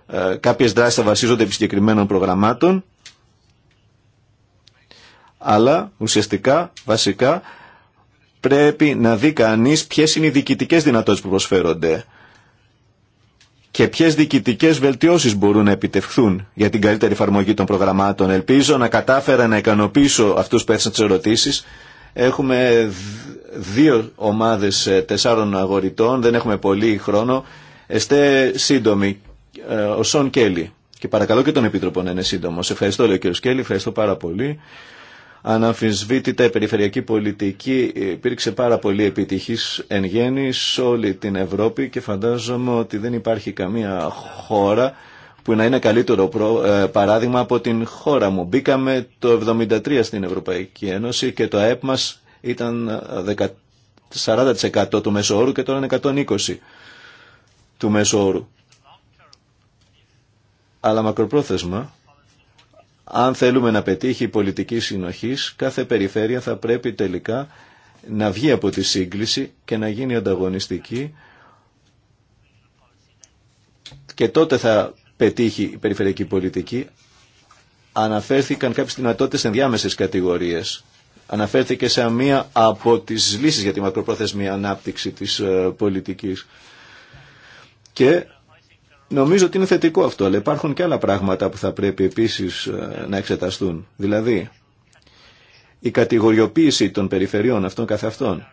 ε, κάποιες δράσεις θα βασίζονται επί συγκεκριμένων προγραμμάτων, αλλά ουσιαστικά, βασικά, πρέπει να δει κανείς ποιες είναι οι διοικητικές δυνατότητες που προσφέρονται και ποιες διοικητικές βελτιώσεις μπορούν να επιτευχθούν για την καλύτερη εφαρμογή των προγραμμάτων. Ελπίζω να κατάφερα να ικανοποιήσω αυτούς που έθεσαν τις ερωτήσεις. Έχουμε δύο ομάδες ε, τεσσάρων αγοριτών, δεν έχουμε πολύ χρόνο. Εστέ σύντομη, ε, ο Σον Κέλλη. Και παρακαλώ και τον Επίτροπο να είναι σύντομο. Σε ευχαριστώ, λέει ο κ. Κέλλη, ευχαριστώ πάρα πολύ. Αναμφισβήτητα η περιφερειακή πολιτική υπήρξε πάρα πολύ επιτυχής εν γέννη σε όλη την Ευρώπη και φαντάζομαι ότι δεν υπάρχει καμία χώρα που να είναι καλύτερο ε, παράδειγμα από την χώρα μου. Μπήκαμε το 1973 στην Ευρωπαϊκή Ένωση και το ΑΕΠ μας ήταν 40% ε, του μεσοόρου και τώρα είναι 120% του μεσοόρου. Αλλά μακροπρόθεσμα αν θέλουμε να πετύχει η πολιτική συνοχής, κάθε περιφέρεια θα πρέπει τελικά να βγει από τη σύγκληση και να γίνει ανταγωνιστική και τότε θα πετύχει η περιφερειακή πολιτική. Αναφέρθηκαν κάποιες δυνατότητες ενδιάμεσες κατηγορίες. Αναφέρθηκε σε μία από τις λύσεις για τη μακροπρόθεσμη ανάπτυξη της ε, πολιτικής. Και Νομίζω ότι είναι θετικό αυτό, αλλά υπάρχουν και άλλα πράγματα που θα πρέπει επίσης ε, να εξεταστούν. Δηλαδή, η κατηγοριοποίηση των περιφερειών αυτών καθ' αυτών.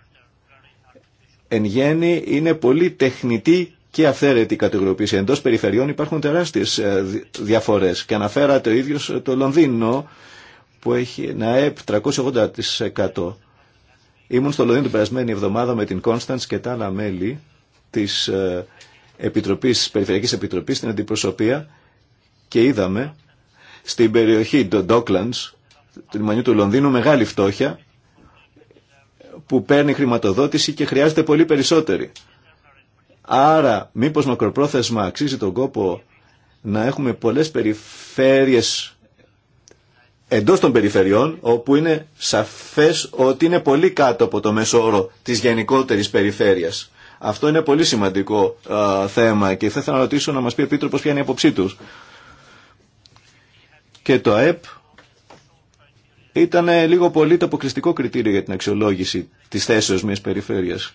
Εν γέννη είναι πολύ τεχνητή και αυθαίρετη κατηγοριοποίηση. Εντός περιφερειών υπάρχουν τεράστιες ε, διαφορές και αναφέρατε ο ίδιος το Λονδίνο που έχει ένα ΕΠ 380%. Ήμουν στο Λονδίνο την περασμένη εβδομάδα με την Κόνσταντς και τα άλλα μέλη της ε, Επιτροπής, Περιφερειακής Επιτροπής στην αντιπροσωπεία και είδαμε στην περιοχή των Docklands, του λιμανιού του Λονδίνου, μεγάλη φτώχεια που παίρνει χρηματοδότηση και χρειάζεται πολύ περισσότερη. Άρα, μήπως μακροπρόθεσμα αξίζει τον κόπο να έχουμε πολλές περιφέρειες εντός των περιφερειών, όπου είναι σαφές ότι είναι πολύ κάτω από το μέσο όρο της γενικότερης περιφέρειας. Αυτό είναι πολύ σημαντικό θέμα και θα ήθελα να ρωτήσω να μας πει ο Επίτροπος ποια είναι η απόψή τους. Και το ΑΕΠ ήταν λίγο πολύ το αποκριστικό κριτήριο για την αξιολόγηση της θέσεως μιας περιφέρειας.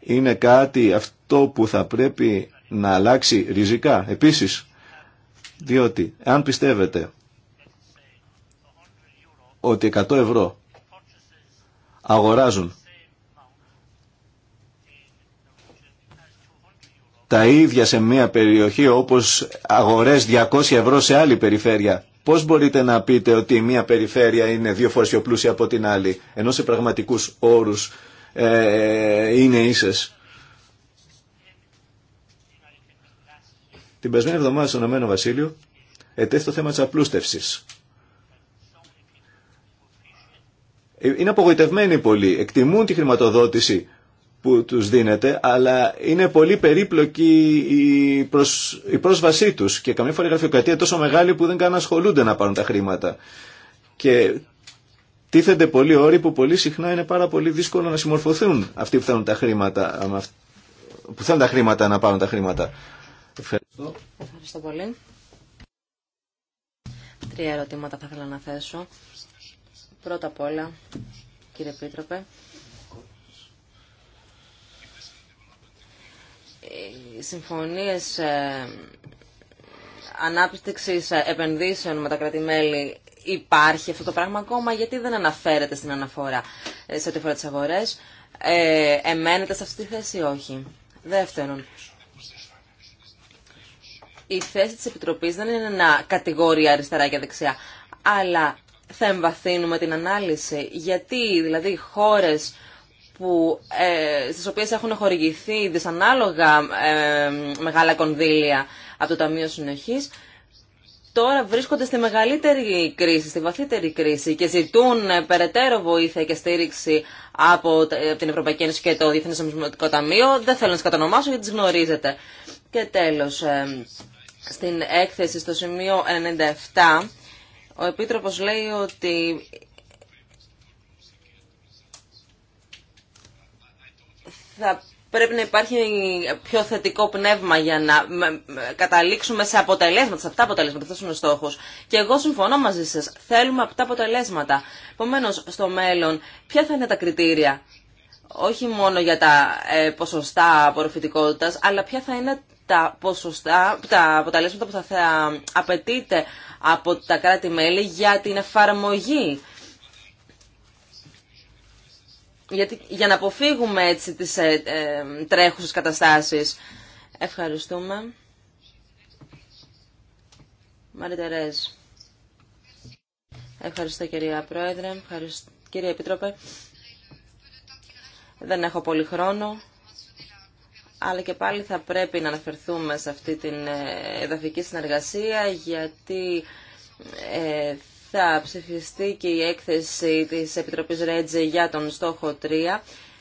Είναι κάτι αυτό που θα πρέπει να αλλάξει ριζικά. Επίσης, διότι αν πιστεύετε ότι 100 ευρώ αγοράζουν τα ίδια σε μια περιοχή όπως αγορές 200 ευρώ σε άλλη περιφέρεια. Πώς μπορείτε να πείτε ότι μια περιφέρεια είναι δύο φορές πιο πλούσια από την άλλη, ενώ σε πραγματικούς όρους ε, είναι ίσες. Την περσμένη εβδομάδα στον Ηνωμένο Βασίλειο ετέθη το θέμα της απλούστευσης. Ε, είναι απογοητευμένοι πολλοί, εκτιμούν τη χρηματοδότηση που τους δίνεται, αλλά είναι πολύ περίπλοκη η, πρόσβασή τους και καμιά φορά η γραφειοκρατία τόσο μεγάλη που δεν καν ασχολούνται να πάρουν τα χρήματα. Και τίθενται πολλοί όροι που πολύ συχνά είναι πάρα πολύ δύσκολο να συμμορφωθούν αυτοί που θέλουν τα χρήματα, που θέλουν τα χρήματα να πάρουν τα χρήματα. Ευχαριστώ. Ευχαριστώ πολύ. Τρία ερωτήματα θα ήθελα να θέσω. Πρώτα απ' όλα, κύριε Πίτροπε, οι ε, συμφωνίες ε, ανάπτυξης ε, επενδύσεων με τα κράτη-μέλη υπάρχει αυτό το πράγμα ακόμα, γιατί δεν αναφέρεται στην αναφορά σε ό,τι αφορά τις αγορές. Ε, εμένεται σε αυτή τη θέση ή όχι. Δεύτερον, η θέση της Επιτροπής δεν είναι να κατηγορία αριστερά και δεξιά, αλλά θα εμβαθύνουμε την ανάλυση. Γιατί δηλαδή χώρες που, ε, στις οποίες έχουν χορηγηθεί δυσανάλογα ε, μεγάλα κονδύλια από το Ταμείο Συνοχής, τώρα βρίσκονται στη μεγαλύτερη κρίση, στη βαθύτερη κρίση και ζητούν ε, περαιτέρω βοήθεια και στήριξη από την Ευρωπαϊκή Ένωση και το Διεθνές Νομισματικό Ταμείο. Δεν θέλω να τις κατανομάσω γιατί τις γνωρίζετε. Και τέλος, ε, στην έκθεση στο σημείο 97, ο Επίτροπος λέει ότι θα πρέπει να υπάρχει πιο θετικό πνεύμα για να καταλήξουμε σε αποτελέσματα, σε αυτά αποτελέσματα, αυτός είναι ο στόχος. Και εγώ συμφωνώ μαζί σας, θέλουμε αυτά αποτελέσματα. Επομένω, στο μέλλον, ποια θα είναι τα κριτήρια, όχι μόνο για τα ε, ποσοστά απορροφητικότητας, αλλά ποια θα είναι τα, ποσοστά, τα αποτελέσματα που θα, θα απαιτείται από τα κράτη-μέλη για την εφαρμογή γιατί, για να αποφύγουμε έτσι τις ε, ε, τρέχουσες καταστάσεις. Ευχαριστούμε. Μαρή Τερέζ. Ευχαριστώ κυρία Πρόεδρε, Ευχαριστώ, κύριε Επίτροπε. Δεν έχω πολύ χρόνο, αλλά και πάλι θα πρέπει να αναφερθούμε σε αυτή την ε, εδαφική συνεργασία, γιατί ε, θα ψηφιστεί και η έκθεση της Επιτροπής Ρέτζε για τον στόχο 3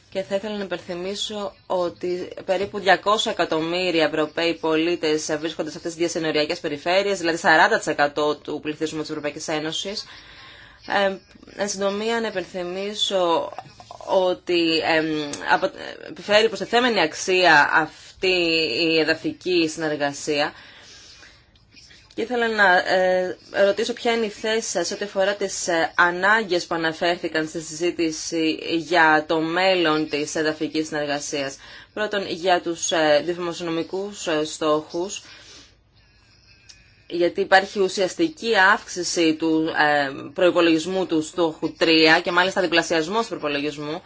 και θα ήθελα να υπερθυμίσω ότι περίπου 200 εκατομμύρια Ευρωπαίοι πολίτες βρίσκονται σε αυτές τις διασυνοριακές περιφέρειες, δηλαδή 40% του πληθυσμού της Ευρωπαϊκής Ένωσης. Ε, εν συντομία να υπερθυμίσω ότι ε, επιφέρει προς τη θέμενη αξία αυτή η εδαφική συνεργασία ήθελα να ε, ρωτήσω ποια είναι η θέση σας ό,τι αφορά τις ε, ανάγκες που αναφέρθηκαν στη συζήτηση για το μέλλον της εδαφικής συνεργασίας. Πρώτον, για τους ε, δημοσιονομικούς στόχους, γιατί υπάρχει ουσιαστική αύξηση του προϋπολογισμού του στόχου 3 και μάλιστα διπλασιασμός του προϋπολογισμού,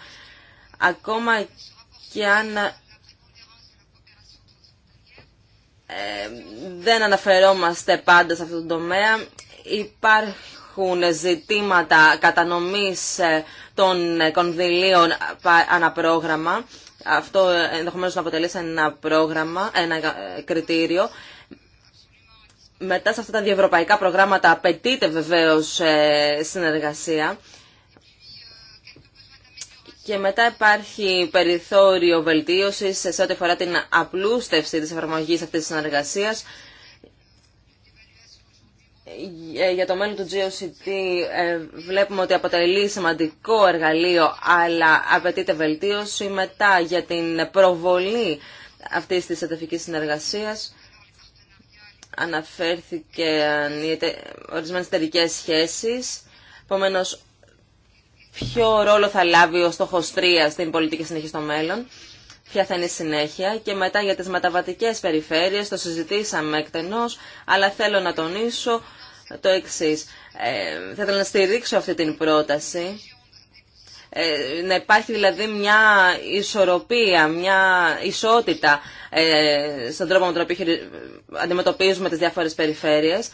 ακόμα και αν ε, δεν αναφερόμαστε πάντα σε αυτό το τομέα. Υπάρχουν ζητήματα κατανομής ε, των κονδυλίων αναπρόγραμμα. Αυτό ενδεχομένως να αποτελεί ένα πρόγραμμα, ένα ε, κριτήριο. Μετά σε αυτά τα διευρωπαϊκά προγράμματα απαιτείται βεβαίως συνεργασία. Και μετά υπάρχει περιθώριο βελτίωσης σε ό,τι αφορά την απλούστευση της εφαρμογής αυτής της συνεργασίας. Ε, για το μέλλον του GOCT ε, βλέπουμε ότι αποτελεί σημαντικό εργαλείο, αλλά απαιτείται βελτίωση μετά για την προβολή αυτής της εταιρική συνεργασίας. Αναφέρθηκε ορισμένες εταιρικές σχέσεις. Επομένω, ποιο ρόλο θα λάβει ο στόχο 3 στην πολιτική συνέχεια στο μέλλον, ποια θα είναι η συνέχεια και μετά για τις μεταβατικέ περιφέρειες το συζητήσαμε εκτενώς, αλλά θέλω να τονίσω το εξή. Ε, θα ήθελα να στηρίξω αυτή την πρόταση ε, να υπάρχει δηλαδή μια ισορροπία, μια ισότητα ε, στον τρόπο με τον οποίο αντιμετωπίζουμε τις διάφορες περιφέρειες.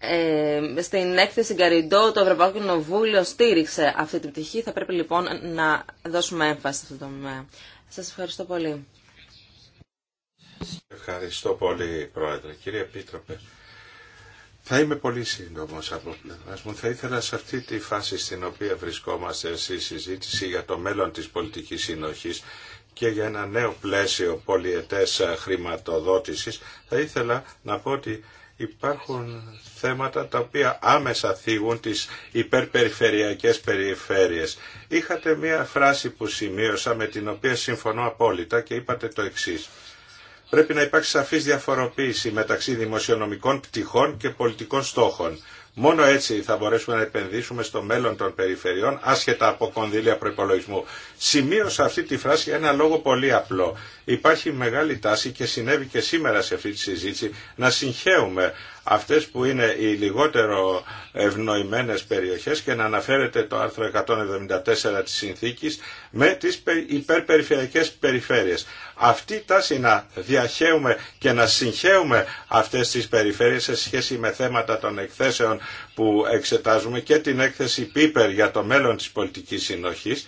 Ε, στην έκθεση Γκαριντό το Ευρωπαϊκό Κοινοβούλιο στήριξε αυτή την πτυχή. Θα πρέπει λοιπόν να δώσουμε έμφαση σε αυτό το τομέα. Σας ευχαριστώ πολύ. Ευχαριστώ πολύ Πρόεδρε. Κύριε Επίτροπε, θα είμαι πολύ σύντομο από πλευρά μου. Θα ήθελα σε αυτή τη φάση στην οποία βρισκόμαστε στη συζήτηση για το μέλλον της πολιτικής συνοχής και για ένα νέο πλαίσιο πολιετές χρηματοδότησης, θα ήθελα να πω ότι υπάρχουν θέματα τα οποία άμεσα θίγουν τις υπερπεριφερειακές περιφέρειες. Είχατε μία φράση που σημείωσα με την οποία συμφωνώ απόλυτα και είπατε το εξής. Πρέπει να υπάρξει σαφής διαφοροποίηση μεταξύ δημοσιονομικών πτυχών και πολιτικών στόχων. Μόνο έτσι θα μπορέσουμε να επενδύσουμε στο μέλλον των περιφερειών, άσχετα από κονδύλια προπολογισμού. Σημείωσα αυτή τη φράση ένα λόγο πολύ απλό. Υπάρχει μεγάλη τάση και συνέβη και σήμερα σε αυτή τη συζήτηση να συγχαίουμε αυτές που είναι οι λιγότερο ευνοημένες περιοχές και να αναφέρεται το άρθρο 174 της συνθήκης με τις υπερπεριφερειακές περιφέρειες. Αυτή η τάση να διαχέουμε και να συγχέουμε αυτές τις περιφέρειες σε σχέση με θέματα των εκθέσεων που εξετάζουμε και την έκθεση Πίπερ για το μέλλον της πολιτικής συνοχής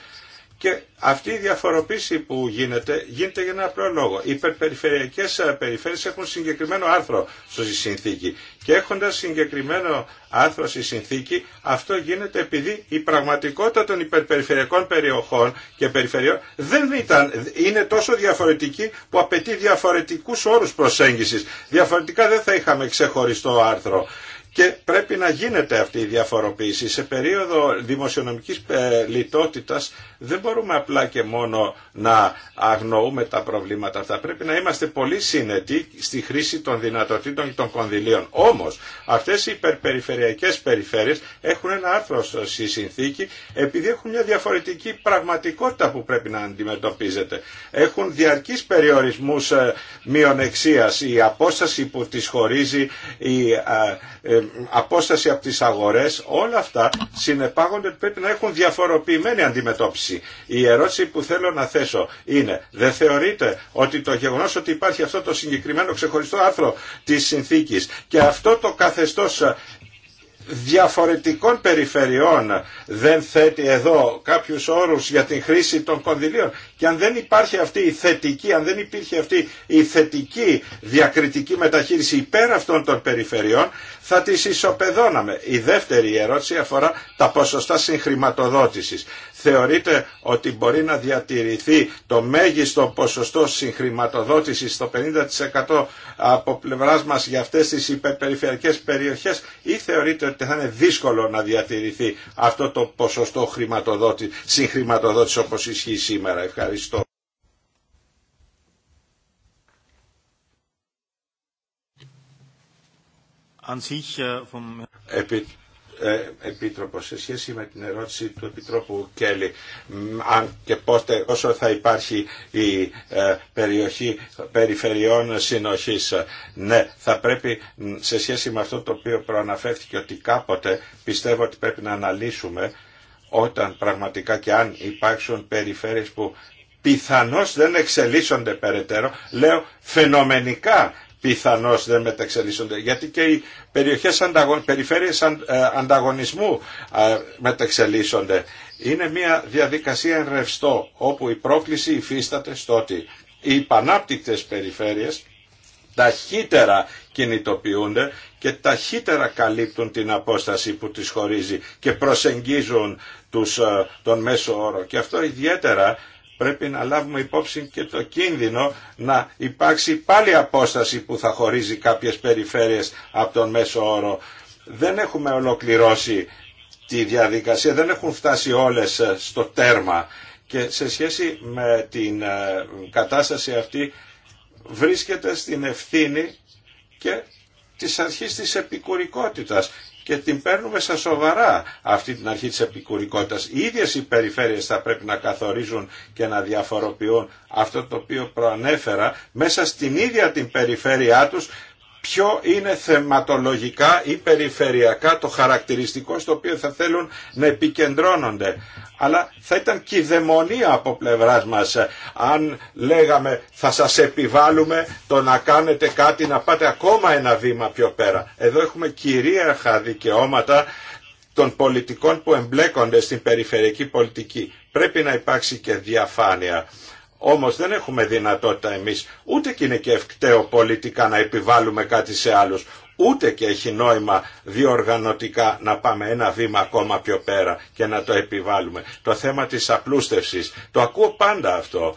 και αυτή η διαφοροποίηση που γίνεται, γίνεται για ένα απλό λόγο. Οι υπερπεριφερειακές ε, περιφερειε έχουν συγκεκριμένο άρθρο στη συνθήκη. Και έχοντας συγκεκριμένο άρθρο στη συνθήκη, αυτό γίνεται επειδή η πραγματικότητα των υπερπεριφερειακών περιοχών και περιφερειών δεν ήταν, είναι τόσο διαφορετική που απαιτεί διαφορετικού όρου προσέγγιση. Διαφορετικά δεν θα είχαμε ξεχωριστό άρθρο. Και πρέπει να γίνεται αυτή η διαφοροποίηση. Σε περίοδο δημοσιονομικής ε, λιτότητας δεν μπορούμε απλά και μόνο να αγνοούμε τα προβλήματα αυτά. Πρέπει να είμαστε πολύ συνετοί στη χρήση των δυνατοτήτων και των κονδυλίων. Όμως αυτές οι υπερπεριφερειακές περιφέρειες έχουν ένα άρθρο στη συνθήκη επειδή έχουν μια διαφορετική πραγματικότητα που πρέπει να αντιμετωπίζεται. Έχουν διαρκείς περιορισμούς ε, μειονεξίας, η απόσταση που τις χωρίζει η ε, απόσταση από τις αγορές, όλα αυτά συνεπάγονται ότι πρέπει να έχουν διαφοροποιημένη αντιμετώπιση. Η ερώτηση που θέλω να θέσω είναι, δεν θεωρείτε ότι το γεγονός ότι υπάρχει αυτό το συγκεκριμένο ξεχωριστό άρθρο της συνθήκης και αυτό το καθεστώς διαφορετικών περιφερειών δεν θέτει εδώ κάποιους όρους για την χρήση των κονδυλίων και αν δεν υπάρχει αυτή η θετική, αν δεν υπήρχε αυτή η θετική διακριτική μεταχείριση υπέρ αυτών των περιφερειών θα τις ισοπεδώναμε. Η δεύτερη ερώτηση αφορά τα ποσοστά συγχρηματοδότησης θεωρείτε ότι μπορεί να διατηρηθεί το μέγιστο ποσοστό συγχρηματοδότησης στο 50% από πλευράς μας για αυτές τις υπερπεριφερειακές περιοχές ή θεωρείτε ότι θα είναι δύσκολο να διατηρηθεί αυτό το ποσοστό χρηματοδότηση, συγχρηματοδότηση όπως ισχύει σήμερα. Ευχαριστώ. Äh, ε, Επίτροπο σε σχέση με την ερώτηση του Επιτρόπου Κέλλη αν και πότε όσο θα υπάρχει η ε, περιοχή περιφερειών συνοχής ναι θα πρέπει σε σχέση με αυτό το οποίο προαναφέρθηκε ότι κάποτε πιστεύω ότι πρέπει να αναλύσουμε όταν πραγματικά και αν υπάρξουν περιφέρειες που πιθανώς δεν εξελίσσονται περαιτέρω, λέω φαινομενικά πιθανώς δεν μεταξελίσσονται. Γιατί και οι περιοχές ανταγων, ε, ανταγωνισμού ε, μεταξελίσσονται. Είναι μια διαδικασία ρευστό, όπου η πρόκληση υφίσταται στο ότι οι υπανάπτυκτες περιφέρειες ταχύτερα κινητοποιούνται και ταχύτερα καλύπτουν την απόσταση που τις χωρίζει και προσεγγίζουν τους, ε, τον μέσο όρο. Και αυτό ιδιαίτερα πρέπει να λάβουμε υπόψη και το κίνδυνο να υπάρξει πάλι απόσταση που θα χωρίζει κάποιες περιφέρειες από τον μέσο όρο. Δεν έχουμε ολοκληρώσει τη διαδικασία, δεν έχουν φτάσει όλες ε, στο τέρμα και σε σχέση με την ε, κατάσταση αυτή βρίσκεται στην ευθύνη και της αρχής της επικουρικότητας και την παίρνουμε σα σοβαρά αυτή την αρχή της επικουρικότητας. Οι ίδιες οι περιφέρειες θα πρέπει να καθορίζουν και να διαφοροποιούν αυτό το οποίο προανέφερα μέσα στην ίδια την περιφέρειά τους ποιο είναι θεματολογικά ή περιφερειακά το χαρακτηριστικό στο οποίο θα θέλουν να επικεντρώνονται. Αλλά θα ήταν και από πλευράς μας ε, αν λέγαμε θα σας επιβάλλουμε το να κάνετε κάτι να πάτε ακόμα ένα βήμα πιο πέρα. Εδώ έχουμε κυρίαρχα δικαιώματα των πολιτικών που εμπλέκονται στην περιφερειακή πολιτική. Πρέπει να υπάρξει και διαφάνεια. Όμως δεν έχουμε δυνατότητα εμείς, ούτε και είναι και ευκταίο πολιτικά να επιβάλλουμε κάτι σε άλλους, ούτε και έχει νόημα διοργανωτικά να πάμε ένα βήμα ακόμα πιο πέρα και να το επιβάλλουμε. Το θέμα της απλούστευσης, το ακούω πάντα αυτό,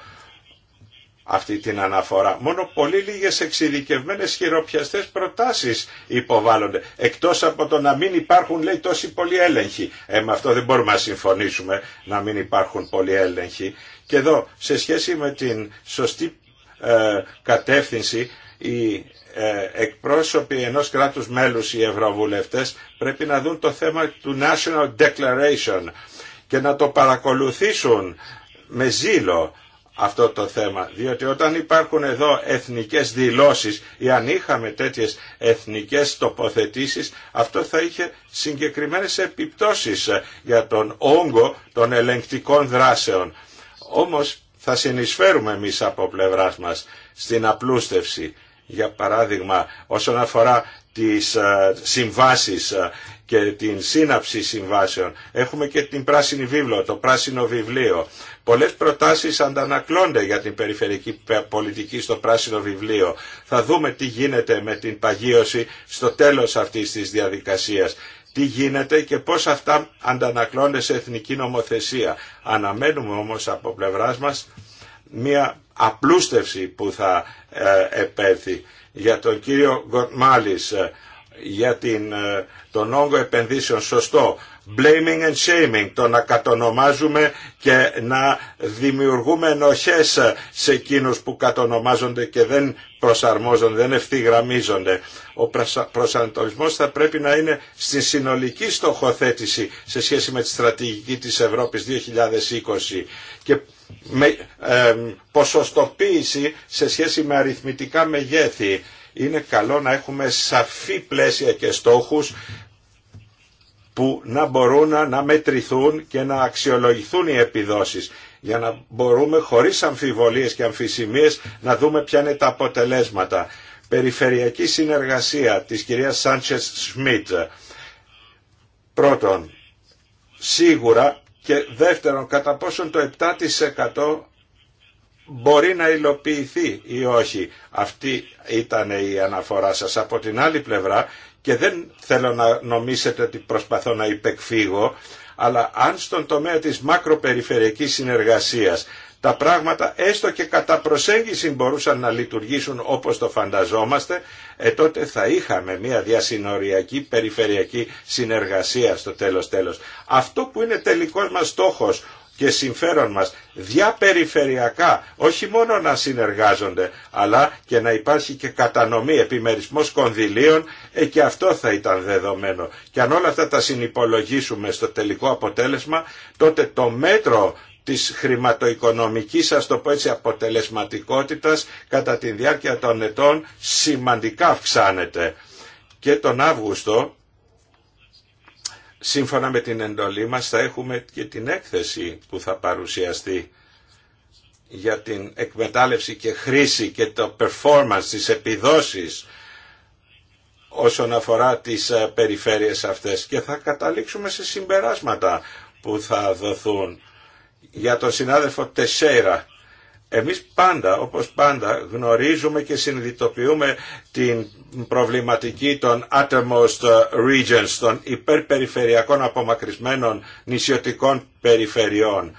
αυτή την αναφορά. Μόνο πολύ λίγες εξειδικευμένες χειροπιαστές προτάσεις υποβάλλονται. Εκτός από το να μην υπάρχουν λέει τόσοι πολλοί έλεγχοι. Ε, με αυτό δεν μπορούμε να συμφωνήσουμε να μην υπάρχουν πολλοί έλεγχοι. Και εδώ, σε σχέση με την σωστή ε, κατεύθυνση, οι ε, εκπρόσωποι ενός κράτους μέλους οι ευρωβουλευτές πρέπει να δουν το θέμα του National Declaration και να το παρακολουθήσουν με ζήλο αυτό το θέμα, διότι όταν υπάρχουν εδώ εθνικές δηλώσεις ή αν είχαμε τέτοιες εθνικές τοποθετήσεις, αυτό θα είχε συγκεκριμένες επιπτώσεις για τον όγκο των ελεγκτικών δράσεων όμως θα συνεισφέρουμε εμείς από πλευράς μας στην απλούστευση. Για παράδειγμα, όσον αφορά τις ε, συμβάσεις ε, και την σύναψη συμβάσεων. Έχουμε και την πράσινη βίβλο, το πράσινο βιβλίο. Πολλές προτάσεις αντανακλώνται για την περιφερειακή πολιτική στο πράσινο βιβλίο. Θα δούμε τι γίνεται με την παγίωση στο τέλος αυτής της διαδικασίας τι γίνεται και πώς αυτά αντανακλώνται σε εθνική νομοθεσία. Αναμένουμε όμως από πλευράς μας μια απλούστευση που θα ε, επέρθει για τον κύριο Γκορμάλης ε, για την, ε, τον όγκο επενδύσεων σωστό blaming and shaming, το να κατονομάζουμε και να δημιουργούμε ενοχές σε εκείνους που κατονομάζονται και δεν προσαρμόζονται, δεν ευθυγραμμίζονται. Ο προσανατολισμός θα πρέπει να είναι στη συνολική στοχοθέτηση σε σχέση με τη στρατηγική της Ευρώπης 2020 και με ποσοστοποίηση σε σχέση με αριθμητικά μεγέθη. Είναι καλό να έχουμε σαφή πλαίσια και στόχους που να μπορούν να μετρηθούν και να αξιολογηθούν οι επιδόσεις για να μπορούμε χωρίς αμφιβολίες και αμφισημίες να δούμε ποια είναι τα αποτελέσματα. Περιφερειακή συνεργασία της κυρίας Σάντσες Σμιτ. Πρώτον, σίγουρα και δεύτερον, κατά πόσον το 7% μπορεί να υλοποιηθεί ή όχι. Αυτή ήταν η αναφορά σας. Από την άλλη πλευρά και δεν θέλω να νομίσετε ότι προσπαθώ να υπεκφύγω, αλλά αν στον τομέα της μακροπεριφερειακής συνεργασίας τα πράγματα έστω και κατά προσέγγιση μπορούσαν να λειτουργήσουν όπως το φανταζόμαστε, ε, τότε θα είχαμε μια διασυνοριακή περιφερειακή συνεργασία στο τέλος τέλος. Αυτό που είναι τελικός μας στόχος, και συμφέρον μας διαπεριφερειακά όχι μόνο να συνεργάζονται αλλά και να υπάρχει και κατανομή επιμερισμός κονδυλίων ε, και αυτό θα ήταν δεδομένο και αν όλα αυτά τα συνυπολογίσουμε στο τελικό αποτέλεσμα τότε το μέτρο της χρηματοοικονομικής, ας το πω έτσι, αποτελεσματικότητας κατά τη διάρκεια των ετών σημαντικά αυξάνεται. Και τον Αύγουστο σύμφωνα με την εντολή μας θα έχουμε και την έκθεση που θα παρουσιαστεί για την εκμετάλλευση και χρήση και το performance της επιδόσεις όσον αφορά τις ε, περιφέρειες αυτές και θα καταλήξουμε σε συμπεράσματα που θα δοθούν. Για τον συνάδελφο Τεσέρα εμείς πάντα, όπως πάντα, γνωρίζουμε και συνειδητοποιούμε την προβληματική των uttermost regions, των υπερπεριφερειακών απομακρυσμένων νησιωτικών περιφερειών.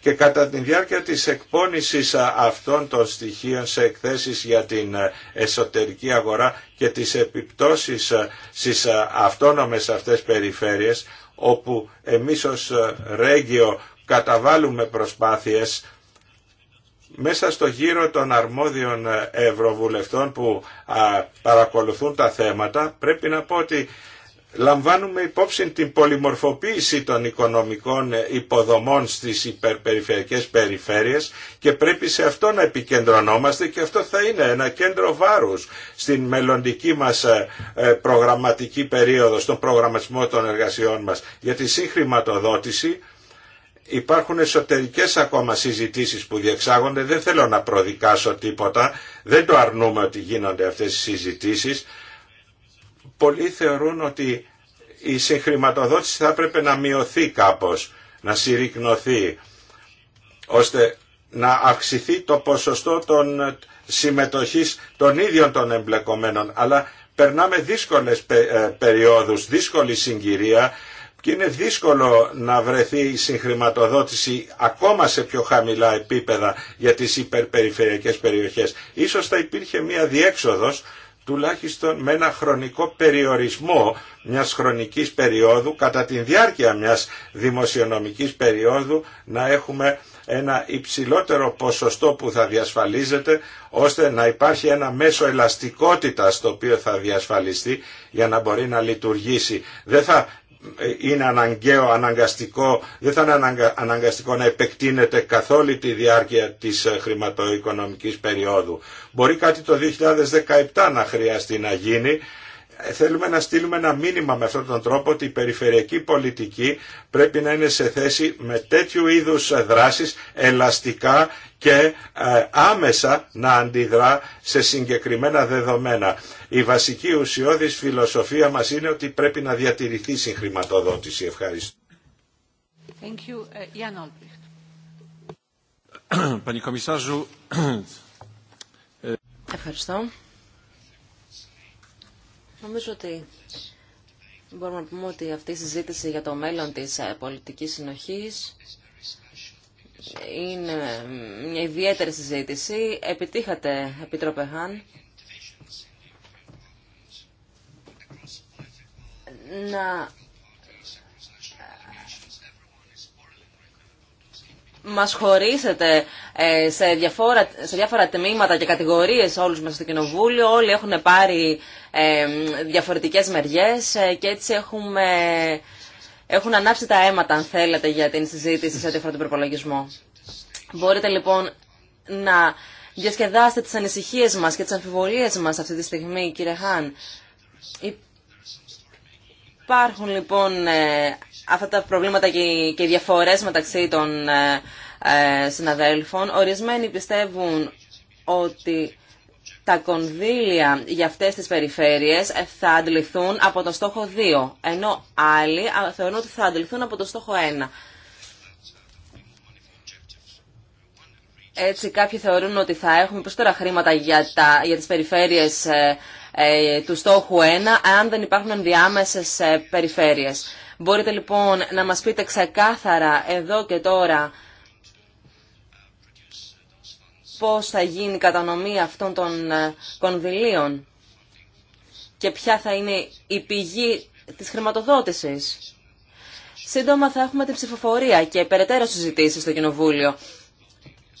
Και κατά τη διάρκεια της εκπόνησης αυτών των στοιχείων σε εκθέσεις για την εσωτερική αγορά και τις επιπτώσεις στις αυτόνομες αυτές περιφέρειες, όπου εμείς ως Ρέγγιο καταβάλουμε προσπάθειες μέσα στο γύρο των αρμόδιων ευρωβουλευτών που παρακολουθούν τα θέματα πρέπει να πω ότι λαμβάνουμε υπόψη την πολυμορφοποίηση των οικονομικών υποδομών στις υπερπεριφερειακές περιφέρειες και πρέπει σε αυτό να επικεντρωνόμαστε και αυτό θα είναι ένα κέντρο βάρους στην μελλοντική μας ε, ε, προγραμματική περίοδο, στον προγραμματισμό των εργασιών μας για τη συγχρηματοδότηση υπάρχουν εσωτερικές ακόμα συζητήσεις που διεξάγονται, δεν θέλω να προδικάσω τίποτα, δεν το αρνούμε ότι γίνονται αυτές οι συζητήσεις. Πολλοί θεωρούν ότι η συγχρηματοδότηση θα έπρεπε να μειωθεί κάπως, να συρρυκνωθεί, ώστε να αυξηθεί το ποσοστό των συμμετοχής των ίδιων των εμπλεκομένων. Αλλά περνάμε δύσκολες ε, περιόδους, δύσκολη συγκυρία και είναι δύσκολο να βρεθεί η συγχρηματοδότηση ακόμα σε πιο χαμηλά επίπεδα για τις υπερπεριφερειακές περιοχές. Ίσως θα υπήρχε μια διέξοδος τουλάχιστον με ένα χρονικό περιορισμό μιας χρονικής περίοδου, κατά τη διάρκεια μιας δημοσιονομικής περίοδου να έχουμε ένα υψηλότερο ποσοστό που θα διασφαλίζεται ώστε να υπάρχει ένα μέσο ελαστικότητα στο οποίο θα διασφαλιστεί για να μπορεί να λειτουργήσει. Δεν θα είναι αναγκαίο, αναγκαστικό, δεν θα είναι αναγκαστικό να επεκτείνεται καθ' όλη τη διάρκεια της ε, χρηματοοικονομικής περίοδου. Μπορεί κάτι το 2017 να χρειαστεί να γίνει, ε, θέλουμε να στείλουμε ένα μήνυμα με αυτόν τον τρόπο ότι η περιφερειακή πολιτική πρέπει να είναι σε θέση με τέτοιου είδους ε, δράσεις ελαστικά και ε, άμεσα να αντιδρά σε συγκεκριμένα δεδομένα. Η βασική ουσιώδης φιλοσοφία μας είναι ότι πρέπει να διατηρηθεί η συγχρηματοδότηση. Ευχαριστώ. Thank you. Ε, e- Ευχαριστώ. Νομίζω ότι μπορούμε να πούμε ότι αυτή η συζήτηση για το μέλλον της ε, πολιτικής συνοχής είναι μια ιδιαίτερη συζήτηση. Επιτύχατε, Επίτροπε Χάν, να μας χωρίσετε ε, σε, διαφόρα, σε διάφορα τμήματα και κατηγορίες όλους μας στο Κοινοβούλιο. Όλοι έχουν πάρει ε, διαφορετικές μεριές ε, και έτσι έχουμε έχουν ανάψει τα αίματα, αν θέλετε, για την συζήτηση σε ό,τι αφορά τον προπολογισμό. Μπορείτε λοιπόν να διασκεδάσετε τις ανησυχίε μας και τις αμφιβολίες μας αυτή τη στιγμή, κύριε Χάν. Υπάρχουν λοιπόν ε, αυτά τα προβλήματα και οι διαφορέ μεταξύ των ε, ε, συναδέλφων. Ορισμένοι πιστεύουν ότι τα κονδύλια για αυτές τις περιφέρειες θα αντιληφθούν από το στόχο 2, ενώ άλλοι θεωρούν ότι θα αντιληφθούν από το στόχο 1. Έτσι κάποιοι θεωρούν ότι θα έχουμε περισσότερα χρήματα για, τα, για τις περιφέρειες ε, ε, του στόχου 1, αν δεν υπάρχουν ενδιάμεσες ε, περιφέρειες. Μπορείτε λοιπόν να μας πείτε ξεκάθαρα εδώ και τώρα πώς θα γίνει η κατανομή αυτών των ε, κονδυλίων και ποια θα είναι η πηγή της χρηματοδότησης. Σύντομα θα έχουμε την ψηφοφορία και περαιτέρω συζητήσεις στο Κοινοβούλιο.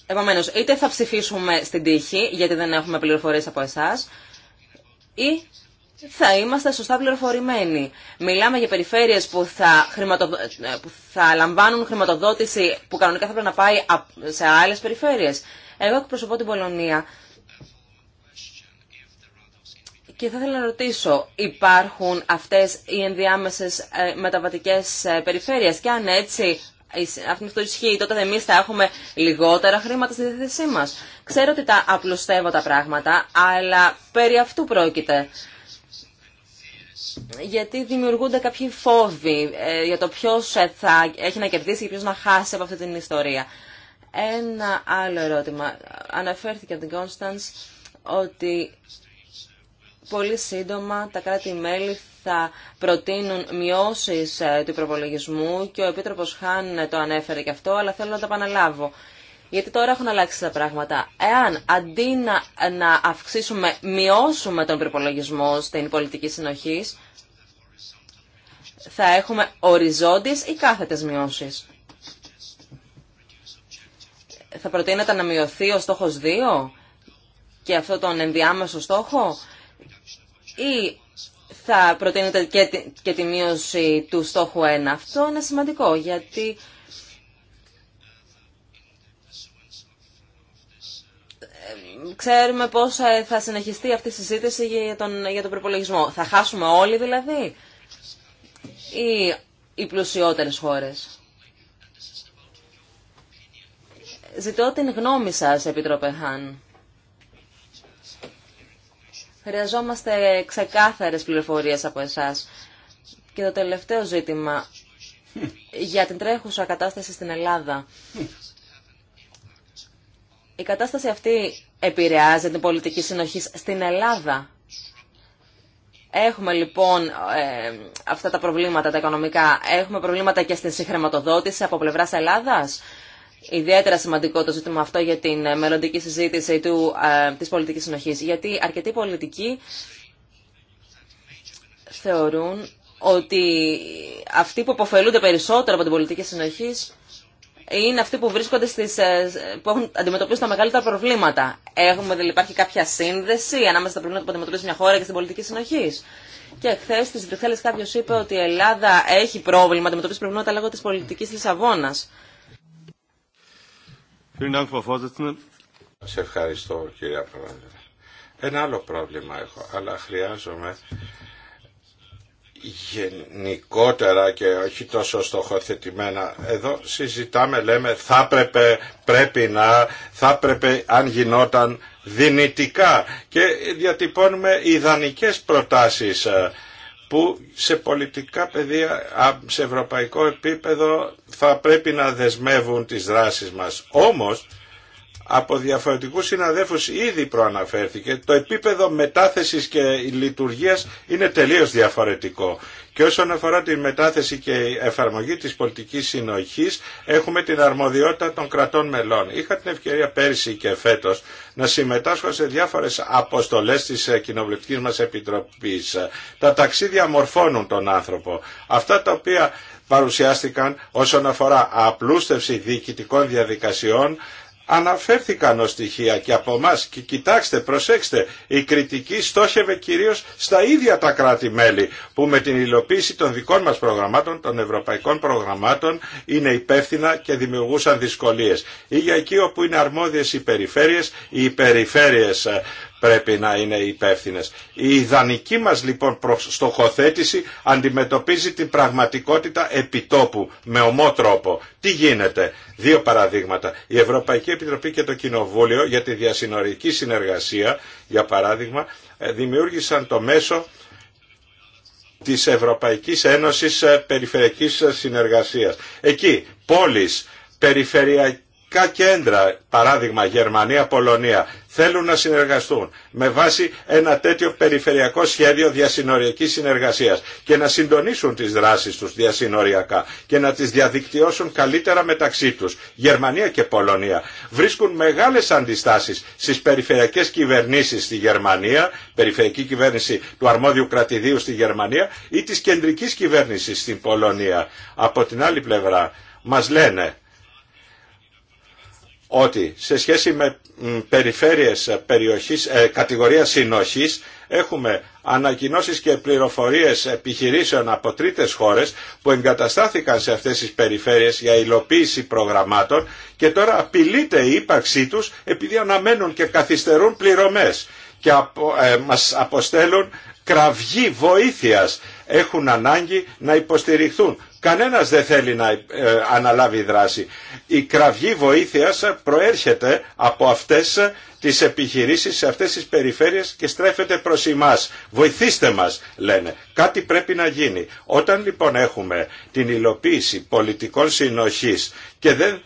Επομένως, είτε θα ψηφίσουμε στην τύχη, γιατί δεν έχουμε πληροφορίες από εσάς, ή θα είμαστε σωστά πληροφορημένοι. Μιλάμε για περιφέρειες που θα, χρηματοδο... Ε, που θα λαμβάνουν χρηματοδότηση που κανονικά θα πρέπει να πάει σε άλλες περιφέρειες. Εγώ εκπροσωπώ την Πολωνία. Και θα ήθελα να ρωτήσω, υπάρχουν αυτές οι ενδιάμεσες ε, μεταβατικές ε, περιφέρειες και αν έτσι αυτό ισχύει, τότε εμεί θα έχουμε λιγότερα χρήματα στη διάθεσή μα. Ξέρω ότι τα απλουστεύω τα πράγματα, αλλά περί αυτού πρόκειται. Γιατί δημιουργούνται κάποιοι φόβοι ε, για το ποιο θα έχει να κερδίσει και ποιο να χάσει από αυτή την ιστορία. Ένα άλλο ερώτημα. Αναφέρθηκε από την Κόνσταντς ότι πολύ σύντομα τα κράτη-μέλη θα προτείνουν μειώσεις ε, του προπολογισμού και ο Επίτροπος Χάν ε, το ανέφερε και αυτό, αλλά θέλω να το επαναλάβω. Γιατί τώρα έχουν αλλάξει τα πράγματα. Εάν αντί να, να αυξήσουμε, μειώσουμε τον προπολογισμό στην πολιτική συνοχή, θα έχουμε οριζόντιες ή κάθετες μειώσεις θα προτείνετε να μειωθεί ο στόχος 2 και αυτό τον ενδιάμεσο στόχο ή θα προτείνετε και τη, μείωση του στόχου 1. Αυτό είναι σημαντικό γιατί ξέρουμε πώς ε, θα συνεχιστεί αυτή η συζήτηση για τον, για τον προπολογισμό. Θα χάσουμε όλοι δηλαδή ή οι πλουσιότερες χώρες. Ζητώ την γνώμη σας, Επίτροπε Χάν. Χρειαζόμαστε ξεκάθαρες πληροφορίες από εσάς. Και το τελευταίο ζήτημα για την τρέχουσα κατάσταση στην Ελλάδα. Η κατάσταση αυτή επηρεάζει την πολιτική συνοχή στην Ελλάδα. Έχουμε λοιπόν ε, αυτά τα προβλήματα τα οικονομικά. Έχουμε προβλήματα και στην συγχρηματοδότηση από πλευράς Ελλάδας ιδιαίτερα σημαντικό το ζήτημα αυτό για την ε, μελλοντική συζήτηση του, ε, της πολιτικής συνοχής. Γιατί αρκετοί πολιτικοί θεωρούν ότι αυτοί που αποφελούνται περισσότερο από την πολιτική συνοχή είναι αυτοί που βρίσκονται στις, ε, που έχουν αντιμετωπίσει τα μεγαλύτερα προβλήματα. Έχουμε, δηλαδή, υπάρχει κάποια σύνδεση ανάμεσα στα προβλήματα που αντιμετωπίζει μια χώρα και στην πολιτική συνοχή. Και χθε στι Βρυξέλλε κάποιο είπε ότι η Ελλάδα έχει πρόβλημα, αντιμετωπίζει προβλήματα λόγω τη πολιτική Λισαβόνα. Σε ευχαριστώ κύριε Πρόεδρε. Ένα άλλο πρόβλημα έχω, αλλά χρειάζομαι γενικότερα και όχι τόσο στοχοθετημένα. Εδώ συζητάμε, λέμε, θα έπρεπε, πρέπει να, θα πρέπει αν γινόταν δυνητικά και διατυπώνουμε ιδανικές προτάσεις ε, που σε πολιτικά πεδία, σε ευρωπαϊκό επίπεδο θα πρέπει να δεσμεύουν τις δράσεις μας. Όμως από διαφορετικούς συναδέφους ήδη προαναφέρθηκε, το επίπεδο μετάθεσης και λειτουργίας είναι τελείως διαφορετικό. Και όσον αφορά τη μετάθεση και εφαρμογή της πολιτικής συνοχής, έχουμε την αρμοδιότητα των κρατών μελών. Είχα την ευκαιρία πέρυσι και φέτος να συμμετάσχω σε διάφορες αποστολές της κοινοβουλευτικής μας επιτροπής. Τα ταξίδια μορφώνουν τον άνθρωπο. Αυτά τα οποία παρουσιάστηκαν όσον αφορά απλούστευση διοικητικών διαδικασιών, αναφέρθηκαν ως στοιχεία και από εμά και κοιτάξτε, προσέξτε, η κριτική στόχευε κυρίως στα ίδια τα κράτη-μέλη που με την υλοποίηση των δικών μας προγραμμάτων, των ευρωπαϊκών προγραμμάτων είναι υπεύθυνα και δημιουργούσαν δυσκολίες. Ή για εκεί όπου είναι αρμόδιες οι περιφέρειες, οι περιφέρειες ε, πρέπει να είναι υπεύθυνε. Η ιδανική μας λοιπόν στοχοθέτηση αντιμετωπίζει την πραγματικότητα επιτόπου με ομό τρόπο. Τι γίνεται. Δύο παραδείγματα. Η Ευρωπαϊκή Επιτροπή και το Κοινοβούλιο για τη διασυνορική συνεργασία, για παράδειγμα, ε, δημιούργησαν το μέσο της Ευρωπαϊκής Ένωσης ε, Περιφερειακής Συνεργασίας. Εκεί πόλεις, περιφερειακά κέντρα, παράδειγμα Γερμανία, Πολωνία, θέλουν να συνεργαστούν με βάση ένα τέτοιο περιφερειακό σχέδιο διασυνοριακής συνεργασίας και να συντονίσουν τις δράσεις τους διασυνοριακά και να τις διαδικτυώσουν καλύτερα μεταξύ τους. Γερμανία και Πολωνία βρίσκουν μεγάλες αντιστάσεις στις περιφερειακές κυβερνήσεις στη Γερμανία, περιφερειακή κυβέρνηση του αρμόδιου κρατηδίου στη Γερμανία ή της κεντρικής κυβέρνησης στην Πολωνία. Από την άλλη πλευρά μας λένε ότι σε σχέση με περιφέρειες ε, περιοχής, ε, κατηγορία συνοχής έχουμε ανακοινώσεις και πληροφορίες επιχειρήσεων από τρίτες χώρες που εγκαταστάθηκαν σε αυτές τις περιφέρειες για υλοποίηση προγραμμάτων και τώρα απειλείται η ύπαρξή τους επειδή αναμένουν και καθυστερούν πληρωμές και απο, ε, μας αποστέλουν κραυγή βοήθειας. Έχουν ανάγκη να υποστηριχθούν. Κανένας δεν θέλει να αναλάβει δράση η κραυγή βοήθειας προέρχεται από αυτές τις επιχειρήσεις σε αυτές τις περιφέρειες και στρέφεται προς εμάς. Βοηθήστε μας, λένε. Κάτι πρέπει να γίνει. Όταν λοιπόν έχουμε την υλοποίηση πολιτικών συνοχής και δεν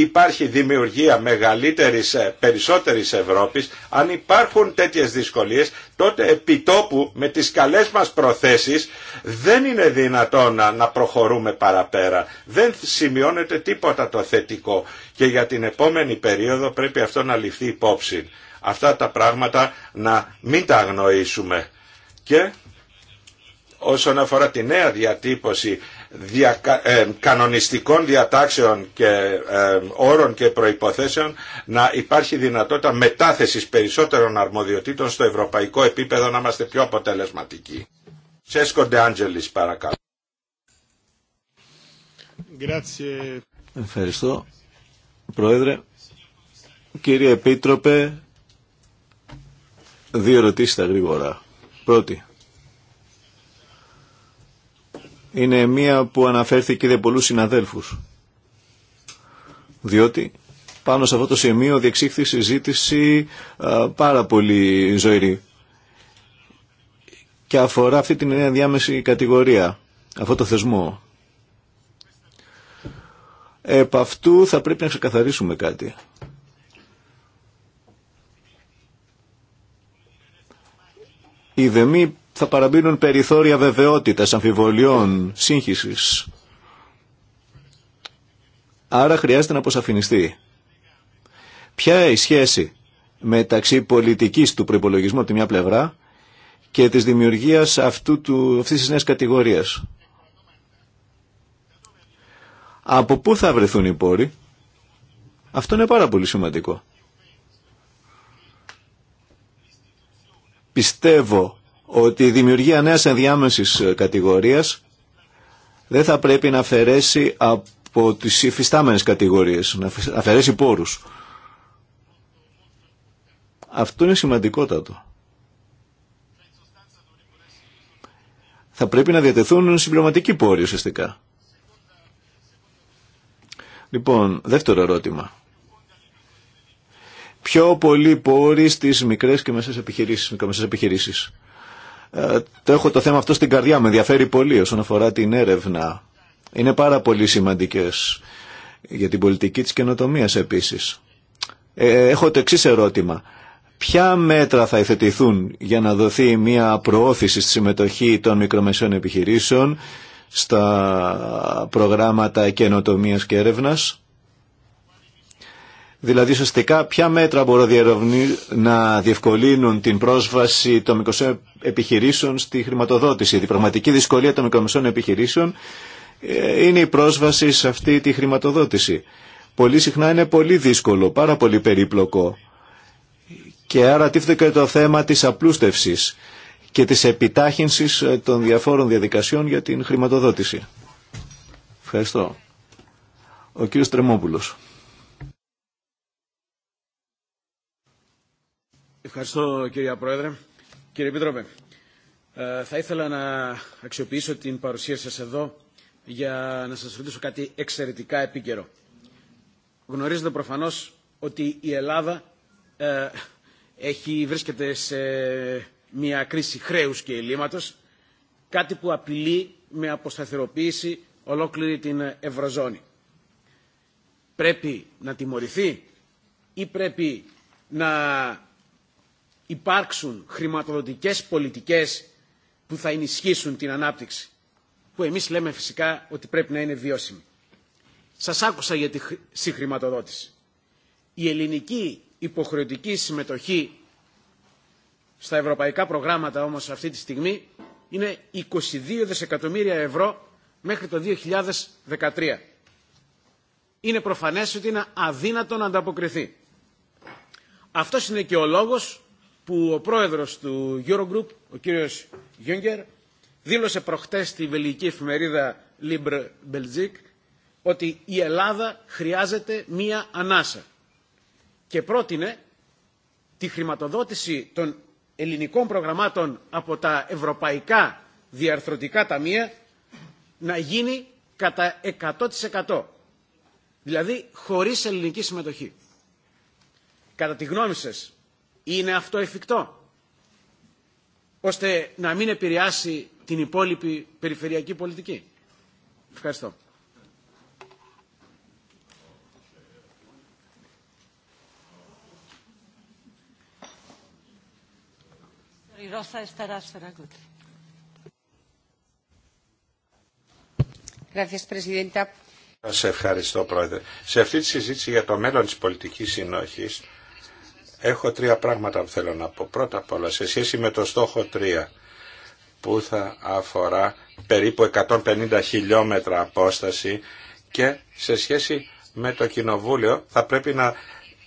υπάρχει δημιουργία μεγαλύτερης, ε, περισσότερης Ευρώπης, αν υπάρχουν τέτοιες δυσκολίες, τότε επιτόπου με τις καλές μας προθέσεις δεν είναι δυνατόν να, να προχωρούμε παραπέρα. Δεν σημειώνεται τίποτα το θετικό και για την επόμενη περίοδο πρέπει αυτό να ληφθεί υπόψη. Αυτά τα πράγματα να μην τα αγνοήσουμε. Και όσον αφορά τη νέα διατύπωση δια, ε, κανονιστικών διατάξεων και ε, όρων και προϋποθέσεων να υπάρχει δυνατότητα μετάθεσης περισσότερων αρμοδιοτήτων στο ευρωπαϊκό επίπεδο να είμαστε πιο αποτελεσματικοί. Σέσκοντε Άντζελης παρακαλώ. Ευχαριστώ. Πρόεδρε, κύριε Επίτροπε, δύο ερωτήσεις στα γρήγορα. Πρώτη, είναι μία που αναφέρθηκε για πολλούς συναδέλφους. Διότι πάνω σε αυτό το σημείο διεξήχθη συζήτηση πάρα πολύ ζωηρή και αφορά αυτή την ενδιάμεση διάμεση κατηγορία, αυτό το θεσμό. Επ' αυτού θα πρέπει να ξεκαθαρίσουμε κάτι. Η δεμή θα παραμείνουν περιθώρια βεβαιότητας, αμφιβολιών, σύγχυσης. Άρα χρειάζεται να αποσαφινιστεί. Ποια η σχέση μεταξύ πολιτικής του προϋπολογισμού από τη μια πλευρά και της δημιουργίας αυτού του, αυτής της νέας κατηγορίας. Από πού θα βρεθούν οι πόροι. Αυτό είναι πάρα πολύ σημαντικό. Πιστεύω ότι η δημιουργία νέας ενδιάμεσης ε, κατηγορίας δεν θα πρέπει να αφαιρέσει από τις υφιστάμενες κατηγορίες, να αφαιρέσει πόρους. Αυτό είναι σημαντικότατο. Θα πρέπει να διατεθούν συμπληρωματικοί πόροι ουσιαστικά. Λοιπόν, δεύτερο ερώτημα. Πιο πολλοί πόροι στις μικρές και μεσές επιχειρήσεις, επιχειρήσεις. Ε, το έχω το θέμα αυτό στην καρδιά, με ενδιαφέρει πολύ όσον αφορά την έρευνα. Είναι πάρα πολύ σημαντικές για την πολιτική της καινοτομίας επίσης. Ε, έχω το εξή ερώτημα. Ποια μέτρα θα υθετηθούν για να δοθεί μια προώθηση στη συμμετοχή των μικρομεσαίων επιχειρήσεων στα προγράμματα καινοτομίας και έρευνας Δηλαδή, σωστικά, ποια μέτρα μπορώ να διευκολύνουν την πρόσβαση των μικρομεσαίων επιχειρήσεων στη χρηματοδότηση. Η πραγματική δυσκολία των μικρομεσαίων επιχειρήσεων ε, είναι η πρόσβαση σε αυτή τη χρηματοδότηση. Πολύ συχνά είναι πολύ δύσκολο, πάρα πολύ περίπλοκο. Και άρα τίθεται και το θέμα της απλούστευσης και της επιτάχυνσης ε, των διαφόρων διαδικασιών για την χρηματοδότηση. Ευχαριστώ. Ο κύριος Τρεμόπουλος. Ευχαριστώ κυρία Πρόεδρε. Κύριε Επίτροπε, ε, θα ήθελα να αξιοποιήσω την παρουσία σας εδώ για να σας ρωτήσω κάτι εξαιρετικά επίκαιρο. Γνωρίζετε προφανώς ότι η Ελλάδα ε, έχει, βρίσκεται σε μια κρίση χρέους και ελλείμματος, κάτι που απειλεί με αποσταθεροποίηση ολόκληρη την Ευρωζώνη. Πρέπει να τιμωρηθεί ή πρέπει να υπάρξουν χρηματοδοτικές πολιτικές που θα ενισχύσουν την ανάπτυξη, που εμείς λέμε φυσικά ότι πρέπει να είναι βιώσιμη. Σας άκουσα για τη συγχρηματοδότηση. Η ελληνική υποχρεωτική συμμετοχή στα ευρωπαϊκά προγράμματα όμως αυτή τη στιγμή είναι 22 δισεκατομμύρια ευρώ μέχρι το 2013. Είναι προφανές ότι είναι αδύνατο να ανταποκριθεί. Αυτό είναι και ο λόγος που ο πρόεδρος του Eurogroup, ο κύριος Γιούγκερ, δήλωσε προχτές στη βελγική εφημερίδα Libre Belgique ότι η Ελλάδα χρειάζεται μία ανάσα και πρότεινε τη χρηματοδότηση των ελληνικών προγραμμάτων από τα ευρωπαϊκά διαρθρωτικά ταμεία να γίνει κατά 100%. Δηλαδή χωρίς ελληνική συμμετοχή. Κατά τη γνώμη σας, είναι αυτό εφικτό, ώστε να μην επηρεάσει την υπόλοιπη περιφερειακή πολιτική. Ευχαριστώ. Σε ευχαριστώ, Πρόεδρε. Σε αυτή τη συζήτηση για το μέλλον της πολιτικής συνόχης, Έχω τρία πράγματα που θέλω να πω. Πρώτα απ' όλα σε σχέση με το στόχο 3 που θα αφορά περίπου 150 χιλιόμετρα απόσταση και σε σχέση με το Κοινοβούλιο θα πρέπει να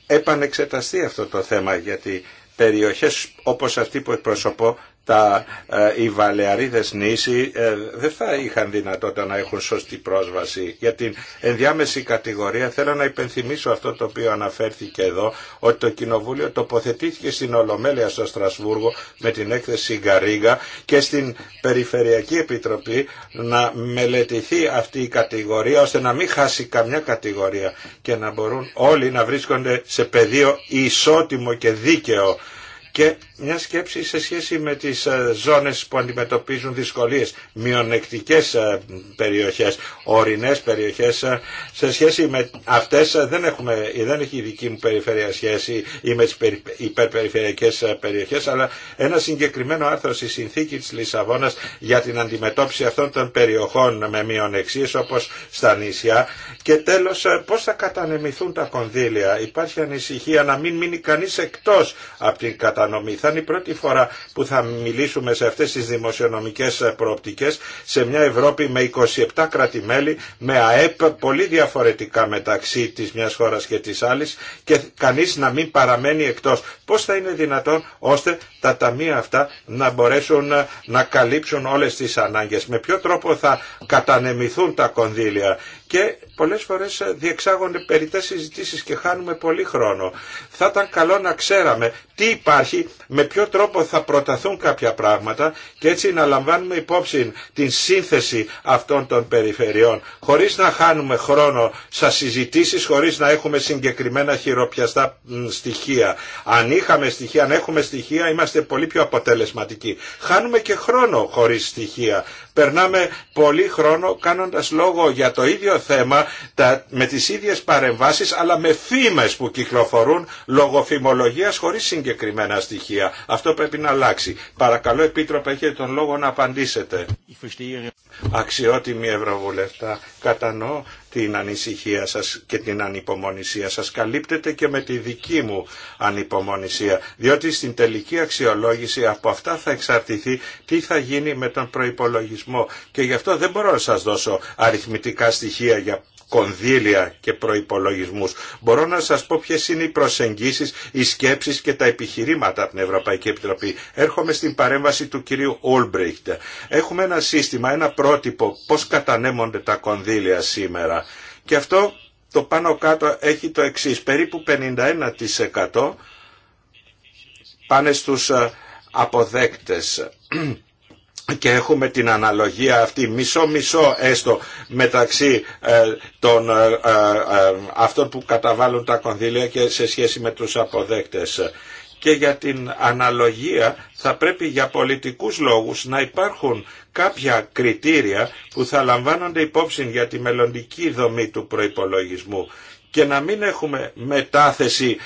επανεξεταστεί αυτό το θέμα γιατί περιοχές όπως αυτή που εκπροσωπώ τα, ε, οι Βαλεαρίδες νήσι ε, δεν θα είχαν δυνατότητα να έχουν σωστή πρόσβαση. Για την ενδιάμεση κατηγορία θέλω να υπενθυμίσω αυτό το οποίο αναφέρθηκε εδώ, ότι το Κοινοβούλιο τοποθετήθηκε στην Ολομέλεια στο Στρασβούργο με την έκθεση Γκαρίγα και στην Περιφερειακή Επιτροπή να μελετηθεί αυτή η κατηγορία ώστε να μην χάσει καμιά κατηγορία και να μπορούν όλοι να βρίσκονται σε πεδίο ισότιμο και δίκαιο και μια σκέψη σε σχέση με τις ε, ζώνες που αντιμετωπίζουν δυσκολίες, μειονεκτικές ε, περιοχές, ορεινές περιοχές. Ε, σε σχέση με αυτές δεν, έχουμε, δεν έχει η δική μου περιφέρεια σχέση ή με τις υπερπεριφερειακές περιοχές, αλλά ένα συγκεκριμένο άρθρο στη συνθήκη της Λισαβόνας για την αντιμετώπιση αυτών των περιοχών με μειονεξίες όπως στα νησιά. Και τέλος, πώς θα κατανεμηθούν τα κονδύλια. Υπάρχει ανησυχία να μην μείνει κανείς εκτός από την κατανεμηθή κατανομή. Θα είναι η πρώτη φορά που θα μιλήσουμε σε αυτές τις δημοσιονομικές προοπτικές σε μια Ευρώπη με 27 κρατημέλη, με ΑΕΠ πολύ διαφορετικά μεταξύ της μιας χώρας και της άλλης και κανείς να μην παραμένει εκτός. Πώς θα είναι δυνατόν ώστε τα ταμεία αυτά να μπορέσουν να καλύψουν όλες τις ανάγκες. Με ποιο τρόπο θα κατανεμηθούν τα κονδύλια και πολλές φορές διεξάγονται περιττές συζητήσει και χάνουμε πολύ χρόνο. Θα ήταν καλό να ξέραμε τι υπάρχει, με ποιο τρόπο θα προταθούν κάποια πράγματα και έτσι να λαμβάνουμε υπόψη την σύνθεση αυτών των περιφερειών χωρίς να χάνουμε χρόνο σε συζητήσεις, χωρίς να έχουμε συγκεκριμένα χειροπιαστά στοιχεία. Αν είχαμε στοιχεία, αν έχουμε στοιχεία είμαστε πολύ πιο αποτελεσματικοί. Χάνουμε και χρόνο χωρίς στοιχεία περνάμε πολύ χρόνο κάνοντας λόγο για το ίδιο θέμα τα, με τις ίδιες παρεμβάσεις αλλά με φήμες που κυκλοφορούν λόγω φημολογίας χωρίς συγκεκριμένα στοιχεία. Αυτό πρέπει να αλλάξει. Παρακαλώ Επίτροπε έχετε τον λόγο να απαντήσετε. Αξιότιμη Ευρωβουλευτά, κατανοώ την ανησυχία σας και την ανυπομονησία σας. Καλύπτεται και με τη δική μου ανυπομονησία, διότι στην τελική αξιολόγηση από αυτά θα εξαρτηθεί τι θα γίνει με τον προϋπολογισμό και γι' αυτό δεν μπορώ να σας δώσω αριθμητικά στοιχεία για κονδύλια και προϋπολογισμούς. Μπορώ να σας πω ποιες είναι οι προσεγγίσεις, οι σκέψεις και τα επιχειρήματα από την Ευρωπαϊκή Επιτροπή. Έρχομαι στην παρέμβαση του κυρίου Όλμπριχτ. Έχουμε ένα σύστημα, ένα πρότυπο πώς κατανέμονται τα κονδύλια σήμερα. Και αυτό το πάνω κάτω έχει το εξής, περίπου 51% πάνε στους ε, αποδέκτες και έχουμε την αναλογία αυτή μισό-μισό έστω μεταξύ ε, των, ε, ε, αυτών που καταβάλουν τα κονδύλια και σε σχέση με τους αποδέκτες. Και για την αναλογία θα πρέπει για πολιτικούς λόγους να υπάρχουν κάποια κριτήρια που θα λαμβάνονται υπόψη για τη μελλοντική δομή του προϋπολογισμού και να μην έχουμε μετάθεση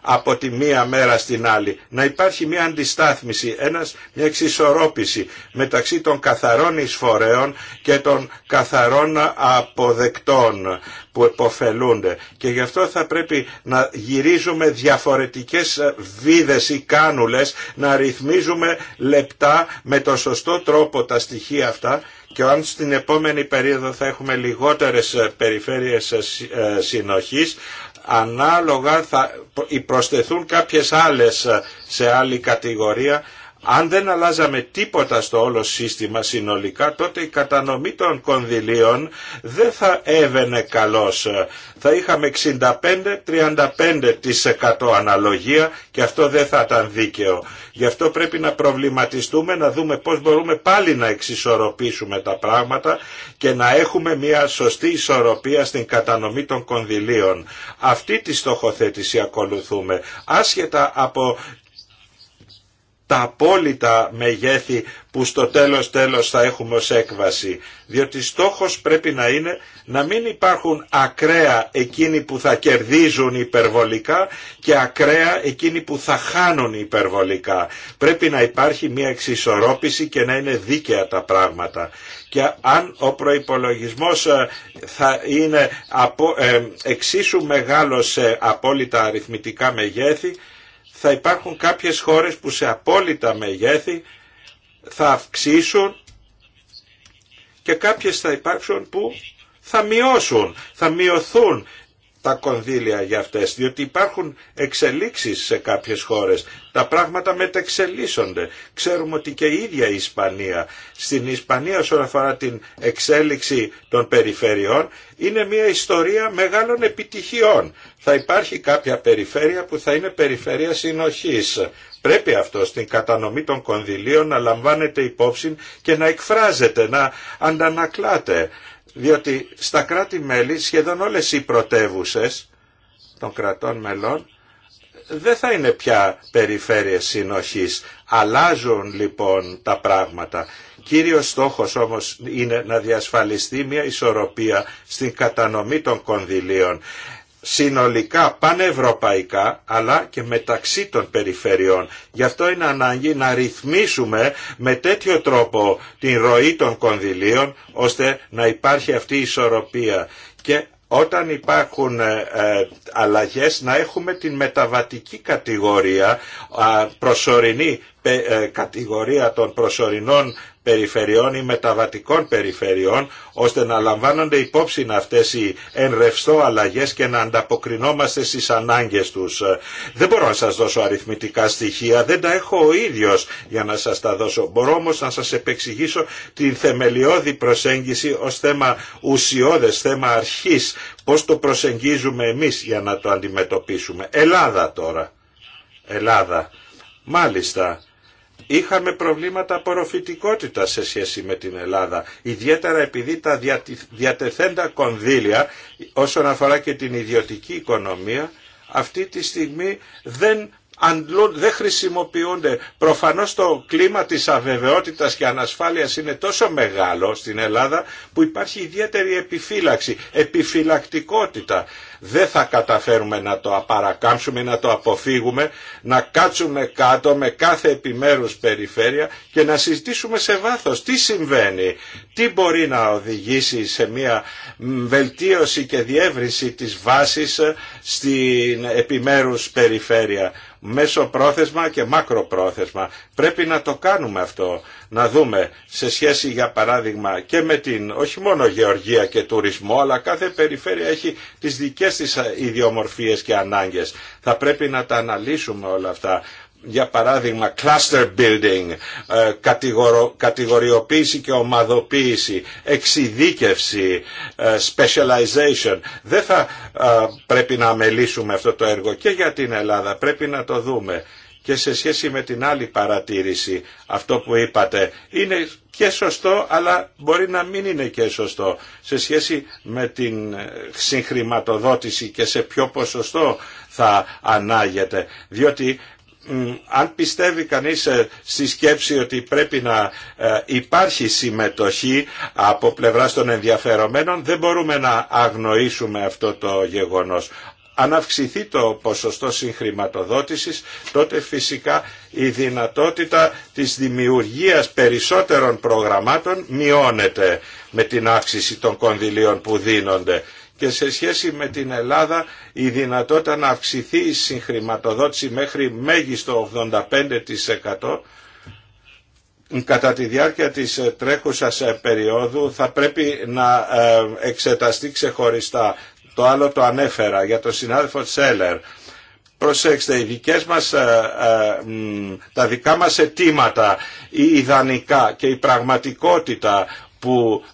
από τη μία μέρα στην άλλη. Να υπάρχει μια αντιστάθμιση, ένας, μια εξισορρόπηση μεταξύ των καθαρών εισφορέων και των καθαρών αποδεκτών που εποφελούνται. Και γι' αυτό θα πρέπει να γυρίζουμε διαφορετικές ε, βίδες ή κάνουλες, να ρυθμίζουμε λεπτά με το σωστό τρόπο τα στοιχεία αυτά και αν στην επόμενη περίοδο θα έχουμε λιγότερες περιφέρειες ε, ε, συνοχής, ανάλογα θα προσθεθούν κάποιες άλλες ε, σε άλλη κατηγορία αν δεν αλλάζαμε τίποτα στο όλο σύστημα συνολικά, τότε η κατανομή των κονδυλίων δεν θα έβαινε καλώς. Θα είχαμε 65-35% αναλογία και αυτό δεν θα ήταν δίκαιο. Γι' αυτό πρέπει να προβληματιστούμε, να δούμε πώς μπορούμε πάλι να εξισορροπήσουμε τα πράγματα και να έχουμε μια σωστή ισορροπία στην κατανομή των κονδυλίων. Αυτή τη στοχοθέτηση ακολουθούμε, άσχετα από τα απόλυτα μεγέθη που στο τέλος τέλος θα έχουμε ως έκβαση. Διότι στόχος πρέπει να είναι να μην υπάρχουν ακραία εκείνοι που θα κερδίζουν υπερβολικά και ακραία εκείνοι που θα χάνουν υπερβολικά. Πρέπει να υπάρχει μια εξισορρόπηση και να είναι δίκαια τα πράγματα. Και αν ο προϋπολογισμός ε, θα είναι ε, εξίσου μεγάλος σε απόλυτα αριθμητικά μεγέθη, θα υπάρχουν κάποιες χώρες που σε απόλυτα μεγέθη θα αυξήσουν και κάποιες θα υπάρξουν που θα μειώσουν, θα μειωθούν τα κονδύλια για αυτές, διότι υπάρχουν εξελίξεις σε κάποιες χώρες. Τα πράγματα μετεξελίσσονται. Ξέρουμε ότι και η ίδια η Ισπανία, στην Ισπανία όσον αφορά την εξέλιξη των περιφερειών, είναι μια ιστορία μεγάλων επιτυχιών. Θα υπάρχει κάποια περιφέρεια που θα είναι περιφέρεια συνοχής. Πρέπει αυτό στην κατανομή των κονδυλίων να λαμβάνεται υπόψη και να εκφράζεται, να αντανακλάται διότι στα κράτη-μέλη σχεδόν όλες οι πρωτεύουσε των κρατών μελών δεν θα είναι πια περιφέρειες συνοχής. Αλλάζουν λοιπόν τα πράγματα. Κύριος στόχος όμως είναι να διασφαλιστεί μια ισορροπία στην κατανομή των κονδυλίων συνολικά πανευρωπαϊκά αλλά και μεταξύ των περιφερειών. Γι' αυτό είναι ανάγκη να ρυθμίσουμε με τέτοιο τρόπο την ροή των κονδυλίων ώστε να υπάρχει αυτή η ισορροπία και όταν υπάρχουν ε, ε, αλλαγές να έχουμε την μεταβατική κατηγορία προσωρινή ε, κατηγορία των προσωρινών περιφερειών ή μεταβατικών περιφερειών ώστε να λαμβάνονται υπόψη αυτές οι ενρευστό αλλαγές και να ανταποκρινόμαστε στις ανάγκες τους. Δεν μπορώ να σας δώσω αριθμητικά στοιχεία, δεν τα έχω ο ίδιος για να σας τα δώσω. Μπορώ όμως να σας επεξηγήσω την θεμελιώδη προσέγγιση ως θέμα ουσιώδες, θέμα αρχής, πώς το προσεγγίζουμε εμείς για να το αντιμετωπίσουμε. Ελλάδα τώρα. Ελλάδα. Μάλιστα είχαμε προβλήματα απορροφητικότητα σε σχέση με την Ελλάδα. Ιδιαίτερα επειδή τα διατεθέντα κονδύλια όσον αφορά και την ιδιωτική οικονομία αυτή τη στιγμή δεν δεν χρησιμοποιούνται. Προφανώς το κλίμα της αβεβαιότητας και ανασφάλειας είναι τόσο μεγάλο στην Ελλάδα που υπάρχει ιδιαίτερη επιφύλαξη, επιφυλακτικότητα. Δεν θα καταφέρουμε να το απαρακάμψουμε, να το αποφύγουμε, να κάτσουμε κάτω με κάθε επιμέρους περιφέρεια και να συζητήσουμε σε βάθος τι συμβαίνει, τι μπορεί να οδηγήσει σε μια βελτίωση και διεύρυνση της βάσης στην επιμέρους περιφέρεια μεσοπρόθεσμα και μακροπρόθεσμα. Πρέπει να το κάνουμε αυτό, να δούμε σε σχέση για παράδειγμα και με την όχι μόνο γεωργία και τουρισμό αλλά κάθε περιφέρεια έχει τις δικές της ιδιομορφίες και ανάγκες. Θα πρέπει να τα αναλύσουμε όλα αυτά για παράδειγμα cluster building, ε, κατηγοριοποίηση και ομαδοποίηση, εξειδίκευση, ε, specialization. Δεν θα ε, πρέπει να αμελήσουμε αυτό το έργο και για την Ελλάδα, πρέπει να το δούμε. Και σε σχέση με την άλλη παρατήρηση, αυτό που είπατε, είναι και σωστό, αλλά μπορεί να μην είναι και σωστό. Σε σχέση με την συγχρηματοδότηση και σε ποιο ποσοστό θα ανάγεται. Διότι αν πιστεύει κανείς ε, στη σκέψη ότι πρέπει να ε, υπάρχει συμμετοχή από πλευράς των ενδιαφερομένων δεν μπορούμε να αγνοήσουμε αυτό το γεγονός. Αν αυξηθεί το ποσοστό συγχρηματοδότησης, τότε φυσικά η δυνατότητα της δημιουργίας περισσότερων προγραμμάτων μειώνεται με την αύξηση των κονδυλίων που δίνονται και σε σχέση με την Ελλάδα η δυνατότητα να αυξηθεί η συγχρηματοδότηση μέχρι μέγιστο 85% κατά τη διάρκεια της ε, τρέχουσας ε, περίοδου θα πρέπει να ε, εξεταστεί ξεχωριστά. Το άλλο το ανέφερα για τον συνάδελφο Τσέλερ. Προσέξτε, οι δικές μας, τα δικά μας αιτήματα, η ιδανικά και η πραγματικότητα που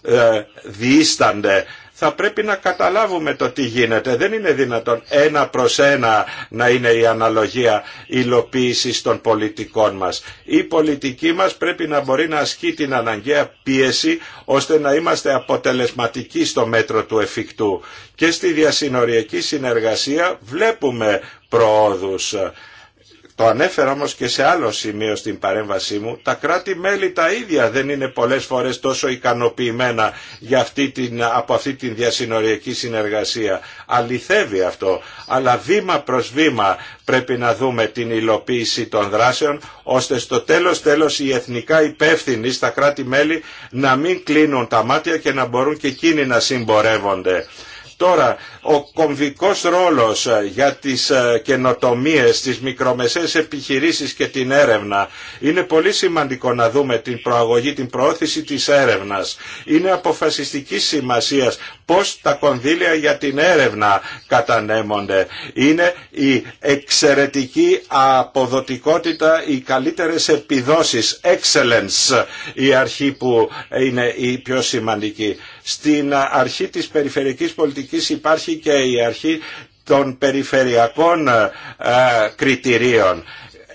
διήστανται θα πρέπει να καταλάβουμε το τι γίνεται. Δεν είναι δυνατόν ένα προς ένα να είναι η αναλογία υλοποίηση των πολιτικών μας. Η πολιτική μας πρέπει να μπορεί να ασκεί την αναγκαία πίεση ώστε να είμαστε αποτελεσματικοί στο μέτρο του εφικτού. Και στη διασυνοριακή συνεργασία βλέπουμε προόδους. Το ανέφερα όμως και σε άλλο σημείο στην παρέμβασή μου. Τα κράτη-μέλη τα ίδια δεν είναι πολλές φορές τόσο ικανοποιημένα για αυτή την, από αυτή την διασυνοριακή συνεργασία. Αληθεύει αυτό. Αλλά βήμα προς βήμα πρέπει να δούμε την υλοποίηση των δράσεων ώστε στο τέλος τέλος οι εθνικά υπεύθυνοι στα κράτη-μέλη να μην κλείνουν τα μάτια και να μπορούν και εκείνοι να συμπορεύονται. Τώρα, ο κομβικός ρόλος ε, για τις ε, καινοτομίες, τις μικρομεσαίες επιχειρήσεις και την έρευνα είναι πολύ σημαντικό να δούμε την προαγωγή, την προώθηση της έρευνας. Είναι αποφασιστική σημασίας πώς τα κονδύλια για την έρευνα κατανέμονται. Είναι η εξαιρετική αποδοτικότητα, οι καλύτερες επιδόσεις, excellence, η αρχή που είναι η πιο σημαντική. Στην αρχή της περιφερειακής πολιτικής υπάρχει και η αρχή των περιφερειακών ε, κριτηρίων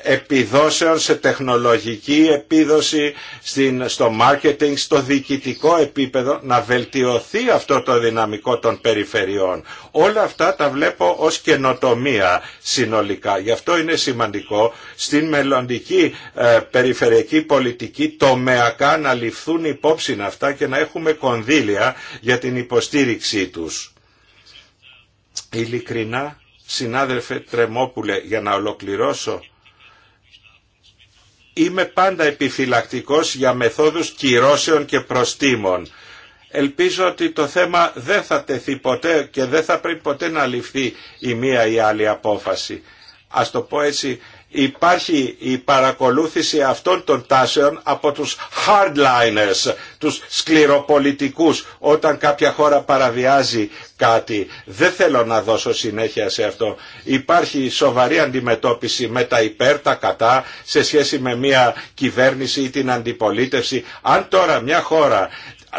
επιδόσεων σε τεχνολογική επίδοση, στην, στο marketing, στο διοικητικό επίπεδο, να βελτιωθεί αυτό το δυναμικό των περιφερειών. Όλα αυτά τα βλέπω ως καινοτομία συνολικά. Γι' αυτό είναι σημαντικό στην μελλοντική ε, περιφερειακή πολιτική τομεακά να ληφθούν υπόψη αυτά και να έχουμε κονδύλια για την υποστήριξή τους. Ειλικρινά, συνάδελφε Τρεμόπουλε, για να ολοκληρώσω είμαι πάντα επιφυλακτικός για μεθόδους κυρώσεων και προστήμων. Ελπίζω ότι το θέμα δεν θα τεθεί ποτέ και δεν θα πρέπει ποτέ να ληφθεί η μία ή η άλλη απόφαση. Ας το πω έτσι, υπάρχει η παρακολούθηση αυτών των τάσεων από τους hardliners, τους σκληροπολιτικούς όταν κάποια χώρα παραβιάζει κάτι. Δεν θέλω να δώσω συνέχεια σε αυτό. Υπάρχει σοβαρή αντιμετώπιση με τα υπέρ, τα κατά σε σχέση με μια κυβέρνηση ή την αντιπολίτευση. Αν τώρα μια χώρα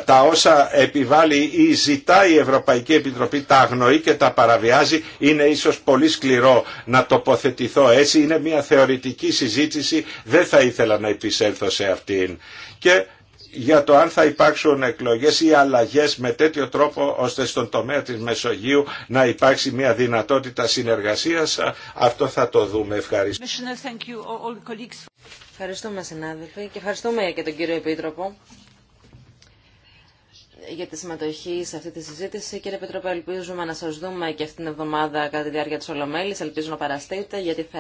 τα όσα επιβάλλει ή ζητάει η Ευρωπαϊκή Επιτροπή τα αγνοεί και τα παραβιάζει είναι ίσως πολύ σκληρό να τοποθετηθώ έτσι είναι μια θεωρητική συζήτηση δεν θα ήθελα να επισέλθω σε αυτήν και για το αν θα υπάρξουν εκλογές ή αλλαγές με τέτοιο τρόπο ώστε στον τομέα της Μεσογείου να υπάρξει μια δυνατότητα συνεργασίας. Αυτό θα το δούμε. Ευχαριστώ. Ευχαριστούμε συνάδελφοι και ευχαριστούμε και τον κύριο Επίτροπο για τη συμμετοχή σε αυτή τη συζήτηση. Κύριε Πετρόπα, ελπίζουμε να σας δούμε και αυτήν την εβδομάδα κατά τη διάρκεια της Ολομέλης. Ελπίζω να παραστείτε, γιατί θα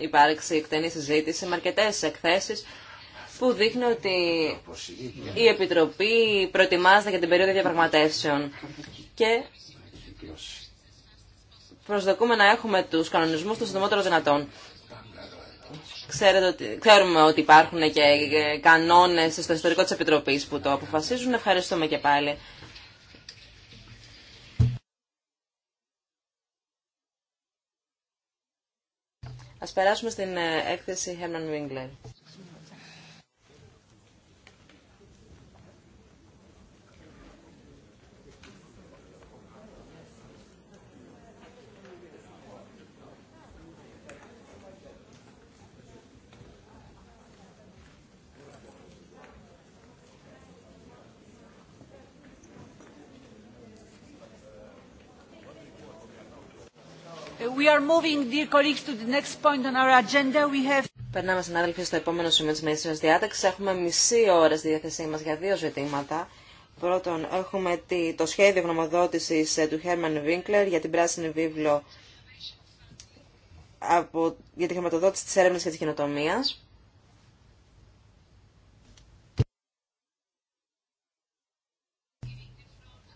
υπάρξει εκτενή συζήτηση με αρκετέ εκθέσεις που δείχνει ότι η Επιτροπή προετοιμάζεται για την περίοδο διαπραγματεύσεων. Και προσδοκούμε να έχουμε τους κανονισμούς των συντομότερο δυνατόν. Ξέρετε ότι, ξέρουμε ότι υπάρχουν και ε, κανόνες στο ιστορικό της Επιτροπής που το αποφασίζουν. Ευχαριστούμε και πάλι. Ας περάσουμε στην ε, έκθεση Herman Winkler. Περνάμε, συνάδελφοι, στο επόμενο σημείο της μέσης διάταξης. Έχουμε μισή ώρα στη διάθεσή μας για δύο ζητήματα. Πρώτον, έχουμε το σχέδιο γνωμοδότησης ε, του Χέρμαν Βίνκλερ για την πράσινη βίβλο για τη χρηματοδότηση της έρευνας και της καινοτομίας.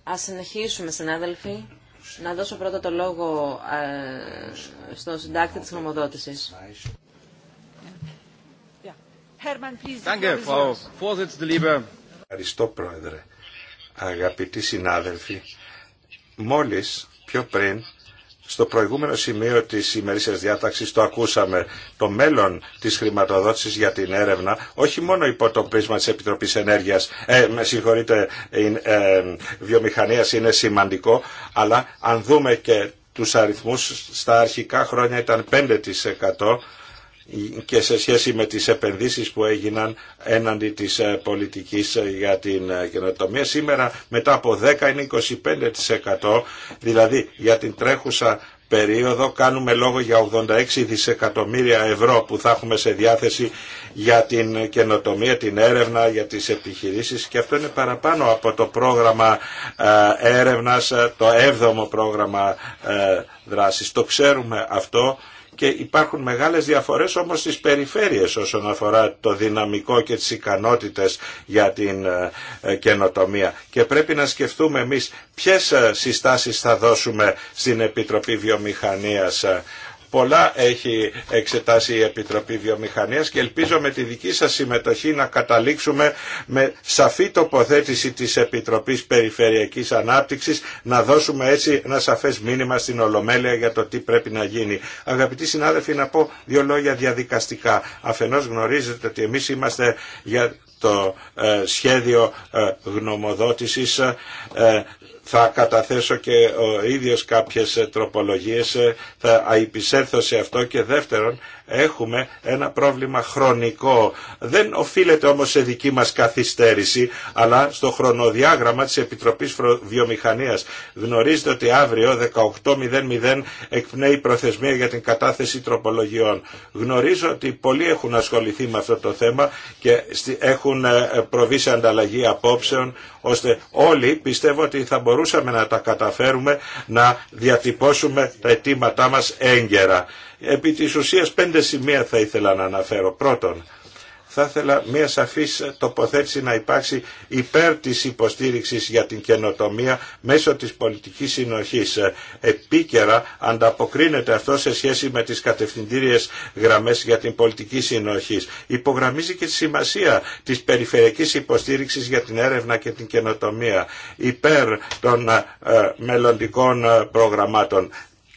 Ας συνεχίσουμε, συνάδελφοι να δώσω πρώτα το λόγο στον συντάκτη της νομοδότησης. Ευχαριστώ, Πρόεδρε. Αγαπητοί συνάδελφοι, μόλις πιο πριν στο προηγούμενο σημείο της ημερήσιας διάταξης το ακούσαμε. Το μέλλον της χρηματοδότησης για την έρευνα, όχι μόνο υπό το πρίσμα της Επιτροπής Ενέργειας, ε, με συγχωρείτε, ε, ε, είναι σημαντικό, αλλά αν δούμε και τους αριθμούς, στα αρχικά χρόνια ήταν 5% και σε σχέση με τις επενδύσεις που έγιναν έναντι της ε, πολιτικής ε, για την ε, καινοτομία. Σήμερα μετά από 10 είναι 25% δηλαδή για την τρέχουσα περίοδο κάνουμε λόγο για 86 δισεκατομμύρια ευρώ που θα έχουμε σε διάθεση για την καινοτομία, την έρευνα, για τις επιχειρήσεις και αυτό είναι παραπάνω από το πρόγραμμα έρευνας, το 7ο πρόγραμμα δράσης. Το ξέρουμε αυτό και υπάρχουν μεγάλες διαφορές όμως στις περιφέρειες όσον αφορά το δυναμικό και τις ικανότητες για την ε, ε, καινοτομία. Και πρέπει να σκεφτούμε εμείς ποιες ε, συστάσεις θα δώσουμε στην Επιτροπή Βιομηχανίας Πολλά έχει εξετάσει η Επιτροπή Βιομηχανίας και ελπίζω με τη δική σας συμμετοχή να καταλήξουμε με σαφή τοποθέτηση της Επιτροπής Περιφερειακής Ανάπτυξης να δώσουμε έτσι ένα σαφές μήνυμα στην Ολομέλεια για το τι πρέπει να γίνει. Αγαπητοί συνάδελφοι, να πω δύο λόγια διαδικαστικά. Αφενός γνωρίζετε ότι εμείς είμαστε για το ε, σχέδιο ε, γνωμοδότησης ε, θα καταθέσω και ο ίδιος κάποιες τροπολογίες, θα υπησέρθω σε αυτό και δεύτερον Έχουμε ένα πρόβλημα χρονικό. Δεν οφείλεται όμως σε δική μας καθυστέρηση, αλλά στο χρονοδιάγραμμα της Επιτροπής Βιομηχανίας. Γνωρίζετε ότι αύριο 18.00 εκπνέει η προθεσμία για την κατάθεση τροπολογιών. Γνωρίζω ότι πολλοί έχουν ασχοληθεί με αυτό το θέμα και έχουν ε, προβεί σε ανταλλαγή απόψεων, ώστε όλοι πιστεύω ότι θα μπορούσαμε να τα καταφέρουμε να διατυπώσουμε τα αιτήματά μας έγκαιρα. Επί της ουσίας πέντε σημεία θα ήθελα να αναφέρω. Πρώτον, θα ήθελα μια σαφής τοποθέτηση να υπάρξει υπέρ της υποστήριξης για την καινοτομία μέσω της πολιτικής συνοχής. Επίκαιρα ανταποκρίνεται αυτό σε σχέση με τις κατευθυντήριες γραμμές για την πολιτική συνοχή. Υπογραμμίζει και τη σημασία της περιφερειακής υποστήριξης για την έρευνα και την καινοτομία υπέρ των ε, μελλοντικών ε, προγραμμάτων.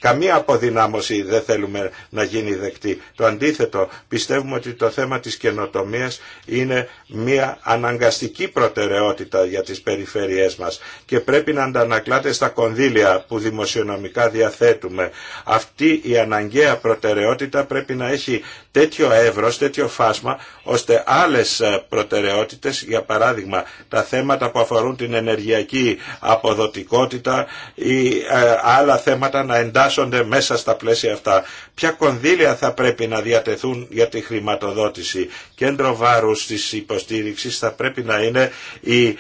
Καμία αποδυνάμωση δεν θέλουμε να γίνει δεκτή. Το αντίθετο, πιστεύουμε ότι το θέμα της καινοτομία είναι μια αναγκαστική προτεραιότητα για τις περιφέρειές μας και πρέπει να αντανακλάται στα κονδύλια που δημοσιονομικά διαθέτουμε. Αυτή η αναγκαία προτεραιότητα πρέπει να έχει τέτοιο εύρος, τέτοιο φάσμα, ώστε άλλες ε, προτεραιότητες, για παράδειγμα τα θέματα που αφορούν την ενεργειακή αποδοτικότητα ή ε, άλλα θέματα να εντάσσονται μέσα στα πλαίσια αυτά. Ποια κονδύλια θα πρέπει να διατεθούν για τη χρηματοδότηση. Κέντρο βάρους της υποστήριξης θα πρέπει να είναι η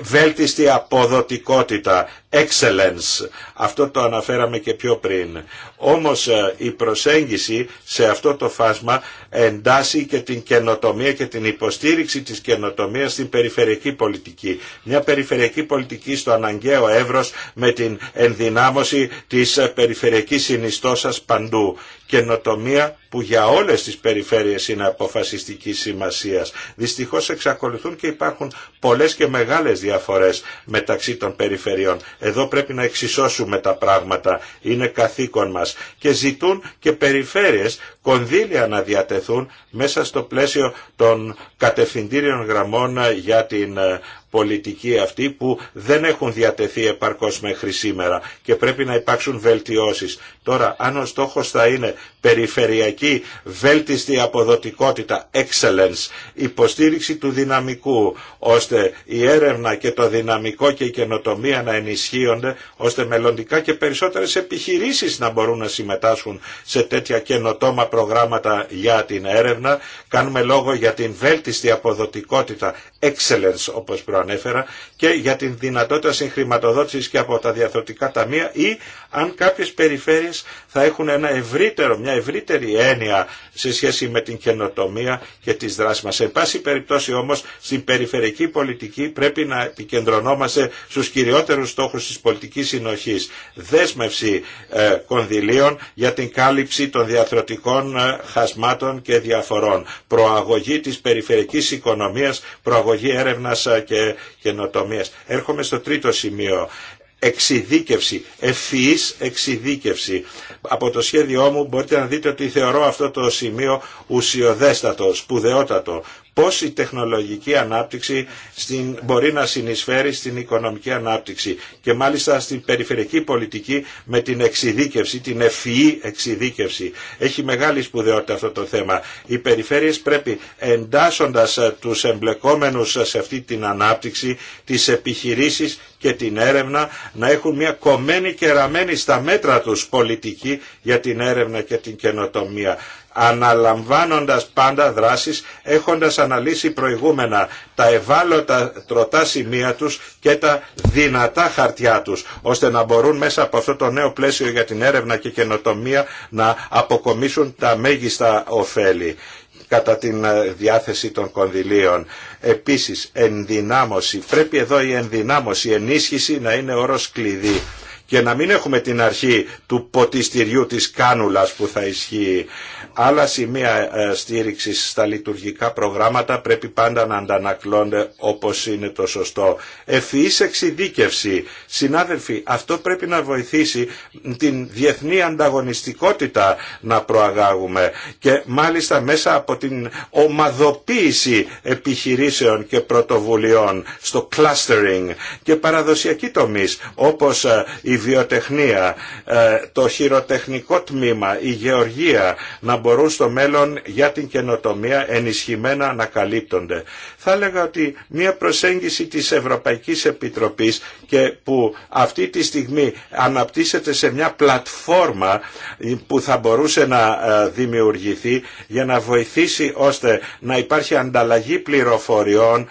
βέλτιστη αποδοτικότητα excellence. Αυτό το αναφέραμε και πιο πριν. Όμως ε, η προσέγγιση σε αυτό το φάσμα εντάσσει και την καινοτομία και την υποστήριξη της καινοτομίας στην περιφερειακή πολιτική. Μια περιφερειακή πολιτική στο αναγκαίο εύρος με την ενδυνάμωση της περιφερειακής συνιστώσας παντού. Καινοτομία που για όλες τις περιφέρειες είναι αποφασιστική σημασίας. Δυστυχώς εξακολουθούν και υπάρχουν πολλές και μεγάλες διαφορές μεταξύ των περιφερειών. Εδώ πρέπει να εξισώσουμε τα πράγματα. Είναι καθήκον μας. Και ζητούν και περιφέρειες κονδύλια να διατεθούν μέσα στο πλαίσιο των κατευθυντήριων γραμμών ε, για την ε, πολιτική αυτή που δεν έχουν διατεθεί επαρκώς μέχρι σήμερα και πρέπει να υπάρξουν βελτιώσεις. Τώρα, αν ο στόχο θα είναι περιφερειακή βέλτιστη αποδοτικότητα, excellence, υποστήριξη του δυναμικού, ώστε η έρευνα και το δυναμικό και η καινοτομία να ενισχύονται, ώστε μελλοντικά και περισσότερες επιχειρήσεις να μπορούν να συμμετάσχουν σε τέτοια καινοτόμα προγράμματα για την έρευνα. Κάνουμε λόγο για την βέλτιστη αποδοτικότητα, excellence όπω προανέφερα, και για την δυνατότητα συγχρηματοδότηση και από τα διαθροτικά ταμεία ή αν κάποιε περιφέρειες θα έχουν ένα ευρύτερο, μια ευρύτερη έννοια σε σχέση με την καινοτομία και τις δράσεις μας. Σε πάση περιπτώσει όμως στην περιφερική πολιτική πρέπει να επικεντρωνόμαστε στους κυριότερους στόχους της πολιτικής συνοχής. Δέσμευση ε, κονδυλίων για την κάλυψη των διαθροτικών ε, χασμάτων και διαφορών. Προαγωγή της περιφερικής οικονομίας, προαγωγή έρευνας ε, και καινοτομίας. Έρχομαι στο τρίτο σημείο εξειδίκευση, ευφυής εξειδίκευση. Από το σχέδιό μου μπορείτε να δείτε ότι θεωρώ αυτό το σημείο ουσιοδέστατο, σπουδαιότατο, πώς η τεχνολογική ανάπτυξη μπορεί να συνεισφέρει στην οικονομική ανάπτυξη και μάλιστα στην περιφερειακή πολιτική με την εξειδίκευση, την ευφυή εξειδίκευση. Έχει μεγάλη σπουδαιότητα αυτό το θέμα. Οι περιφέρειες πρέπει εντάσσοντας ε, τους εμπλεκόμενους ε, σε αυτή την ανάπτυξη, τις επιχειρήσεις και την έρευνα να έχουν μια κομμένη και ραμμένη στα μέτρα τους πολιτική για την έρευνα και την καινοτομία αναλαμβάνοντας πάντα δράσεις, έχοντας αναλύσει προηγούμενα τα ευάλωτα τροτά σημεία τους και τα δυνατά χαρτιά τους, ώστε να μπορούν μέσα από αυτό το νέο πλαίσιο για την έρευνα και καινοτομία να αποκομίσουν τα μέγιστα ωφέλη κατά την ε, διάθεση των κονδυλίων. Επίσης, ενδυνάμωση. Πρέπει εδώ η ενδυνάμωση, η ενίσχυση να είναι όρος κλειδί και να μην έχουμε την αρχή του ποτιστηριού της κάνουλας που θα ισχύει. Άλλα σημεία ε, στήριξης στα λειτουργικά προγράμματα πρέπει πάντα να αντανακλώνται όπως είναι το σωστό. Ευφυής εξειδίκευση. Συνάδελφοι, αυτό πρέπει να βοηθήσει την διεθνή ανταγωνιστικότητα να προαγάγουμε και μάλιστα μέσα από την ομαδοποίηση επιχειρήσεων και πρωτοβουλειών στο clustering και παραδοσιακή τομής όπως ε, η βιοτεχνία, ε, το χειροτεχνικό τμήμα, η γεωργία να μπορούν στο μέλλον για την καινοτομία ενισχυμένα να καλύπτονται. Θα έλεγα ότι μια προσέγγιση της Ευρωπαϊκής Επιτροπής και που αυτή τη στιγμή αναπτύσσεται σε μια πλατφόρμα ε, που θα μπορούσε να ε, δημιουργηθεί για να βοηθήσει ώστε να υπάρχει ανταλλαγή πληροφοριών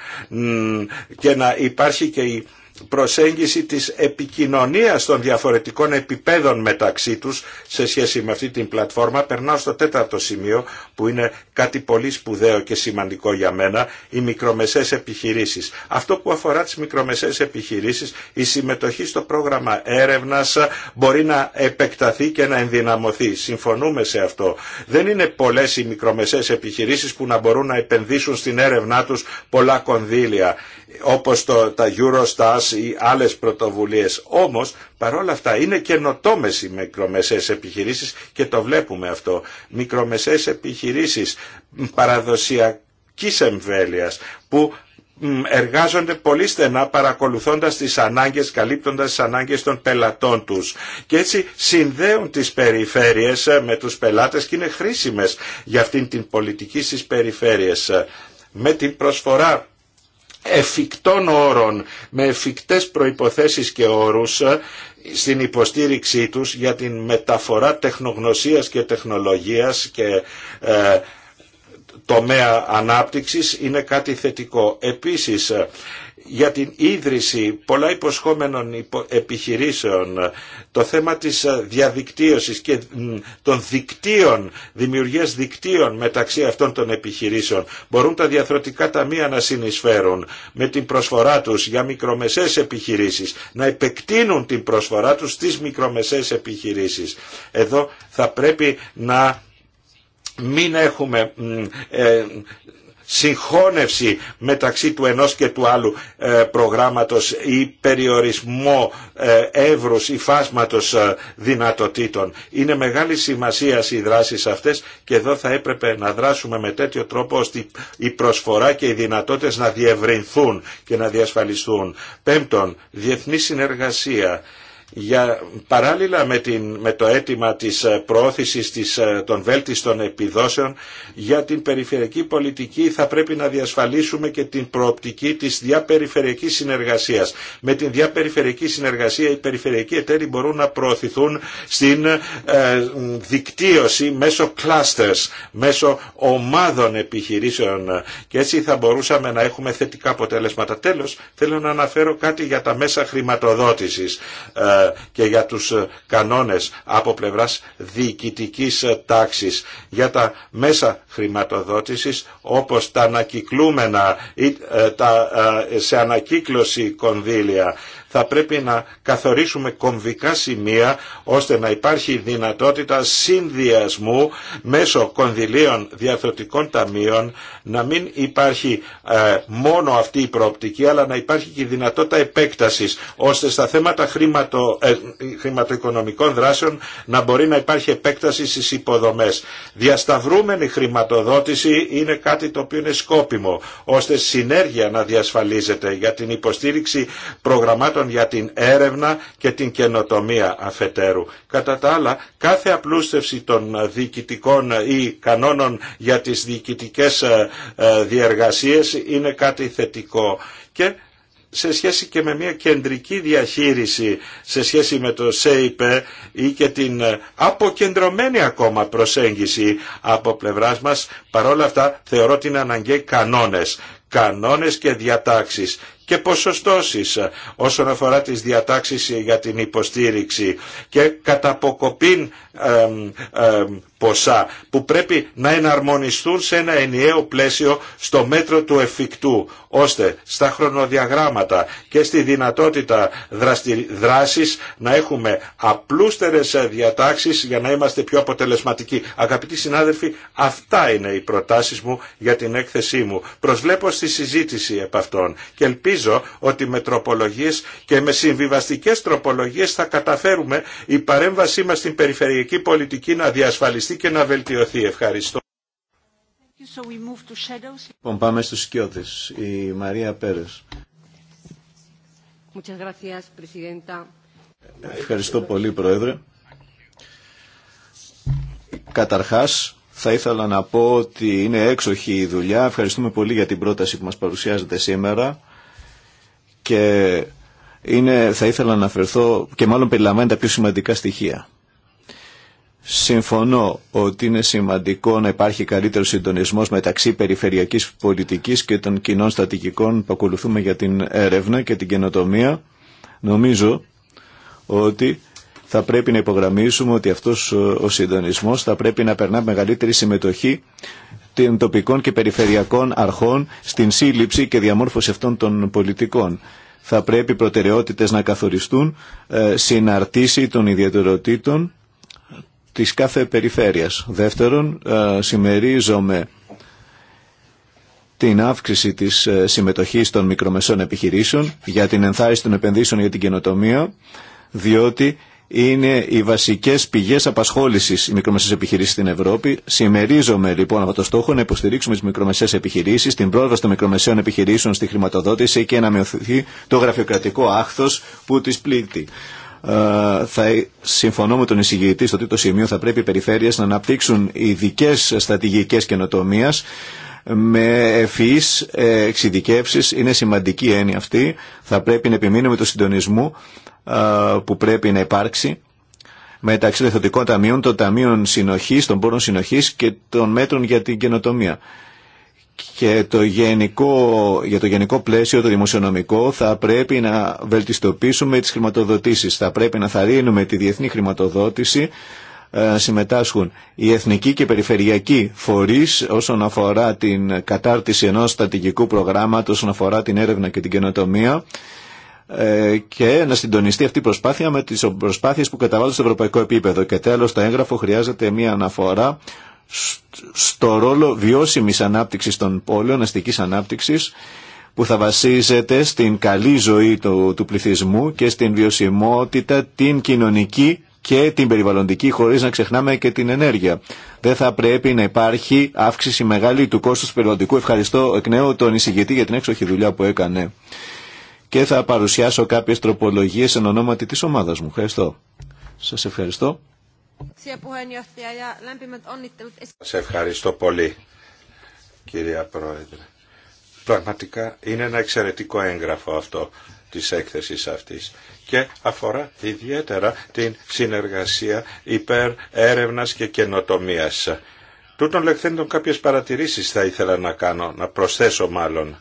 και να υπάρχει και η προσέγγιση της επικοινωνίας των διαφορετικών επιπέδων μεταξύ τους σε σχέση με αυτή την πλατφόρμα περνάω στο τέταρτο σημείο που είναι κάτι πολύ σπουδαίο και σημαντικό για μένα οι μικρομεσαίες επιχειρήσεις. Αυτό που αφορά τις μικρομεσαίες επιχειρήσεις η συμμετοχή στο πρόγραμμα έρευνας μπορεί να επεκταθεί και να ενδυναμωθεί. Συμφωνούμε σε αυτό. Δεν είναι πολλές οι μικρομεσαίες επιχειρήσεις που να μπορούν να επενδύσουν στην έρευνά τους πολλά κονδύλια όπως το, τα Eurostars ή άλλες πρωτοβουλίες. Όμως, παρόλα αυτά, είναι καινοτόμες οι μικρομεσαίες επιχειρήσεις και το βλέπουμε αυτό. Μικρομεσαίες επιχειρήσεις παραδοσιακής εμβέλειας που εργάζονται πολύ στενά παρακολουθώντας τις ανάγκες, καλύπτοντας τις ανάγκες των πελατών τους και έτσι συνδέουν τις περιφέρειες ε, με τους πελάτες και είναι χρήσιμες για αυτήν την πολιτική στις περιφέρειες ε, με την προσφορά εφικτών όρων, με εφικτές προϋποθέσεις και όρους ε, στην υποστήριξή τους για την μεταφορά τεχνογνωσίας και τεχνολογίας και ε, τομέα ανάπτυξης είναι κάτι θετικό. Επίσης, ε, για την ίδρυση πολλά υποσχόμενων επιχειρήσεων, το θέμα της ε, διαδικτύωσης και των δικτύων, δημιουργίας δικτύων μεταξύ αυτών των επιχειρήσεων. Μπορούν τα διαθροτικά ταμεία να συνεισφέρουν με την προσφορά τους για μικρομεσαίες επιχειρήσεις, να επεκτείνουν την προσφορά τους στις μικρομεσαίες επιχειρήσεις. Εδώ θα πρέπει να μην έχουμε ε, συγχώνευση μεταξύ του ενός και του άλλου ε, προγράμματος ή περιορισμό ε, εύρους ή φάσματος ε, δυνατοτήτων. Είναι μεγάλη σημασία οι δράσεις αυτές και εδώ θα έπρεπε να δράσουμε με τέτοιο τρόπο ώστε η προσφορά και οι δυνατότητες να διευρυνθούν και να διασφαλιστούν. Πέμπτον, διεθνή συνεργασία για, παράλληλα με, την, με το αίτημα της ε, προώθησης της, ε, των βέλτιστων επιδόσεων για την περιφερειακή πολιτική θα πρέπει να διασφαλίσουμε και την προοπτική της διαπεριφερειακής συνεργασίας. Με την διαπεριφερειακή συνεργασία οι περιφερειακοί εταίροι μπορούν να προωθηθούν στην ε, δικτύωση μέσω clusters, μέσω ομάδων επιχειρήσεων και έτσι θα μπορούσαμε να έχουμε θετικά αποτελέσματα. Τέλος, θέλω να αναφέρω κάτι για τα μέσα χρηματοδότησης και για τους ε, κανόνες από πλευράς διοικητικής ε, τάξης για τα μέσα χρηματοδότησης όπως τα ανακυκλούμενα ή ε, σε ανακύκλωση κονδύλια θα πρέπει να καθορίσουμε κομβικά σημεία ώστε να υπάρχει δυνατότητα συνδυασμού μέσω κονδυλίων διαθωτικών ταμείων να μην υπάρχει ε, μόνο αυτή η προοπτική αλλά να υπάρχει και η δυνατότητα επέκτασης ώστε στα θέματα χρηματο, ε, χρηματοοικονομικών δράσεων να μπορεί να υπάρχει επέκταση στις υποδομές. Διασταυρούμενη χρηματοδότηση είναι κάτι το οποίο είναι σκόπιμο ώστε συνέργεια να διασφαλίζεται για την υποστήριξη προγραμμάτων για την έρευνα και την καινοτομία αφετέρου. Κατά τα άλλα, κάθε απλούστευση των διοικητικών ή κανόνων για τις διοικητικές ε, ε, διεργασίες είναι κάτι θετικό. Και σε σχέση και με μια κεντρική διαχείριση σε σχέση με το ΣΕΙΠΕ ή και την αποκεντρωμένη ακόμα προσέγγιση από πλευράς μας, παρόλα αυτά θεωρώ την αναγκαίοι κανόνες. Κανόνες και διατάξεις και ποσοστώσεις όσον αφορά τις διατάξεις για την υποστήριξη και αποκοπήν ποσά που πρέπει να εναρμονιστούν σε ένα ενιαίο πλαίσιο στο μέτρο του εφικτού ώστε στα χρονοδιαγράμματα και στη δυνατότητα δράσης να έχουμε απλούστερες διατάξεις για να είμαστε πιο αποτελεσματικοί. Αγαπητοί συνάδελφοι, αυτά είναι οι προτάσεις μου για την έκθεσή μου. Προσβλέπω στη συζήτηση επ' αυτών και ελπίζω ότι με τροπολογίες και με συμβιβαστικές τροπολογίες θα καταφέρουμε η παρέμβασή μας στην περιφερειακή κοινωνική πολιτική να διασφαλιστεί και να βελτιωθεί. Ευχαριστώ. Λοιπόν, πάμε στους σκιώτες. Η Μαρία Πέρες. Ευχαριστώ πολύ, Πρόεδρε. Καταρχάς, θα ήθελα να πω ότι είναι έξοχη η δουλειά. Ευχαριστούμε πολύ για την πρόταση που μας παρουσιάζεται σήμερα. Και είναι, θα ήθελα να αναφερθώ και μάλλον περιλαμβάνει τα πιο σημαντικά στοιχεία. Συμφωνώ ότι είναι σημαντικό να υπάρχει καλύτερο συντονισμό μεταξύ περιφερειακή πολιτική και των κοινών στατικικών που ακολουθούμε για την έρευνα και την καινοτομία. Νομίζω ότι θα πρέπει να υπογραμμίσουμε ότι αυτός ο συντονισμό θα πρέπει να περνά μεγαλύτερη συμμετοχή των τοπικών και περιφερειακών αρχών στην σύλληψη και διαμόρφωση αυτών των πολιτικών. Θα πρέπει προτεραιότητες να καθοριστούν, ε, συναρτήσει των ιδιαιτεροτήτων της κάθε περιφέρειας. Δεύτερον, ε, συμμερίζομαι την αύξηση της ε, συμμετοχής των μικρομεσών επιχειρήσεων για την ενθάρρυνση των επενδύσεων για την καινοτομία, διότι είναι οι βασικές πηγές απασχόλησης οι μικρομεσές επιχειρήσεις στην Ευρώπη. Συμμερίζομαι λοιπόν από το στόχο να υποστηρίξουμε τις μικρομεσές επιχειρήσεις, την πρόσβαση των μικρομεσαίων επιχειρήσεων στη χρηματοδότηση και να μειωθεί το γραφειοκρατικό άχθος που τις πλήττει. Ε, θα ε, συμφωνώ με τον εισηγητή στο τρίτο σημείο θα πρέπει οι περιφέρειες να αναπτύξουν ειδικέ στρατηγικές καινοτομία με ευφυείς ε, εξειδικεύσεις είναι σημαντική έννοια αυτή θα πρέπει να επιμείνουμε το συντονισμό που πρέπει να υπάρξει μεταξύ των εθνωτικών ταμείων, των ταμείων συνοχής, των πόρων συνοχής και των μέτρων για την καινοτομία και το γενικό, για το γενικό πλαίσιο το δημοσιονομικό θα πρέπει να βελτιστοποιήσουμε τις χρηματοδοτήσεις. Θα πρέπει να θαρρύνουμε τη διεθνή χρηματοδότηση να ε, συμμετάσχουν οι εθνικοί και περιφερειακοί φορείς όσον αφορά την κατάρτιση ενός στατηγικού προγράμματος, όσον αφορά την έρευνα και την καινοτομία ε, και να συντονιστεί αυτή η προσπάθεια με τις προσπάθειες που καταβάλλονται στο ευρωπαϊκό επίπεδο. Και τέλος, το έγγραφο χρειάζεται μια αναφορά στο ρόλο βιώσιμης ανάπτυξης των πόλεων, αστικής ανάπτυξης, που θα βασίζεται στην καλή ζωή του, του πληθυσμού και στην βιωσιμότητα, την κοινωνική και την περιβαλλοντική χωρίς να ξεχνάμε και την ενέργεια. Δεν θα πρέπει να υπάρχει αύξηση μεγάλη του κόστους περιβαλλοντικού. Ευχαριστώ εκ νέου τον εισηγητή για την έξοχη δουλειά που έκανε. Και θα παρουσιάσω κάποιες τροπολογίες εν ονόματι της ομάδας μου. Ευχαριστώ. Σας ευχαριστώ. Σε ευχαριστώ πολύ, κυρία Πρόεδρε. Πραγματικά είναι ένα εξαιρετικό έγγραφο αυτό της έκθεσης αυτής και αφορά ιδιαίτερα την συνεργασία υπέρ έρευνας και καινοτομίας. Τούτων λεχθέντων κάποιες παρατηρήσεις θα ήθελα να κάνω, να προσθέσω μάλλον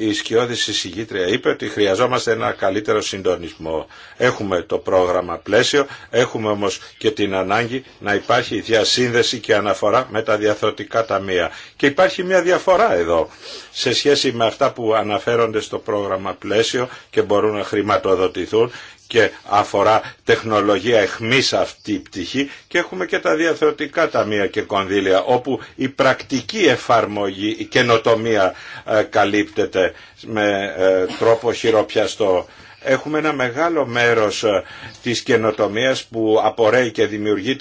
η Σκιώδη εισηγήτρια είπε ότι χρειαζόμαστε ένα καλύτερο συντονισμό. Έχουμε το πρόγραμμα πλαίσιο, έχουμε όμως και την ανάγκη να υπάρχει διασύνδεση και αναφορά με τα διαθροτικά ταμεία. Και υπάρχει μια διαφορά εδώ σε σχέση με αυτά που αναφέρονται στο πρόγραμμα πλαίσιο και μπορούν να χρηματοδοτηθούν και αφορά τεχνολογία εχμής αυτή η πτυχή και έχουμε και τα διαθεωτικά ταμεία και κονδύλια όπου η πρακτική εφαρμογή, η καινοτομία ε, καλύπτεται με ε, τρόπο χειροπιαστό έχουμε ένα μεγάλο μέρος ε, της καινοτομίας που απορρέει και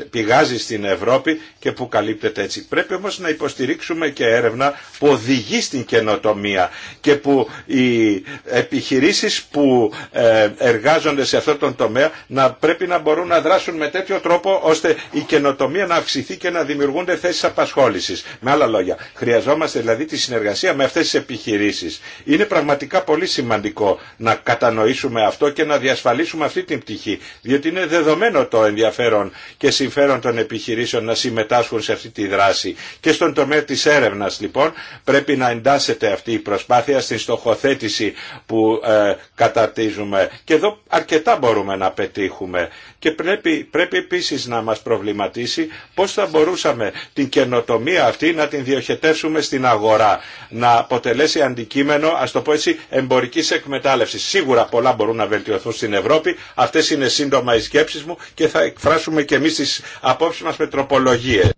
πηγάζει στην Ευρώπη και που καλύπτεται έτσι. Πρέπει όμως να υποστηρίξουμε και έρευνα που οδηγεί στην καινοτομία και που οι επιχειρήσεις που ε, εργάζονται σε αυτόν τον τομέα να πρέπει να μπορούν να δράσουν με τέτοιο τρόπο ώστε η καινοτομία να αυξηθεί και να δημιουργούνται θέσεις απασχόλησης. Με άλλα λόγια, χρειαζόμαστε δηλαδή τη συνεργασία με αυτές τις επιχειρήσεις. Είναι πραγματικά πολύ σημαντικό να κατανοήσουμε αυτό και να διασφαλίσουμε αυτή την πτυχή. Διότι είναι δεδομένο το ενδιαφέρον και συμφέρον των επιχειρήσεων να συμμετάσχουν σε αυτή τη δράση. Και στον τομέα της έρευνας λοιπόν πρέπει να εντάσσεται αυτή η προσπάθεια στην στοχοθέτηση που ε, καταρτίζουμε. Και εδώ αρκετά μπορούμε να πετύχουμε. Και πρέπει, πρέπει επίσης να μας προβληματίσει πώς θα μπορούσαμε την καινοτομία αυτή να την διοχετεύσουμε στην αγορά. Να αποτελέσει αντικείμενο, ας το πω έτσι, εμπορική εκμετάλλευσης. Σίγουρα πολλά μπορούν να βελτιωθούν στην Ευρώπη. Αυτέ είναι σύντομα οι σκέψει μου και θα εκφράσουμε και εμεί τι απόψει μα με τροπολογίε.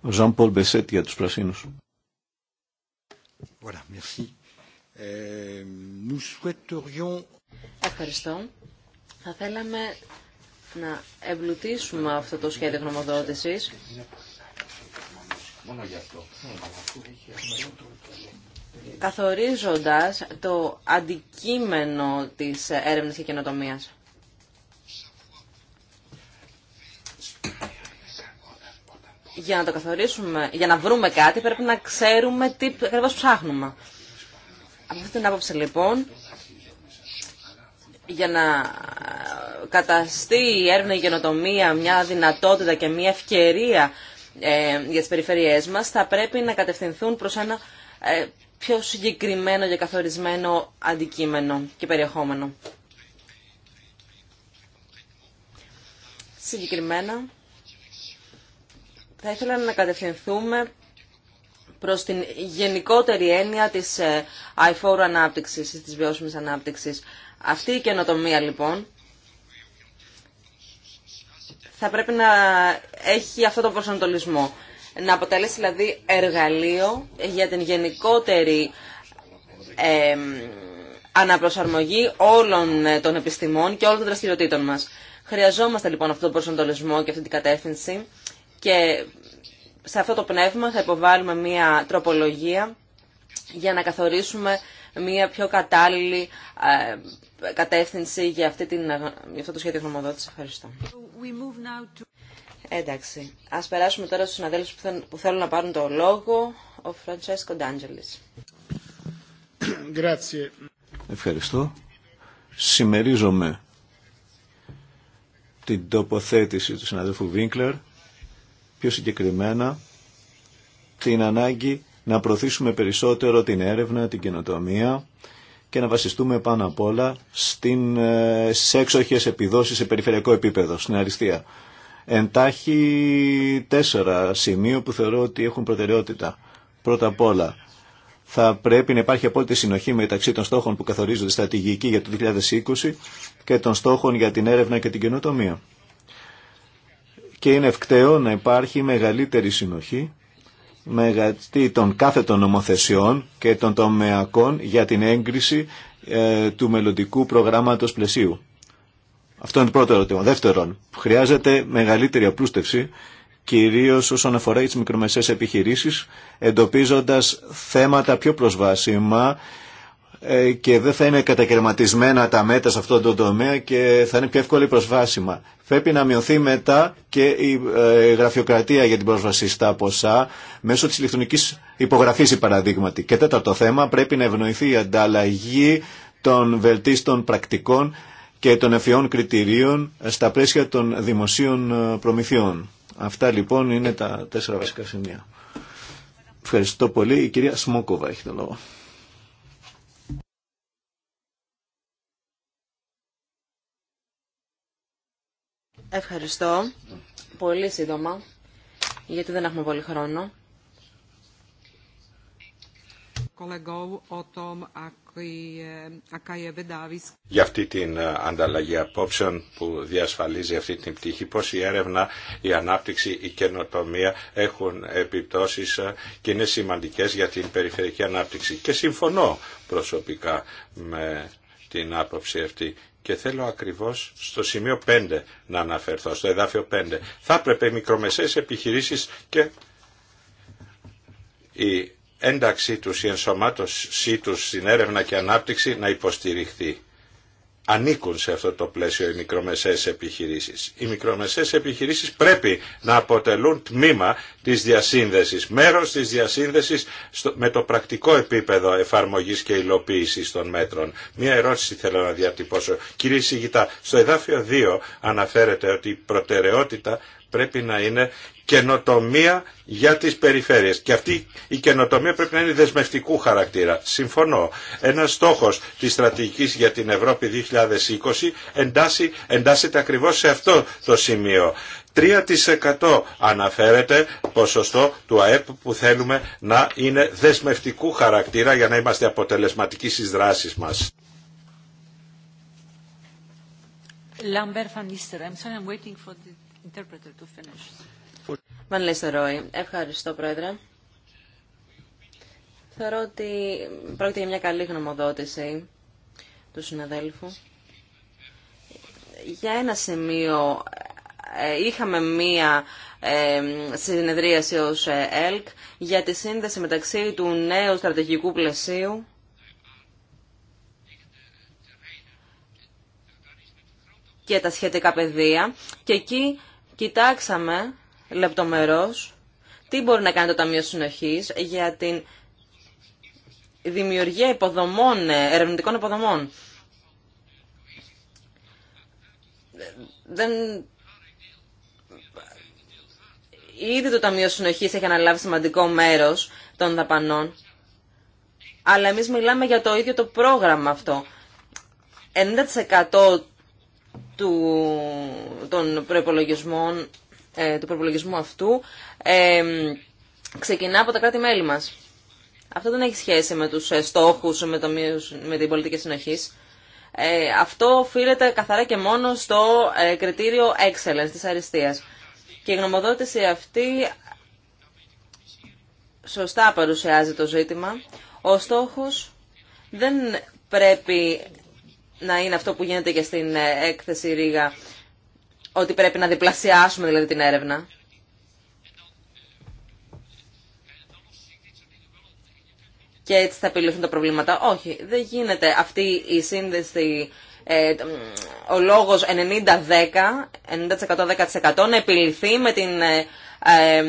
Ο Ζαν Πολ Μπεσέτ για του Πρασίνου. Voilà, merci. Ε, souhaiterions... Ευχαριστώ. Θα θέλαμε να εμπλουτίσουμε αυτό το σχέδιο γνωμοδότησης. Μόνο αυτό καθορίζοντας το αντικείμενο της έρευνας και καινοτομίας. Για να το καθορίσουμε, για να βρούμε κάτι, πρέπει να ξέρουμε τι ακριβώ ψάχνουμε. Από αυτή την άποψη, λοιπόν, για να καταστεί η έρευνα η καινοτομία μια δυνατότητα και μια ευκαιρία ε, για τις περιφερειές μας, θα πρέπει να κατευθυνθούν προς ένα ε, πιο συγκεκριμένο και καθορισμένο αντικείμενο και περιεχόμενο. Συγκεκριμένα, θα ήθελα να κατευθυνθούμε προς την γενικότερη έννοια της αιφόρου ε, ανάπτυξης, της βιώσιμης ανάπτυξης. Αυτή η καινοτομία λοιπόν θα πρέπει να έχει αυτό το προσανατολισμό να αποτελέσει δηλαδή εργαλείο για την γενικότερη ε, αναπροσαρμογή όλων ε, των επιστημών και όλων των δραστηριοτήτων μας. Χρειαζόμαστε λοιπόν αυτόν τον προσανατολισμό και αυτή την κατεύθυνση και σε αυτό το πνεύμα θα υποβάλουμε μία τροπολογία για να καθορίσουμε μία πιο κατάλληλη ε, κατεύθυνση για, αυτή την, για αυτό το σχέδιο γνωμοδότηση. Ευχαριστώ. Εντάξει, ας περάσουμε τώρα στου συναδέλφου που, θέλουν, να πάρουν το λόγο. Ο Φραντσέσκο Ντάντζελη. Ευχαριστώ. Σημερίζομαι την τοποθέτηση του συναδέλφου Βίνκλερ, πιο συγκεκριμένα την ανάγκη να προωθήσουμε περισσότερο την έρευνα, την καινοτομία και να βασιστούμε πάνω απ' όλα ε, στις έξοχες επιδόσεις σε περιφερειακό επίπεδο, στην αριστεία. Εντάχει τέσσερα σημεία που θεωρώ ότι έχουν προτεραιότητα. Πρώτα απ' όλα, θα πρέπει να υπάρχει απόλυτη συνοχή μεταξύ των στόχων που καθορίζονται στρατηγική για το 2020 και των στόχων για την έρευνα και την καινοτομία. Και είναι ευκταίο να υπάρχει μεγαλύτερη συνοχή μεγατή των κάθετων νομοθεσιών και των τομεακών για την έγκριση ε, του μελλοντικού προγράμματος πλαισίου. Αυτό είναι το πρώτο ερώτημα. Δεύτερον, χρειάζεται μεγαλύτερη απλούστευση κυρίω όσον αφορά τι μικρομεσαίες επιχειρήσει, εντοπίζοντα θέματα πιο προσβάσιμα ε, και δεν θα είναι κατακαιρματισμένα τα μέτρα σε αυτόν τον τομέα και θα είναι πιο εύκολη προσβάσιμα. Πρέπει να μειωθεί μετά και η ε, γραφειοκρατία για την πρόσβαση στα ποσά μέσω της ηλεκτρονικής υπογραφής, παραδείγματι. Και τέταρτο θέμα, πρέπει να ευνοηθεί η ανταλλαγή των βελτίστων πρακτικών και των ευφυών κριτηρίων στα πλαίσια των δημοσίων ε, προμηθειών. Αυτά λοιπόν είναι τα τέσσερα βασικά σημεία. Ευχαριστώ πολύ. Η κυρία Σμόκοβα έχει το λόγο. Ευχαριστώ. Πολύ σύντομα, γιατί δεν έχουμε πολύ χρόνο. Για αυτή την ε, ανταλλαγή απόψεων που διασφαλίζει αυτή την πτυχή, πώς η έρευνα, η ανάπτυξη, η καινοτομία έχουν επιπτώσεις ε, και είναι σημαντικές για την περιφερειακή ανάπτυξη. Και συμφωνώ προσωπικά με την άποψη αυτή και θέλω ακριβώς στο σημείο 5 να αναφερθώ, στο εδάφιο 5. Θα έπρεπε οι μικρομεσαίες επιχειρήσεις και οι ένταξή τους, η ενσωμάτωσή τους στην έρευνα και ανάπτυξη να υποστηριχθεί. Ανήκουν σε αυτό το πλαίσιο οι μικρομεσαίες επιχειρήσεις. Οι μικρομεσαίες επιχειρήσεις πρέπει να αποτελούν τμήμα της διασύνδεσης, μέρος της διασύνδεσης με το πρακτικό επίπεδο εφαρμογής και υλοποίησης των μέτρων. Μία ερώτηση θέλω να διατυπώσω. Κύριε Σιγητά, στο εδάφιο 2 αναφέρεται ότι η προτεραιότητα πρέπει να είναι καινοτομία για τις περιφέρειες. Και αυτή η καινοτομία πρέπει να είναι δεσμευτικού χαρακτήρα. Συμφωνώ. Ένας στόχος της στρατηγικής για την Ευρώπη 2020 εντάσσει, εντάσσεται ακριβώς σε αυτό το σημείο. 3% αναφέρεται ποσοστό του ΑΕΠ που θέλουμε να είναι δεσμευτικού χαρακτήρα για να είμαστε αποτελεσματικοί στις δράσεις μας. Ευχαριστώ, Πρόεδρε. Θεωρώ ότι πρόκειται για μια καλή γνωμοδότηση του συναδέλφου. Για ένα σημείο ε, είχαμε μία ε, συνεδρίαση ως ε, ΕΛΚ για τη σύνδεση μεταξύ του νέου στρατηγικού πλαισίου και τα σχετικά πεδία και εκεί κοιτάξαμε λεπτομερώς τι μπορεί να κάνει το Ταμείο Συνοχής για την δημιουργία υποδομών, ε, ερευνητικών υποδομών. Δεν... Ήδη το Ταμείο Συνοχής έχει αναλάβει σημαντικό μέρος των δαπανών, αλλά εμείς μιλάμε για το ίδιο το πρόγραμμα αυτό. 90% του, των προϋπολογισμών ε, του προπολογισμού αυτού ε, ξεκινά από τα κράτη-μέλη μας. Αυτό δεν έχει σχέση με τους ε, στόχους, με, το, με την πολιτική συνοχής. αυτό οφείλεται καθαρά και μόνο στο κριτήριο excellence της αριστείας. Και η γνωμοδότηση αυτή σωστά παρουσιάζει το ζήτημα. Ο στόχος δεν πρέπει να είναι αυτό που γίνεται και στην έκθεση Ρίγα ότι πρέπει να διπλασιάσουμε δηλαδή την έρευνα. Και έτσι θα επιλυθούν τα προβλήματα. Όχι, δεν γίνεται αυτή η σύνδεση, ε, ο λόγος 90-10, 90%-10% να επιληθεί με την ε, ε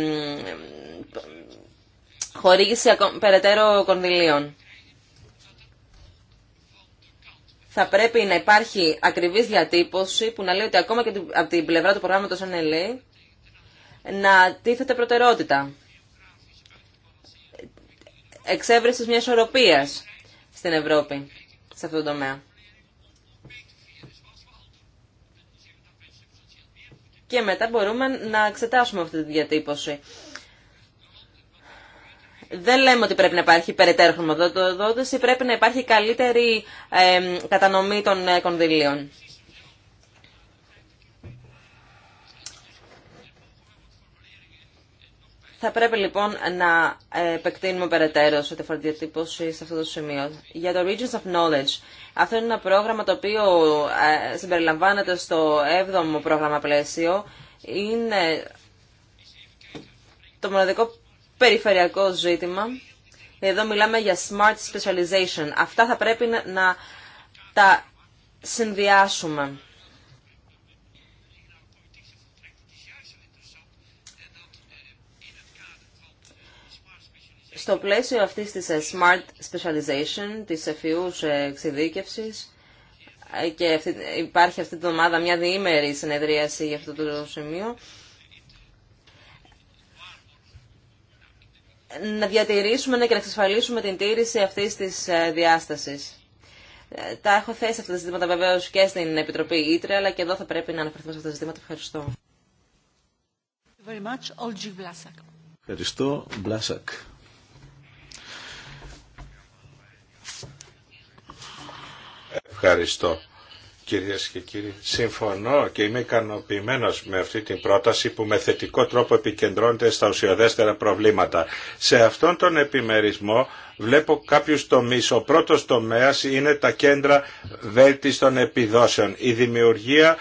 χορήγηση περαιτέρω κονδυλίων. θα πρέπει να υπάρχει ακριβή διατύπωση που να λέει ότι ακόμα και από την πλευρά του προγράμματος NLA να τίθεται προτεραιότητα εξέβρεση μια ισορροπία στην Ευρώπη σε αυτό το τομέα. Και μετά μπορούμε να εξετάσουμε αυτή τη διατύπωση δεν λέμε ότι πρέπει να υπάρχει περαιτέρω χρηματοδότηση, πρέπει να υπάρχει καλύτερη κατανομή των ε, κονδυλίων. Θα πρέπει λοιπόν να ε, επεκτείνουμε περαιτέρω σε ό,τι σε αυτό το σημείο. Για το Regions of Knowledge. Αυτό είναι ένα πρόγραμμα το οποίο ε, συμπεριλαμβάνεται στο 7ο πρόγραμμα πλαίσιο. Είναι το μοναδικό περιφερειακό ζήτημα. Εδώ μιλάμε για smart specialization. Αυτά θα πρέπει να τα συνδυάσουμε. Στο πλαίσιο αυτής της ε, smart specialization, της εφηούς ε, εξειδίκευσης, ε, και υπάρχει αυτή την εβδομάδα μια διήμερη συνεδρίαση για αυτό το σημείο, να διατηρήσουμε και να εξασφαλίσουμε την τήρηση αυτή τη ε, διάσταση. Ε, τα έχω θέσει αυτά τα ζητήματα βεβαίω και στην Επιτροπή Ήτρε, αλλά και εδώ θα πρέπει να αναφερθούμε σε αυτά τα ζητήματα. Ευχαριστώ. Ευχαριστώ, Μπλάσακ. Ευχαριστώ. Κυρίε και κύριοι, συμφωνώ και είμαι ικανοποιημένο με αυτή την πρόταση που με θετικό τρόπο επικεντρώνεται στα ουσιοδέστερα προβλήματα. Σε αυτόν τον επιμερισμό βλέπω κάποιου τομεί, Ο πρώτο τομέα είναι τα κέντρα των επιδόσεων. Η δημιουργία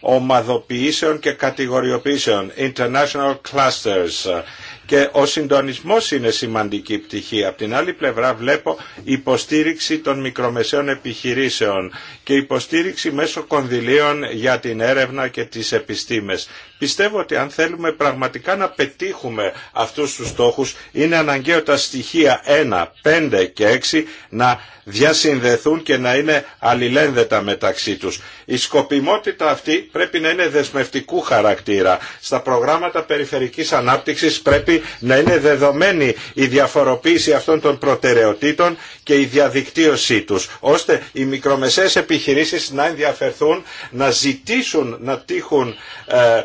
ομαδοποιήσεων και κατηγοριοποιήσεων. International clusters και ο συντονισμός είναι σημαντική πτυχή. Απ' την άλλη πλευρά βλέπω υποστήριξη των μικρομεσαίων επιχειρήσεων και υποστήριξη μέσω κονδυλίων για την έρευνα και τις επιστήμες. Πιστεύω ότι αν θέλουμε πραγματικά να πετύχουμε αυτούς τους στόχους είναι αναγκαίο τα στοιχεία 1, 5 και 6 να διασυνδεθούν και να είναι αλληλένδετα μεταξύ τους. Η σκοπιμότητα αυτή πρέπει να είναι δεσμευτικού χαρακτήρα. Στα προγράμματα περιφερικής ανάπτυξης πρέπει να είναι δεδομένη η διαφοροποίηση αυτών των προτεραιοτήτων και η διαδικτύωσή τους, ώστε οι μικρομεσαίες επιχειρήσεις να ενδιαφερθούν, να ζητήσουν, να τύχουν ε,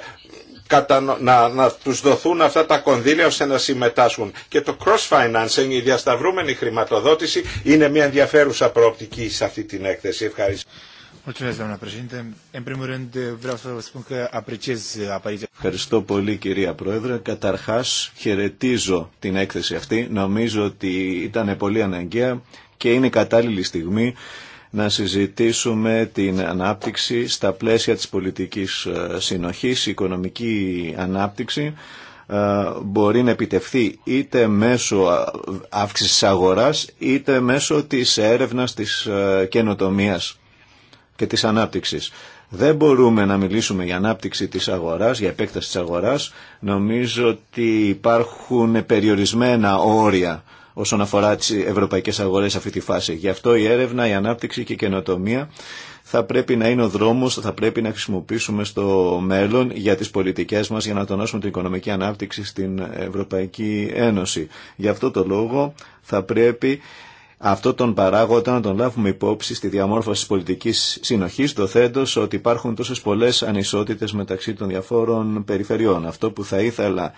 να, να τους δοθούν αυτά τα κονδύλια ώστε να συμμετάσχουν. Και το cross-financing, η διασταυρούμενη χρηματοδότηση, είναι μια ενδιαφέρουσα προοπτική σε αυτή την έκθεση. Ευχαριστώ. Ευχαριστώ πολύ, κυρία Πρόεδρε. Καταρχάς, χαιρετίζω την έκθεση αυτή. Νομίζω ότι ήταν πολύ αναγκαία και είναι κατάλληλη στιγμή να συζητήσουμε την ανάπτυξη στα πλαίσια της πολιτικής ε, συνοχής, η οικονομική ανάπτυξη ε, μπορεί να επιτευχθεί είτε μέσω ε, αύξησης αγοράς είτε μέσω της έρευνας της καινοτομίας και της ανάπτυξης. Δεν μπορούμε να μιλήσουμε για ανάπτυξη της αγοράς, για επέκταση της αγοράς. Νομίζω ότι υπάρχουν περιορισμένα όρια όσον αφορά τις ευρωπαϊκές αγορές σε αυτή τη φάση. Γι' αυτό η έρευνα, η ανάπτυξη και η καινοτομία θα πρέπει να είναι ο δρόμος θα πρέπει να χρησιμοποιήσουμε στο μέλλον για τις πολιτικές μας για να τονώσουμε την οικονομική ανάπτυξη στην Ευρωπαϊκή Ένωση. Γι' αυτό το λόγο θα πρέπει αυτό τον παράγοντα να τον λάβουμε υπόψη στη διαμόρφωση της πολιτικής συνοχής, δοθέντως ότι υπάρχουν τόσες πολλές ανισότητες μεταξύ των διαφόρων περιφερειών. Αυτό που θα ήθελα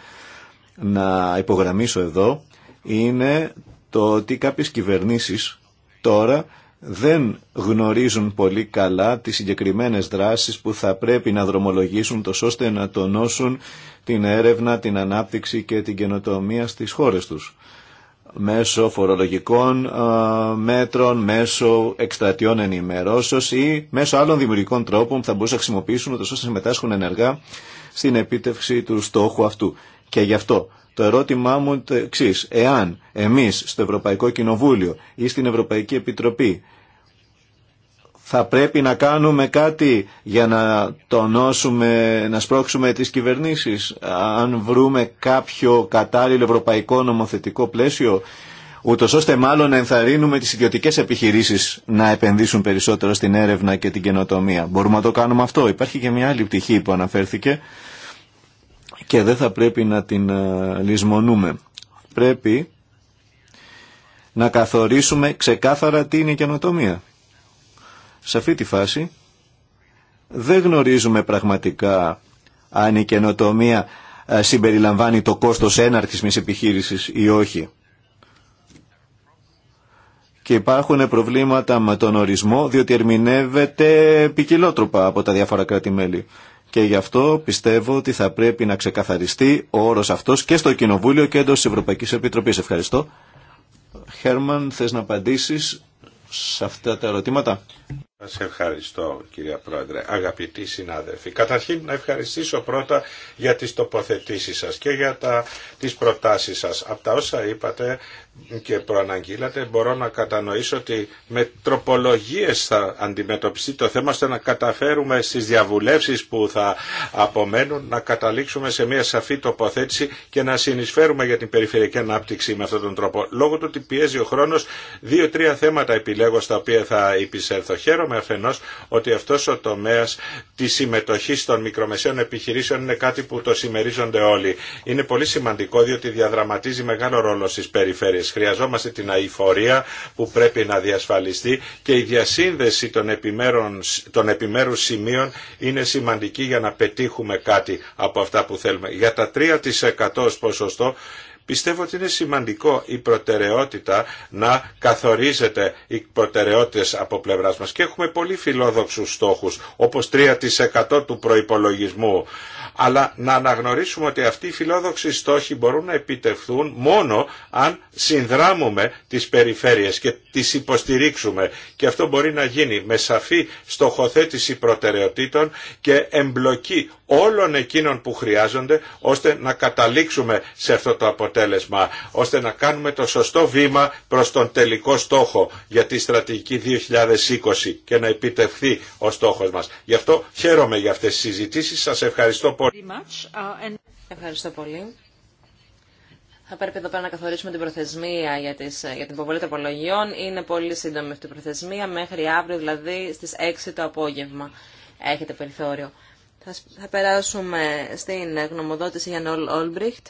να υπογραμμίσω εδώ είναι το ότι κάποιες κυβερνήσεις τώρα δεν γνωρίζουν πολύ καλά τις συγκεκριμένες δράσεις που θα πρέπει να δρομολογήσουν τόσο ώστε να τονώσουν την έρευνα, την ανάπτυξη και την καινοτομία στις χώρες τους μέσω φορολογικών μέτρων, μέσω εκστρατιών ενημερώσεως ή μέσω άλλων δημιουργικών τρόπων που θα μπορούσαν να χρησιμοποιήσουν ώστε να συμμετάσχουν ενεργά στην επίτευξη του στόχου αυτού. Και γι' αυτό το ερώτημά μου είναι το εξή. Εάν εμείς στο Ευρωπαϊκό Κοινοβούλιο ή στην Ευρωπαϊκή Επιτροπή θα πρέπει να κάνουμε κάτι για να τονώσουμε, να σπρώξουμε τις κυβερνήσεις. Αν βρούμε κάποιο κατάλληλο ευρωπαϊκό νομοθετικό πλαίσιο, ούτω ώστε μάλλον να ενθαρρύνουμε τις ιδιωτικές επιχειρήσεις να επενδύσουν περισσότερο στην έρευνα και την καινοτομία. Μπορούμε να το κάνουμε αυτό. Υπάρχει και μια άλλη πτυχή που αναφέρθηκε και δεν θα πρέπει να την ε, λησμονούμε. Πρέπει να καθορίσουμε ξεκάθαρα τι είναι η καινοτομία σε αυτή τη φάση δεν γνωρίζουμε πραγματικά αν η καινοτομία ε, συμπεριλαμβάνει το κόστος έναρξης μιας επιχείρησης ή όχι. Και υπάρχουν προβλήματα με τον ορισμό, διότι ερμηνεύεται ποικιλότροπα από τα διάφορα κράτη-μέλη. Και γι' αυτό πιστεύω ότι θα πρέπει να ξεκαθαριστεί ο όρος αυτός και στο Κοινοβούλιο και εντός της Ευρωπαϊκής Επιτροπής. Ευχαριστώ. Χέρμαν, θες να απαντήσεις σε αυτά τα ερωτήματα. Σας ευχαριστώ κυρία Πρόεδρε, αγαπητοί συνάδελφοι. Καταρχήν να ευχαριστήσω πρώτα για τις τοποθετήσεις σας και για τα, τις προτάσεις σας. Από τα όσα είπατε και προαναγγείλατε, μπορώ να κατανοήσω ότι με τροπολογίες θα αντιμετωπιστεί το θέμα ώστε να καταφέρουμε στις διαβουλεύσεις που θα απομένουν να καταλήξουμε σε μια σαφή τοποθέτηση και να συνεισφέρουμε για την περιφερειακή ανάπτυξη με αυτόν τον τρόπο. Λόγω του ότι πιέζει ο χρόνος, δύο-τρία θέματα επιλέγω στα οποία θα υπησέλθω. Χαίρομαι αφενός ότι αυτός ο τομέας της συμμετοχής των μικρομεσαίων επιχειρήσεων είναι κάτι που το συμμερίζονται όλοι. Είναι πολύ σημαντικό διότι διαδραματίζει μεγάλο ρόλο στις περιφέρειες Χρειαζόμαστε την αηφορία που πρέπει να διασφαλιστεί και η διασύνδεση των, επιμέρων, των επιμέρους σημείων είναι σημαντική για να πετύχουμε κάτι από αυτά που θέλουμε. Για τα 3% ποσοστό Πιστεύω ότι είναι σημαντικό η προτεραιότητα να καθορίζεται οι προτεραιότητες από πλευράς μας και έχουμε πολύ φιλόδοξους στόχους όπως 3% του προϋπολογισμού αλλά να αναγνωρίσουμε ότι αυτοί οι φιλόδοξοι στόχοι μπορούν να επιτευχθούν μόνο αν συνδράμουμε τις περιφέρειες και τις υποστηρίξουμε και αυτό μπορεί να γίνει με σαφή στοχοθέτηση προτεραιοτήτων και εμπλοκή όλων εκείνων που χρειάζονται ώστε να καταλήξουμε σε αυτό το αποτέλεσμα, ώστε να κάνουμε το σωστό βήμα προς τον τελικό στόχο για τη στρατηγική 2020 και να επιτευχθεί ο στόχος μας. Γι' αυτό χαίρομαι για αυτές τις συζητήσεις. Σας ευχαριστώ πολύ. Uh, ευχαριστώ πολύ. Θα πρέπει εδώ πέρα να καθορίσουμε την προθεσμία για, τις, ε, για την υποβολή των απολογιών. Είναι πολύ σύντομη αυτή η προθεσμία, μέχρι αύριο δηλαδή στις 6 το απόγευμα. Έχετε περιθώριο. Θα περάσουμε στην γνωμοδότηση για Νόλ Όλμπριχτ.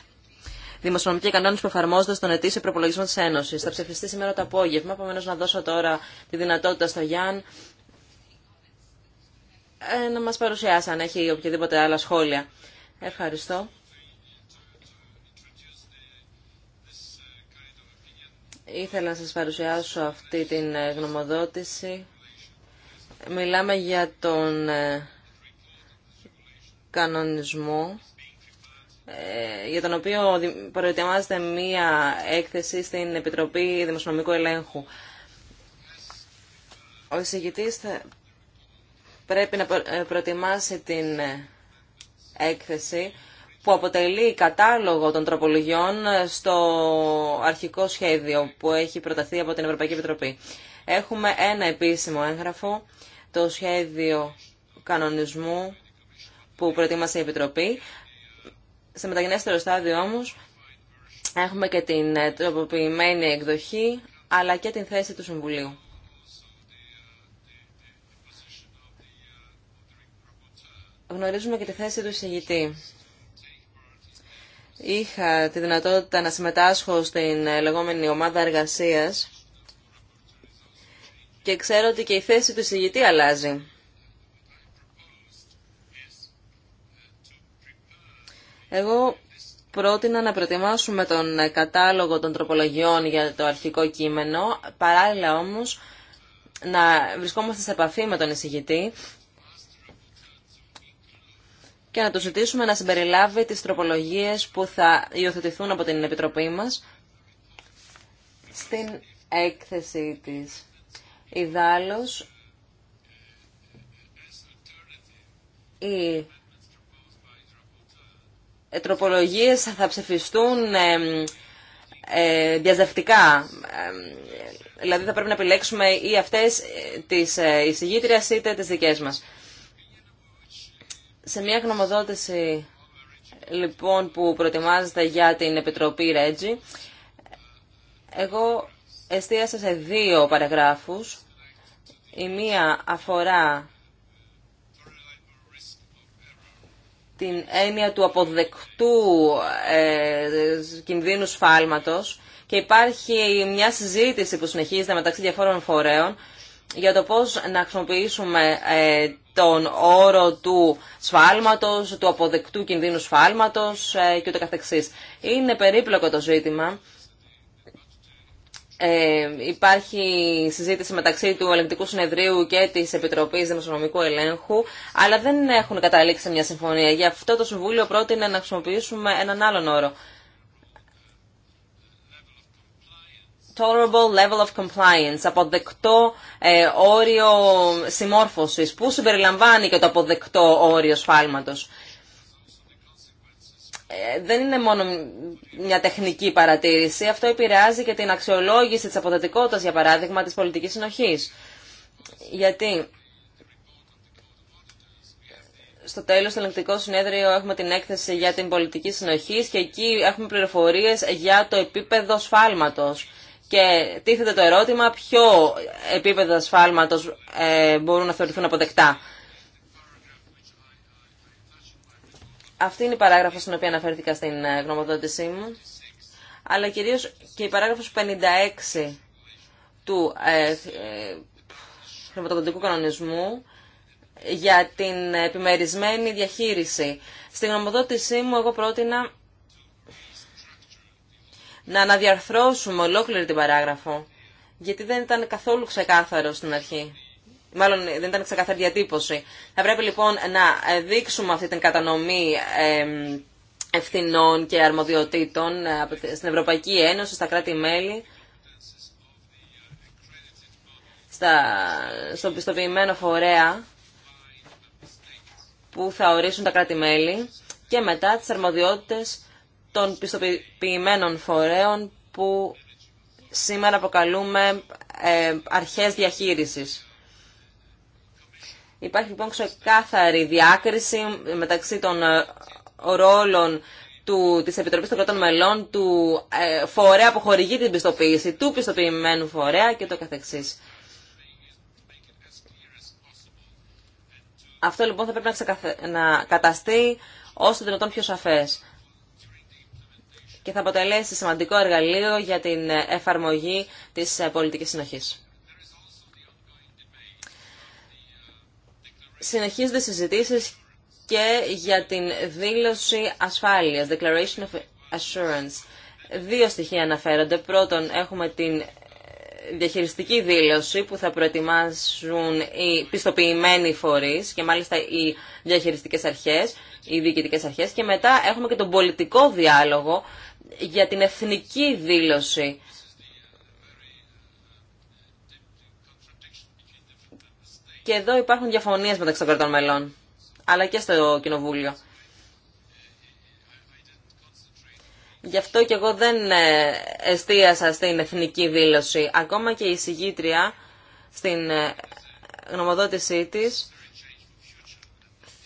Δημοσιονομικοί κανόνε που εφαρμόζονται στον ετήσιο προπολογισμό τη Ένωση. Θα ψηφιστεί σήμερα το απόγευμα. Επομένω, να δώσω τώρα τη δυνατότητα στο Γιάν ε, να μας παρουσιάσει αν έχει οποιαδήποτε άλλα σχόλια. Ευχαριστώ. Ήθελα να σας παρουσιάσω αυτή την ε, γνωμοδότηση. Μιλάμε για τον ε, κανονισμό ε, για τον οποίο προετοιμάζεται μία έκθεση στην Επιτροπή Δημοσιονομικού Ελέγχου. Ο εισηγητής πρέπει να ε, προετοιμάσει την ε, έκθεση που αποτελεί κατάλογο των τροπολογιών στο αρχικό σχέδιο που έχει προταθεί από την Ευρωπαϊκή Επιτροπή. Έχουμε ένα επίσημο έγγραφο, το σχέδιο κανονισμού που προετοίμασε η Επιτροπή. Σε μεταγενέστερο στάδιο όμως έχουμε και την τροποποιημένη εκδοχή αλλά και την θέση του Συμβουλίου. Γνωρίζουμε και τη θέση του εισηγητή. Είχα τη δυνατότητα να συμμετάσχω στην λεγόμενη ομάδα εργασίας και ξέρω ότι και η θέση του εισηγητή αλλάζει. Εγώ πρότεινα να προετοιμάσουμε τον κατάλογο των τροπολογιών για το αρχικό κείμενο, παράλληλα όμως να βρισκόμαστε σε επαφή με τον εισηγητή και να του ζητήσουμε να συμπεριλάβει τις τροπολογίες που θα υιοθετηθούν από την Επιτροπή μας στην έκθεσή της. Ιδάλλως, η ε, τροπολογίες θα ψηφιστούν ε, ε, διαζευτικά. δηλαδή θα πρέπει να επιλέξουμε ή αυτές ε, της ε, εισηγήτριας είτε τις δικές μας. Σε μια γνωμοδότηση λοιπόν που προετοιμάζεται για την Επιτροπή Ρέτζι, εγώ εστίασα σε δύο παραγράφους. Η μία αφορά την έννοια του αποδεκτού ε, κινδύνου σφάλματος και υπάρχει μια συζήτηση που συνεχίζεται μεταξύ διαφόρων φορέων για το πώς να χρησιμοποιήσουμε ε, τον όρο του σφάλματος, του αποδεκτού κινδύνου σφάλματος ε, και καθεξής. Είναι περίπλοκο το ζήτημα ε, υπάρχει συζήτηση μεταξύ του Ελεγκτικού Συνεδρίου και της Επιτροπής Δημοσιονομικού Ελέγχου, αλλά δεν έχουν καταλήξει σε μια συμφωνία. Γι' αυτό το Συμβούλιο πρότεινε να χρησιμοποιήσουμε έναν άλλον όρο. Tolerable level of compliance, αποδεκτό ε, όριο συμμόρφωσης, που συμπεριλαμβάνει και το αποδεκτό όριο σφάλματος. Ε, δεν είναι μόνο μια τεχνική παρατήρηση, αυτό επηρεάζει και την αξιολόγηση της αποδοτικότητα, για παράδειγμα, της πολιτικής συνοχής. Γιατί στο τέλος του ελεγκτικού συνέδριου έχουμε την έκθεση για την πολιτική συνοχή και εκεί έχουμε πληροφορίες για το επίπεδο σφάλματος. Και τίθεται το ερώτημα ποιο επίπεδο ε, μπορούν να θεωρηθούν αποδεκτά. Αυτή είναι η παράγραφος στην οποία αναφέρθηκα στην ε, γνωμοδότησή μου, αλλά κυρίως και η παράγραφος 56 του ε, ε, χρηματοδοτικού κανονισμού για την επιμερισμένη διαχείριση. Στην γνωμοδότησή μου εγώ πρότεινα να αναδιαρθρώσουμε ολόκληρη την παράγραφο, γιατί δεν ήταν καθόλου ξεκάθαρο στην αρχή. Μάλλον δεν ήταν ξεκαθαρή διατύπωση. Θα πρέπει λοιπόν να δείξουμε αυτή την κατανομή ευθυνών και αρμοδιοτήτων ε, στην Ευρωπαϊκή Ένωση, στα κράτη-μέλη, στα, στον πιστοποιημένο φορέα που θα ορίσουν τα κράτη-μέλη και μετά τις αρμοδιότητες των πιστοποιημένων φορέων που σήμερα αποκαλούμε ε, αρχές διαχείρισης. Υπάρχει λοιπόν ξεκάθαρη διάκριση μεταξύ των ε, ρόλων του, της Επιτροπής των Κρατών Μελών, του ε, φορέα που χορηγεί την πιστοποίηση, του πιστοποιημένου φορέα και το καθεξής. Αυτό λοιπόν θα πρέπει να, καταστεί όσο δυνατόν πιο σαφές και θα αποτελέσει σημαντικό εργαλείο για την εφαρμογή της ε, πολιτικής συνοχής. συνεχίζονται συζητήσεις και για την δήλωση ασφάλειας, Declaration of Assurance. Δύο στοιχεία αναφέρονται. Πρώτον, έχουμε την διαχειριστική δήλωση που θα προετοιμάσουν οι πιστοποιημένοι φορείς και μάλιστα οι διαχειριστικές αρχές, οι διοικητικές αρχές και μετά έχουμε και τον πολιτικό διάλογο για την εθνική δήλωση Και εδώ υπάρχουν διαφωνίες μεταξύ των κρατών μελών, αλλά και στο Κοινοβούλιο. Γι' αυτό και εγώ δεν ε, εστίασα στην εθνική δήλωση. Ακόμα και η συγγήτρια στην ε, γνωμοδότησή της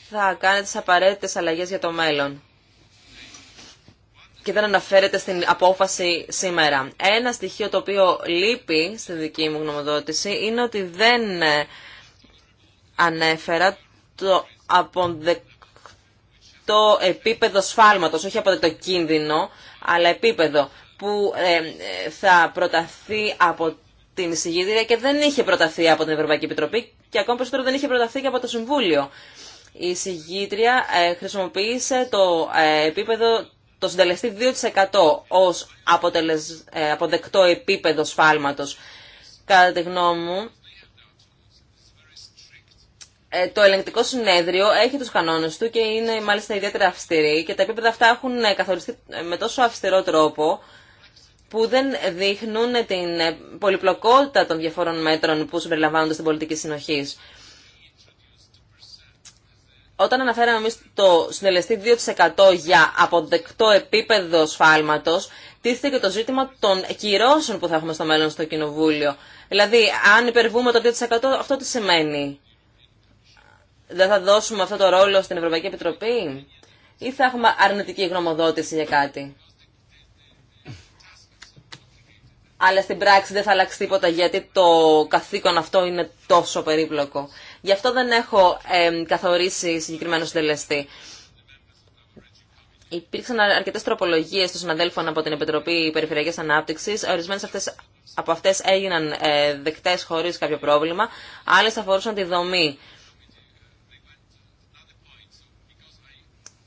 θα κάνει τις απαραίτητες αλλαγές για το μέλλον. Και δεν αναφέρεται στην απόφαση σήμερα. Ένα στοιχείο το οποίο λείπει στη δική μου γνωμοδότηση είναι ότι δεν ε, ανέφερα, το αποδεκτό επίπεδο σφάλματος, όχι αποδεκτό κίνδυνο, αλλά επίπεδο που ε, θα προταθεί από την εισηγήτρια και δεν είχε προταθεί από την Ευρωπαϊκή Επιτροπή και ακόμα περισσότερο δεν είχε προταθεί και από το Συμβούλιο. Η εισηγήτρια ε, χρησιμοποίησε το ε, επίπεδο το συντελεστή 2% ως αποτελεσ... αποδεκτό επίπεδο σφάλματος. Κατά τη γνώμη μου, ε, το ελεγκτικό συνέδριο έχει τους κανόνες του και είναι μάλιστα ιδιαίτερα αυστηροί και τα επίπεδα αυτά έχουν ε, καθοριστεί ε, με τόσο αυστηρό τρόπο που δεν δείχνουν την πολυπλοκότητα των διαφόρων μέτρων που συμπεριλαμβάνονται στην πολιτική συνοχή. Όταν αναφέραμε εμεί το συνελεστή 2% για αποδεκτό επίπεδο σφάλματο, τίθεται και το ζήτημα των κυρώσεων που θα έχουμε στο μέλλον στο Κοινοβούλιο. Δηλαδή, αν υπερβούμε το 2%, αυτό τι σημαίνει δεν θα δώσουμε αυτό το ρόλο στην Ευρωπαϊκή Επιτροπή ή θα έχουμε αρνητική γνωμοδότηση για κάτι. Αλλά στην πράξη δεν θα αλλάξει τίποτα γιατί το καθήκον αυτό είναι τόσο περίπλοκο. Γι' αυτό δεν έχω ε, καθορίσει συγκεκριμένο συντελεστή. Υπήρξαν αρκετέ τροπολογίε των συναδέλφων από την Επιτροπή Περιφερειακή Ανάπτυξη. Ορισμένε από αυτέ έγιναν ε, δεκτέ χωρί κάποιο πρόβλημα. Άλλε αφορούσαν τη δομή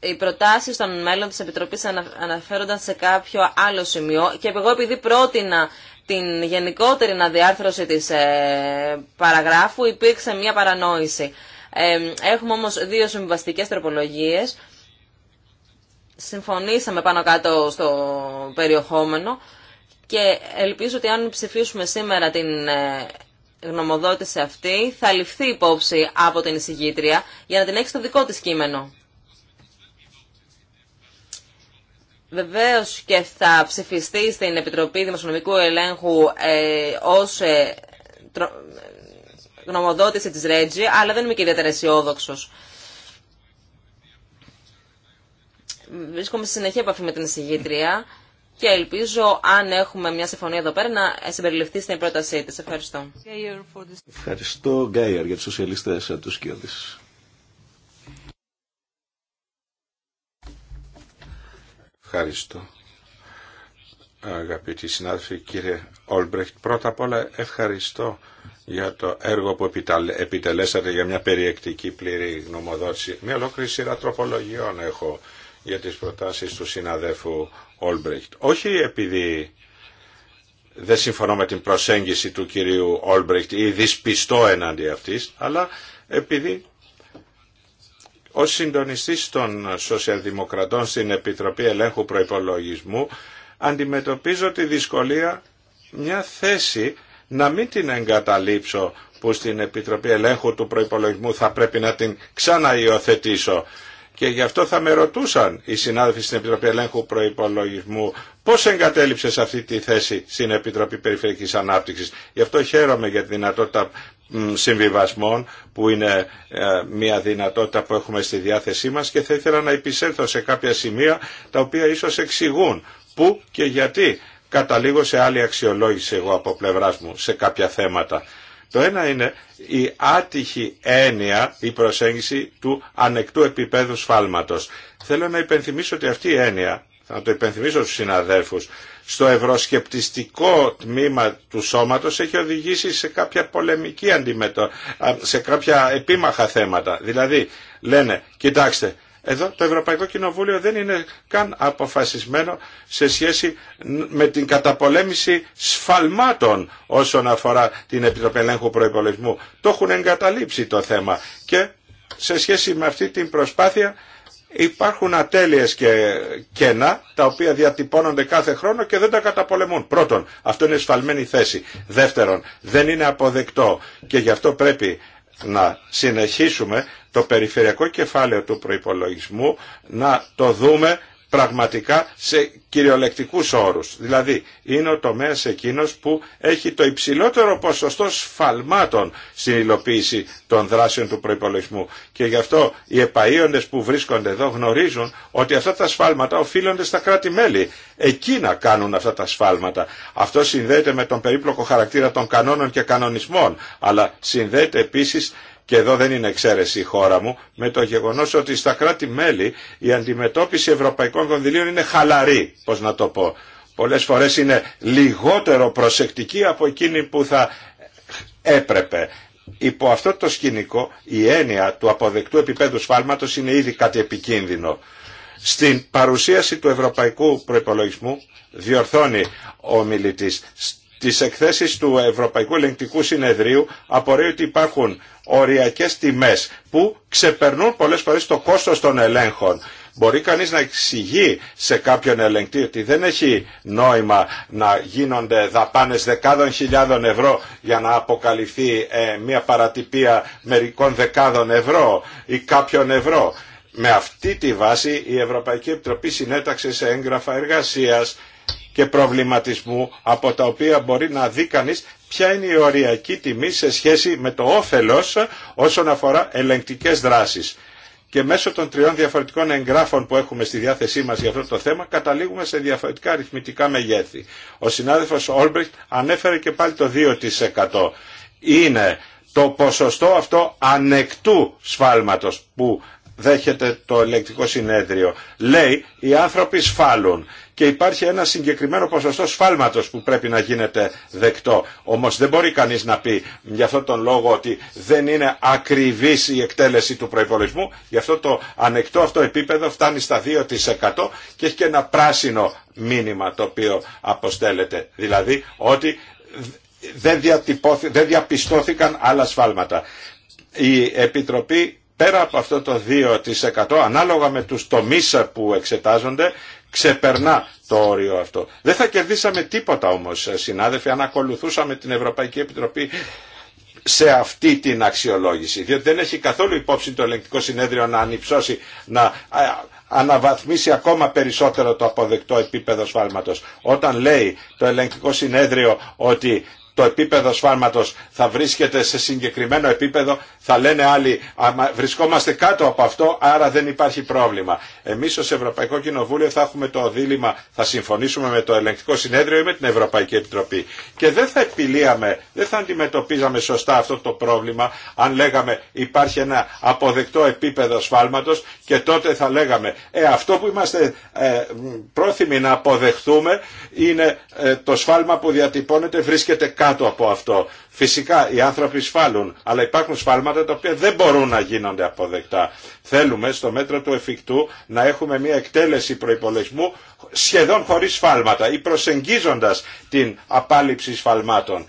οι προτάσει των μέλων τη Επιτροπή αναφέρονταν σε κάποιο άλλο σημείο και εγώ επειδή πρότεινα την γενικότερη αναδιάρθρωση της ε, παραγράφου υπήρξε μια παρανόηση. Ε, έχουμε όμως δύο συμβαστικές τροπολογίες. Συμφωνήσαμε πάνω κάτω στο περιεχόμενο και ελπίζω ότι αν ψηφίσουμε σήμερα την ε, γνωμοδότηση αυτή θα ληφθεί υπόψη από την εισηγήτρια για να την έχει στο δικό της κείμενο. Βεβαίω και θα ψηφιστεί στην Επιτροπή Δημοσιονομικού Ελέγχου ε, ως ε, τρο, γνωμοδότηση της Ρέτζη, αλλά δεν είμαι και ιδιαίτερα αισιόδοξο. Βρίσκομαι σε συνεχή επαφή με την εισηγήτρια και ελπίζω αν έχουμε μια συμφωνία εδώ πέρα να συμπεριληφθεί στην πρότασή της. Ευχαριστώ. Ευχαριστώ Γκάιερ για τους σοσιαλιστές ε, του Σκιώδης. Ευχαριστώ. Αγαπητοί συνάδελφοι, κύριε Όλμπρεχτ, πρώτα απ' όλα ευχαριστώ για το έργο που επιτελέσατε για μια περιεκτική πλήρη γνωμοδότηση. Μια ολόκληρη σειρά τροπολογιών έχω για τις προτάσεις του συναδέφου Όλμπρεχτ. Όχι επειδή δεν συμφωνώ με την προσέγγιση του κυρίου Όλμπρεχτ ή δυσπιστώ εναντί αυτής, αλλά επειδή Ω συντονιστή των Σοσιαλδημοκρατών στην Επιτροπή Ελέγχου Προπολογισμού, αντιμετωπίζω τη δυσκολία μια θέση να μην την εγκαταλείψω που στην Επιτροπή Ελέγχου του προπολογισμού θα πρέπει να την ξαναϊοθετήσω. Και γι' αυτό θα με ρωτούσαν οι συνάδελφοι στην Επιτροπή Ελέγχου Προϋπολογισμού πώς εγκατέλειψε αυτή τη θέση στην Επιτροπή Περιφερειακής Ανάπτυξη. Γι' αυτό χαίρομαι για τη δυνατότητα συμβιβασμών που είναι ε, μια δυνατότητα που έχουμε στη διάθεσή μας και θα ήθελα να επισέλθω σε κάποια σημεία τα οποία ίσως εξηγούν πού και γιατί καταλήγω σε άλλη αξιολόγηση εγώ από πλευράς μου σε κάποια θέματα. Το ένα είναι η άτυχη έννοια, η προσέγγιση του ανεκτού επίπεδου σφάλματος. Θέλω να υπενθυμίσω ότι αυτή η έννοια, θα το υπενθυμίσω στους συναδέλφους, στο ευρωσκεπτιστικό τμήμα του σώματος έχει οδηγήσει σε κάποια πολεμική αντιμετώπιση, σε κάποια επίμαχα θέματα. Δηλαδή λένε, κοιτάξτε, εδώ το Ευρωπαϊκό Κοινοβούλιο δεν είναι καν αποφασισμένο σε σχέση με την καταπολέμηση σφαλμάτων όσον αφορά την Επιτροπή Ελέγχου Προϋπολογισμού. Το έχουν εγκαταλείψει το θέμα και σε σχέση με αυτή την προσπάθεια υπάρχουν ατέλειες και κένα τα οποία διατυπώνονται κάθε χρόνο και δεν τα καταπολεμούν. Πρώτον, αυτό είναι σφαλμένη θέση. Δεύτερον, δεν είναι αποδεκτό και γι' αυτό πρέπει να συνεχίσουμε το περιφερειακό κεφάλαιο του προϋπολογισμού να το δούμε πραγματικά σε κυριολεκτικούς όρους. Δηλαδή είναι ο τομέας εκείνος που έχει το υψηλότερο ποσοστό σφαλμάτων στην υλοποίηση των δράσεων του προϋπολογισμού. Και γι' αυτό οι επαΐοντες που βρίσκονται εδώ γνωρίζουν ότι αυτά τα σφάλματα οφείλονται στα κράτη-μέλη. Εκείνα κάνουν αυτά τα σφάλματα. Αυτό συνδέεται με τον περίπλοκο χαρακτήρα των κανόνων και κανονισμών, αλλά συνδέεται επίσης και εδώ δεν είναι εξαίρεση η χώρα μου, με το γεγονός ότι στα κράτη-μέλη η αντιμετώπιση ευρωπαϊκών κονδυλίων είναι χαλαρή, πώς να το πω. Πολλές φορές είναι λιγότερο προσεκτική από εκείνη που θα έπρεπε. Υπό αυτό το σκηνικό η έννοια του αποδεκτού επίπεδου σφάλματος είναι ήδη κάτι επικίνδυνο. Στην παρουσίαση του ευρωπαϊκού προϋπολογισμού διορθώνει ο μιλητής τις εκθέσεις του Ευρωπαϊκού Ελεγκτικού Συνεδρίου απορρέει ότι υπάρχουν οριακές τιμές που ξεπερνούν πολλές φορές το κόστος των ελέγχων. Μπορεί κανείς να εξηγεί σε κάποιον ελεγκτή ότι δεν έχει νόημα να γίνονται δαπάνες δεκάδων χιλιάδων ευρώ για να αποκαλυφθεί ε, μια παρατυπία μερικών δεκάδων ευρώ ή κάποιων ευρώ. Με αυτή τη βάση η καποιον ευρω με αυτη Επιτροπή συνέταξε σε έγγραφα εργασίας και προβληματισμού από τα οποία μπορεί να δει κανεί ποια είναι η οριακή τιμή σε σχέση με το όφελος όσον αφορά ελεγκτικές δράσεις. Και μέσω των τριών διαφορετικών εγγράφων που έχουμε στη διάθεσή μας για αυτό το θέμα καταλήγουμε σε διαφορετικά αριθμητικά μεγέθη. Ο συνάδελφος Όλμπρεχτ ανέφερε και πάλι το 2%. Είναι το ποσοστό αυτό ανεκτού σφάλματος που δέχεται το ελεκτικό συνέδριο. Λέει οι άνθρωποι σφάλουν και υπάρχει ένα συγκεκριμένο ποσοστό σφάλματος που πρέπει να γίνεται δεκτό. Όμως δεν μπορεί κανείς να πει για αυτόν τον λόγο ότι δεν είναι ακριβής η εκτέλεση του προϋπολογισμού, γι' αυτό το ανεκτό αυτό επίπεδο φτάνει στα 2% και έχει και ένα πράσινο μήνυμα το οποίο αποστέλλεται. Δηλαδή ότι δεν, δεν διαπιστώθηκαν άλλα σφάλματα. Η Επιτροπή πέρα από αυτό το 2% ανάλογα με τους τομείς που εξετάζονται ξεπερνά το όριο αυτό. Δεν θα κερδίσαμε τίποτα όμως ε, συνάδελφοι αν ακολουθούσαμε την Ευρωπαϊκή Επιτροπή σε αυτή την αξιολόγηση. Διότι δεν έχει καθόλου υπόψη το ελεγκτικό συνέδριο να ανυψώσει, να ε, αναβαθμίσει ακόμα περισσότερο το αποδεκτό επίπεδο σφάλματος. Όταν λέει το ελεγκτικό συνέδριο ότι το επίπεδο σφάλματος θα βρίσκεται σε συγκεκριμένο επίπεδο, θα λένε άλλοι βρισκόμαστε κάτω από αυτό, άρα δεν υπάρχει πρόβλημα. Εμείς ως Ευρωπαϊκό Κοινοβούλιο θα έχουμε το δίλημα, θα συμφωνήσουμε με το Ελεγκτικό Συνέδριο ή με την Ευρωπαϊκή Επιτροπή. Και δεν θα επιλύαμε, δεν θα αντιμετωπίζαμε σωστά αυτό το πρόβλημα αν λέγαμε υπάρχει ένα αποδεκτό επίπεδο σφάλματος και τότε θα λέγαμε ε, αυτό που είμαστε ε, πρόθυμοι να αποδεχτούμε είναι ε, το σφάλμα που διατυπώνεται βρίσκεται κάτω από αυτό. Φυσικά οι άνθρωποι σφάλουν, αλλά υπάρχουν σφάλματα τα οποία δεν μπορούν να γίνονται αποδεκτά. Θέλουμε στο μέτρο του εφικτού να έχουμε μια εκτέλεση προϋπολογισμού σχεδόν χωρίς σφάλματα ή προσεγγίζοντας την απάλληψη σφαλμάτων.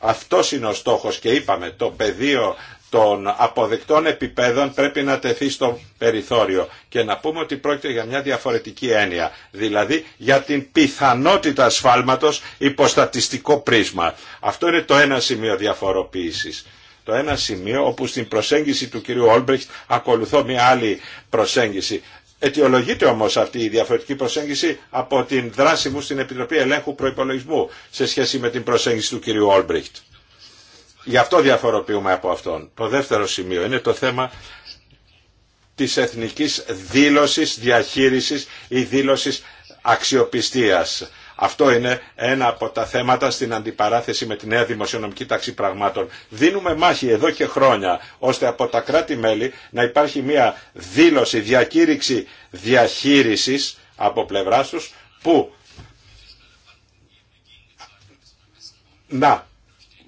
Αυτό είναι ο στόχος και είπαμε το πεδίο των αποδεκτών επιπέδων πρέπει να τεθεί στο περιθώριο και να πούμε ότι πρόκειται για μια διαφορετική έννοια, δηλαδή για την πιθανότητα σφάλματος υποστατιστικό πρίσμα. Αυτό είναι το ένα σημείο διαφοροποίησης. Το ένα σημείο όπου στην προσέγγιση του κυρίου Όλμπριχτ ακολουθώ μια άλλη προσέγγιση. Αιτιολογείται όμως αυτή η διαφορετική προσέγγιση από την δράση μου στην Επιτροπή Ελέγχου Προϋπολογισμού σε σχέση με την προσέγγιση του κυρίου Όλμπρεχτ. Γι' αυτό διαφοροποιούμε από αυτόν. Το δεύτερο σημείο είναι το θέμα της εθνικής δήλωσης, διαχείρισης ή δήλωσης αξιοπιστίας. Αυτό είναι ένα από τα θέματα στην αντιπαράθεση με τη νέα δημοσιονομική τάξη πραγμάτων. Δίνουμε μάχη εδώ και χρόνια ώστε από τα κράτη-μέλη να υπάρχει μια δήλωση, διακήρυξη διαχείρισης από πλευρά τους που να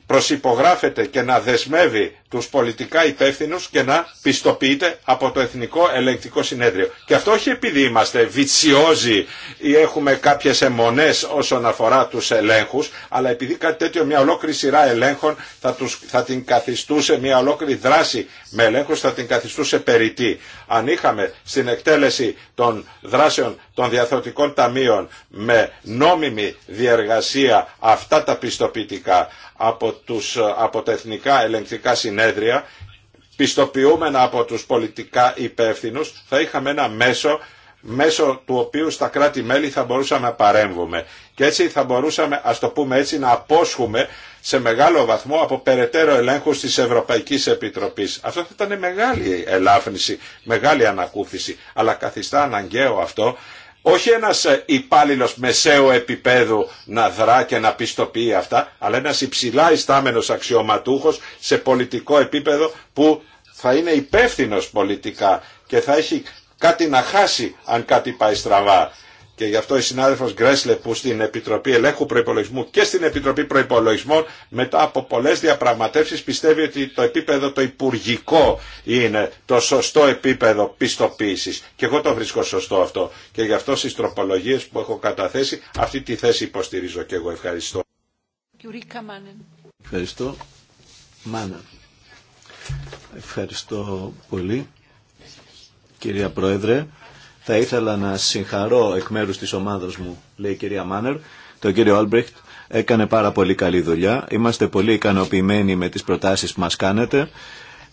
προσυπογράφεται και να δεσμεύει τους πολιτικά υπεύθυνους και να πιστοποιείται από το Εθνικό Ελεγκτικό Συνέδριο. Και αυτό όχι επειδή είμαστε βιτσιόζοι ή έχουμε κάποιες αιμονές όσον αφορά τους ελέγχους, αλλά επειδή κάτι τέτοιο μια ολόκληρη σειρά ελέγχων θα, τους, θα την καθιστούσε, μια ολόκληρη δράση με ελέγχους θα την καθιστούσε περιττή. Αν είχαμε στην εκτέλεση των δράσεων των διαθροτικών ταμείων με νόμιμη διεργασία αυτά τα πιστοποιητικά από, τους, από τα Εθνικά Ελεγκτικά Συνέδρια, συνέδρια πιστοποιούμενα από τους πολιτικά υπεύθυνους θα είχαμε ένα μέσο μέσω του οποίου στα κράτη-μέλη θα μπορούσαμε να παρέμβουμε. Και έτσι θα μπορούσαμε, ας το πούμε έτσι, να απόσχουμε σε μεγάλο βαθμό από περαιτέρω ελέγχου της Ευρωπαϊκής Επιτροπής. Αυτό θα ήταν μεγάλη ελάφνηση μεγάλη ανακούφιση, αλλά καθιστά αναγκαίο αυτό όχι ένας ε, υπάλληλο μεσαίου επίπεδου να δρά και να πιστοποιεί αυτά, αλλά ένας υψηλά ιστάμενος αξιωματούχος σε πολιτικό επίπεδο που θα είναι υπεύθυνο πολιτικά και θα έχει κάτι να χάσει αν κάτι πάει στραβά. Και γι' αυτό η συνάδελφο Γκρέσλε που στην Επιτροπή Ελέγχου Προπολογισμού και στην Επιτροπή Προπολογισμών μετά από πολλέ διαπραγματεύσει πιστεύει ότι το επίπεδο το υπουργικό είναι το σωστό επίπεδο πιστοποίηση. Και εγώ το βρίσκω σωστό αυτό. Και γι' αυτό στι τροπολογίε που έχω καταθέσει αυτή τη θέση υποστηρίζω και εγώ. Ευχαριστώ. Ευχαριστώ. Μάνα. Ευχαριστώ πολύ. Κυρία Πρόεδρε. Θα ήθελα να συγχαρώ εκ μέρου τη ομάδα μου, λέει η κυρία Μάνερ, τον κύριο Όλμπρεχτ. Έκανε πάρα πολύ καλή δουλειά. Είμαστε πολύ ικανοποιημένοι με τι προτάσει που μα κάνετε.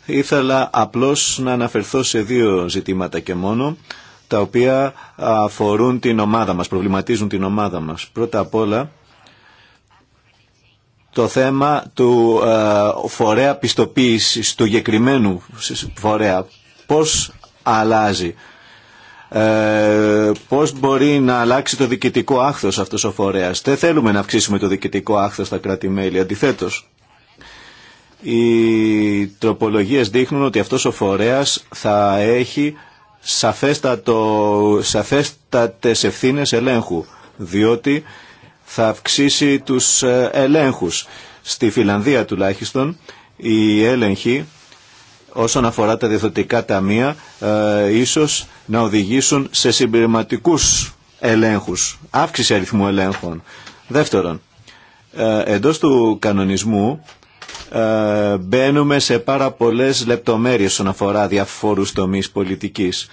Ήθελα απλώ να αναφερθώ σε δύο ζητήματα και μόνο, τα οποία αφορούν την ομάδα μα, προβληματίζουν την ομάδα μα. Πρώτα απ' όλα, το θέμα του ε, φορέα πιστοποίησης, του γεκριμένου φορέα. Πώς αλλάζει ε, πώς μπορεί να αλλάξει το διοικητικό άχθος αυτό ο φορέας. Δεν θέλουμε να αυξήσουμε το διοικητικό άχθος στα κράτη-μέλη, αντιθέτως. Οι τροπολογίες δείχνουν ότι αυτός ο φορέας θα έχει σαφέστατο, σαφέστατες ευθύνες ελέγχου, διότι θα αυξήσει τους ε, ελέγχους. Στη Φιλανδία τουλάχιστον η έλεγχη όσον αφορά τα διεθνωτικά ταμεία ε, ίσως να οδηγήσουν σε συμπληρωματικούς ελέγχους, αύξηση αριθμού ελέγχων. Δεύτερον, ε, εντός του κανονισμού ε, μπαίνουμε σε πάρα πολλές λεπτομέρειες όσον αφορά διαφόρους τομείς πολιτικής.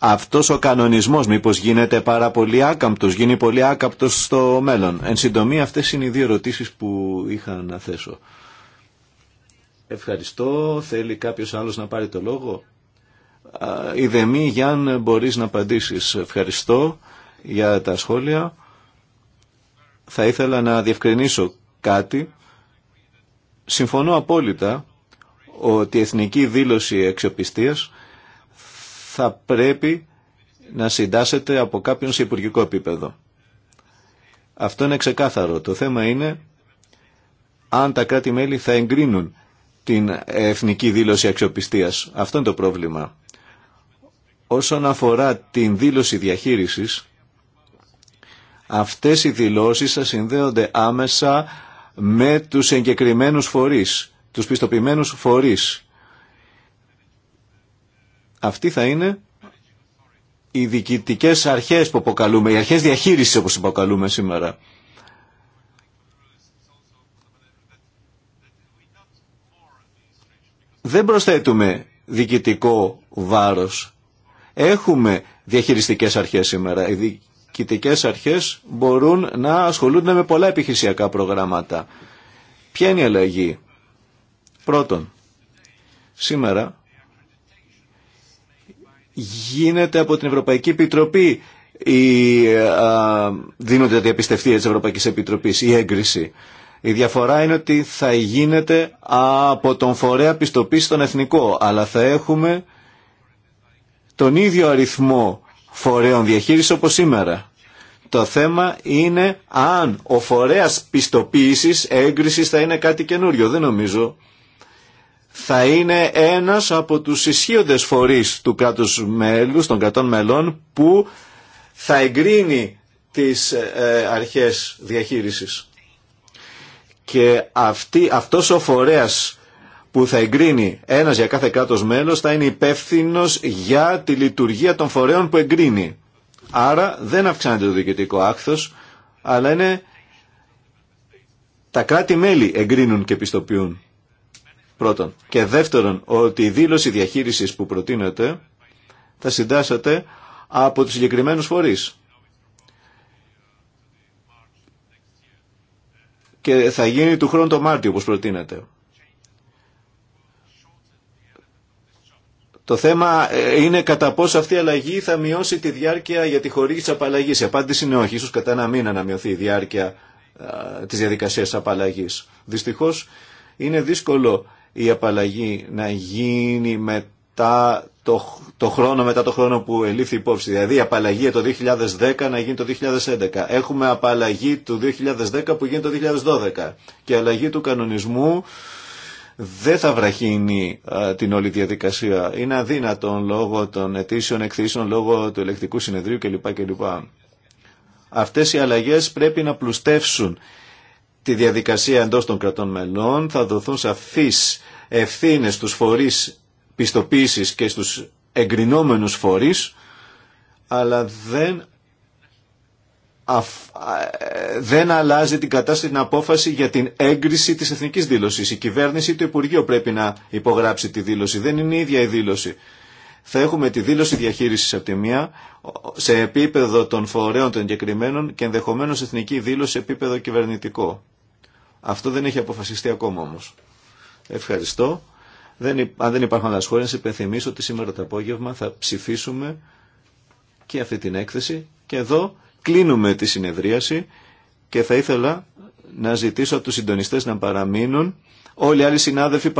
Αυτός ο κανονισμός μήπως γίνεται πάρα πολύ άκαμπτος, γίνει πολύ άκαμπτος στο μέλλον. Εν συντομία αυτές είναι οι δύο ερωτήσεις που είχα να θέσω. Ευχαριστώ. Θέλει κάποιος άλλος να πάρει το λόγο. Ιδεμή, Γιάν, μπορείς να απαντήσεις. Ευχαριστώ για τα σχόλια. Θα ήθελα να διευκρινίσω κάτι. Συμφωνώ απόλυτα ότι η Εθνική Δήλωση Αξιοπιστίας θα πρέπει να συντάσσεται από κάποιον σε υπουργικό επίπεδο. Αυτό είναι ξεκάθαρο. Το θέμα είναι αν τα κράτη-μέλη θα εγκρίνουν την εθνική δήλωση αξιοπιστίας. Αυτό είναι το πρόβλημα. Όσον αφορά την δήλωση διαχείρισης, αυτές οι δηλώσεις θα συνδέονται άμεσα με τους εγκεκριμένους φορείς, τους πιστοποιημένους φορείς. Αυτή θα είναι οι διοικητικές αρχές που αποκαλούμε, οι αρχές διαχείρισης όπως υποκαλούμε σήμερα. δεν προσθέτουμε διοικητικό βάρος. Έχουμε διαχειριστικές αρχές σήμερα. Οι διοικητικές αρχές μπορούν να ασχολούνται με πολλά επιχειρησιακά προγράμματα. Ποια είναι η αλλαγή. Πρώτον, σήμερα γίνεται από την Ευρωπαϊκή Επιτροπή η, ε, α, δίνονται τα διαπιστευτήρια της Ευρωπαϊκής Επιτροπής, η έγκριση. Η διαφορά είναι ότι θα γίνεται από τον φορέα πιστοποίηση στον εθνικό, αλλά θα έχουμε τον ίδιο αριθμό φορέων διαχείρισης όπως σήμερα. Το θέμα είναι αν ο φορέας πιστοποίησης, έγκρισης θα είναι κάτι καινούριο. Δεν νομίζω. Θα είναι ένας από τους ισχύοντες φορείς του κράτους μέλους, των κρατών μελών, που θα εγκρίνει τις ε, αρχές διαχείρισης και αυτή, αυτός ο φορέας που θα εγκρίνει ένας για κάθε κράτος μέλος θα είναι υπεύθυνο για τη λειτουργία των φορέων που εγκρίνει. Άρα δεν αυξάνεται το διοικητικό άκθος, αλλά είναι τα κράτη-μέλη εγκρίνουν και πιστοποιούν. Πρώτον. Και δεύτερον, ότι η δήλωση διαχείρισης που προτείνεται θα συντάσσεται από τους συγκεκριμένους φορείς. και θα γίνει του χρόνου το Μάρτιο όπως προτείνεται. Το θέμα ε, είναι κατά πόσο αυτή η αλλαγή θα μειώσει τη διάρκεια για τη χορήγηση της απαλλαγής. Η απάντηση είναι όχι, ίσως κατά ένα μήνα να μειωθεί η διάρκεια τη της διαδικασίας απαλλαγής. Δυστυχώς είναι δύσκολο η απαλλαγή να γίνει μετά το, το χρόνο μετά το χρόνο που ελήφθη υπόψη. Δηλαδή η απαλλαγή το 2010 να γίνει το 2011. Έχουμε απαλλαγή του 2010 που γίνει το 2012. Και η αλλαγή του κανονισμού δεν θα βραχύνει την όλη διαδικασία. Είναι αδύνατον λόγω των αιτήσεων εκθήσεων, λόγω του ελεκτικού συνεδρίου κλπ. κλπ. Αυτές οι αλλαγές πρέπει να πλουστεύσουν τη διαδικασία εντός των κρατών μελών, θα δοθούν σαφείς ευθύνες στους φορείς πιστοποίησης και στους εγκρινόμενους φορείς, αλλά δεν, ε, δεν αλλάζει την κατάσταση την απόφαση για την έγκριση της εθνικής δήλωσης. Η κυβέρνηση ή το Υπουργείο πρέπει να υπογράψει τη δήλωση. Δεν είναι η ίδια η δήλωση. Θα έχουμε τη δήλωση διαχείρισης από τη μία σε επίπεδο των φορέων των εγκεκριμένων και ενδεχομένως εθνική δήλωση σε επίπεδο κυβερνητικό. Αυτό δεν έχει αποφασιστεί ακόμα όμως. Ευχαριστώ. Δεν, αν δεν υπάρχουν άλλες χώρες, υπενθυμίσω ότι σήμερα το απόγευμα θα ψηφίσουμε και αυτή την έκθεση και εδώ κλείνουμε τη συνεδρίαση και θα ήθελα να ζητήσω από τους συντονιστές να παραμείνουν. Όλοι οι άλλοι συνάδελφοι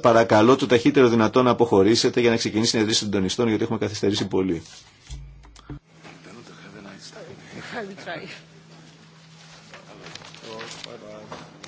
παρακαλώ το ταχύτερο δυνατόν να αποχωρήσετε για να ξεκινήσει η συνεδρίαση των συντονιστών γιατί έχουμε καθυστερήσει πολύ.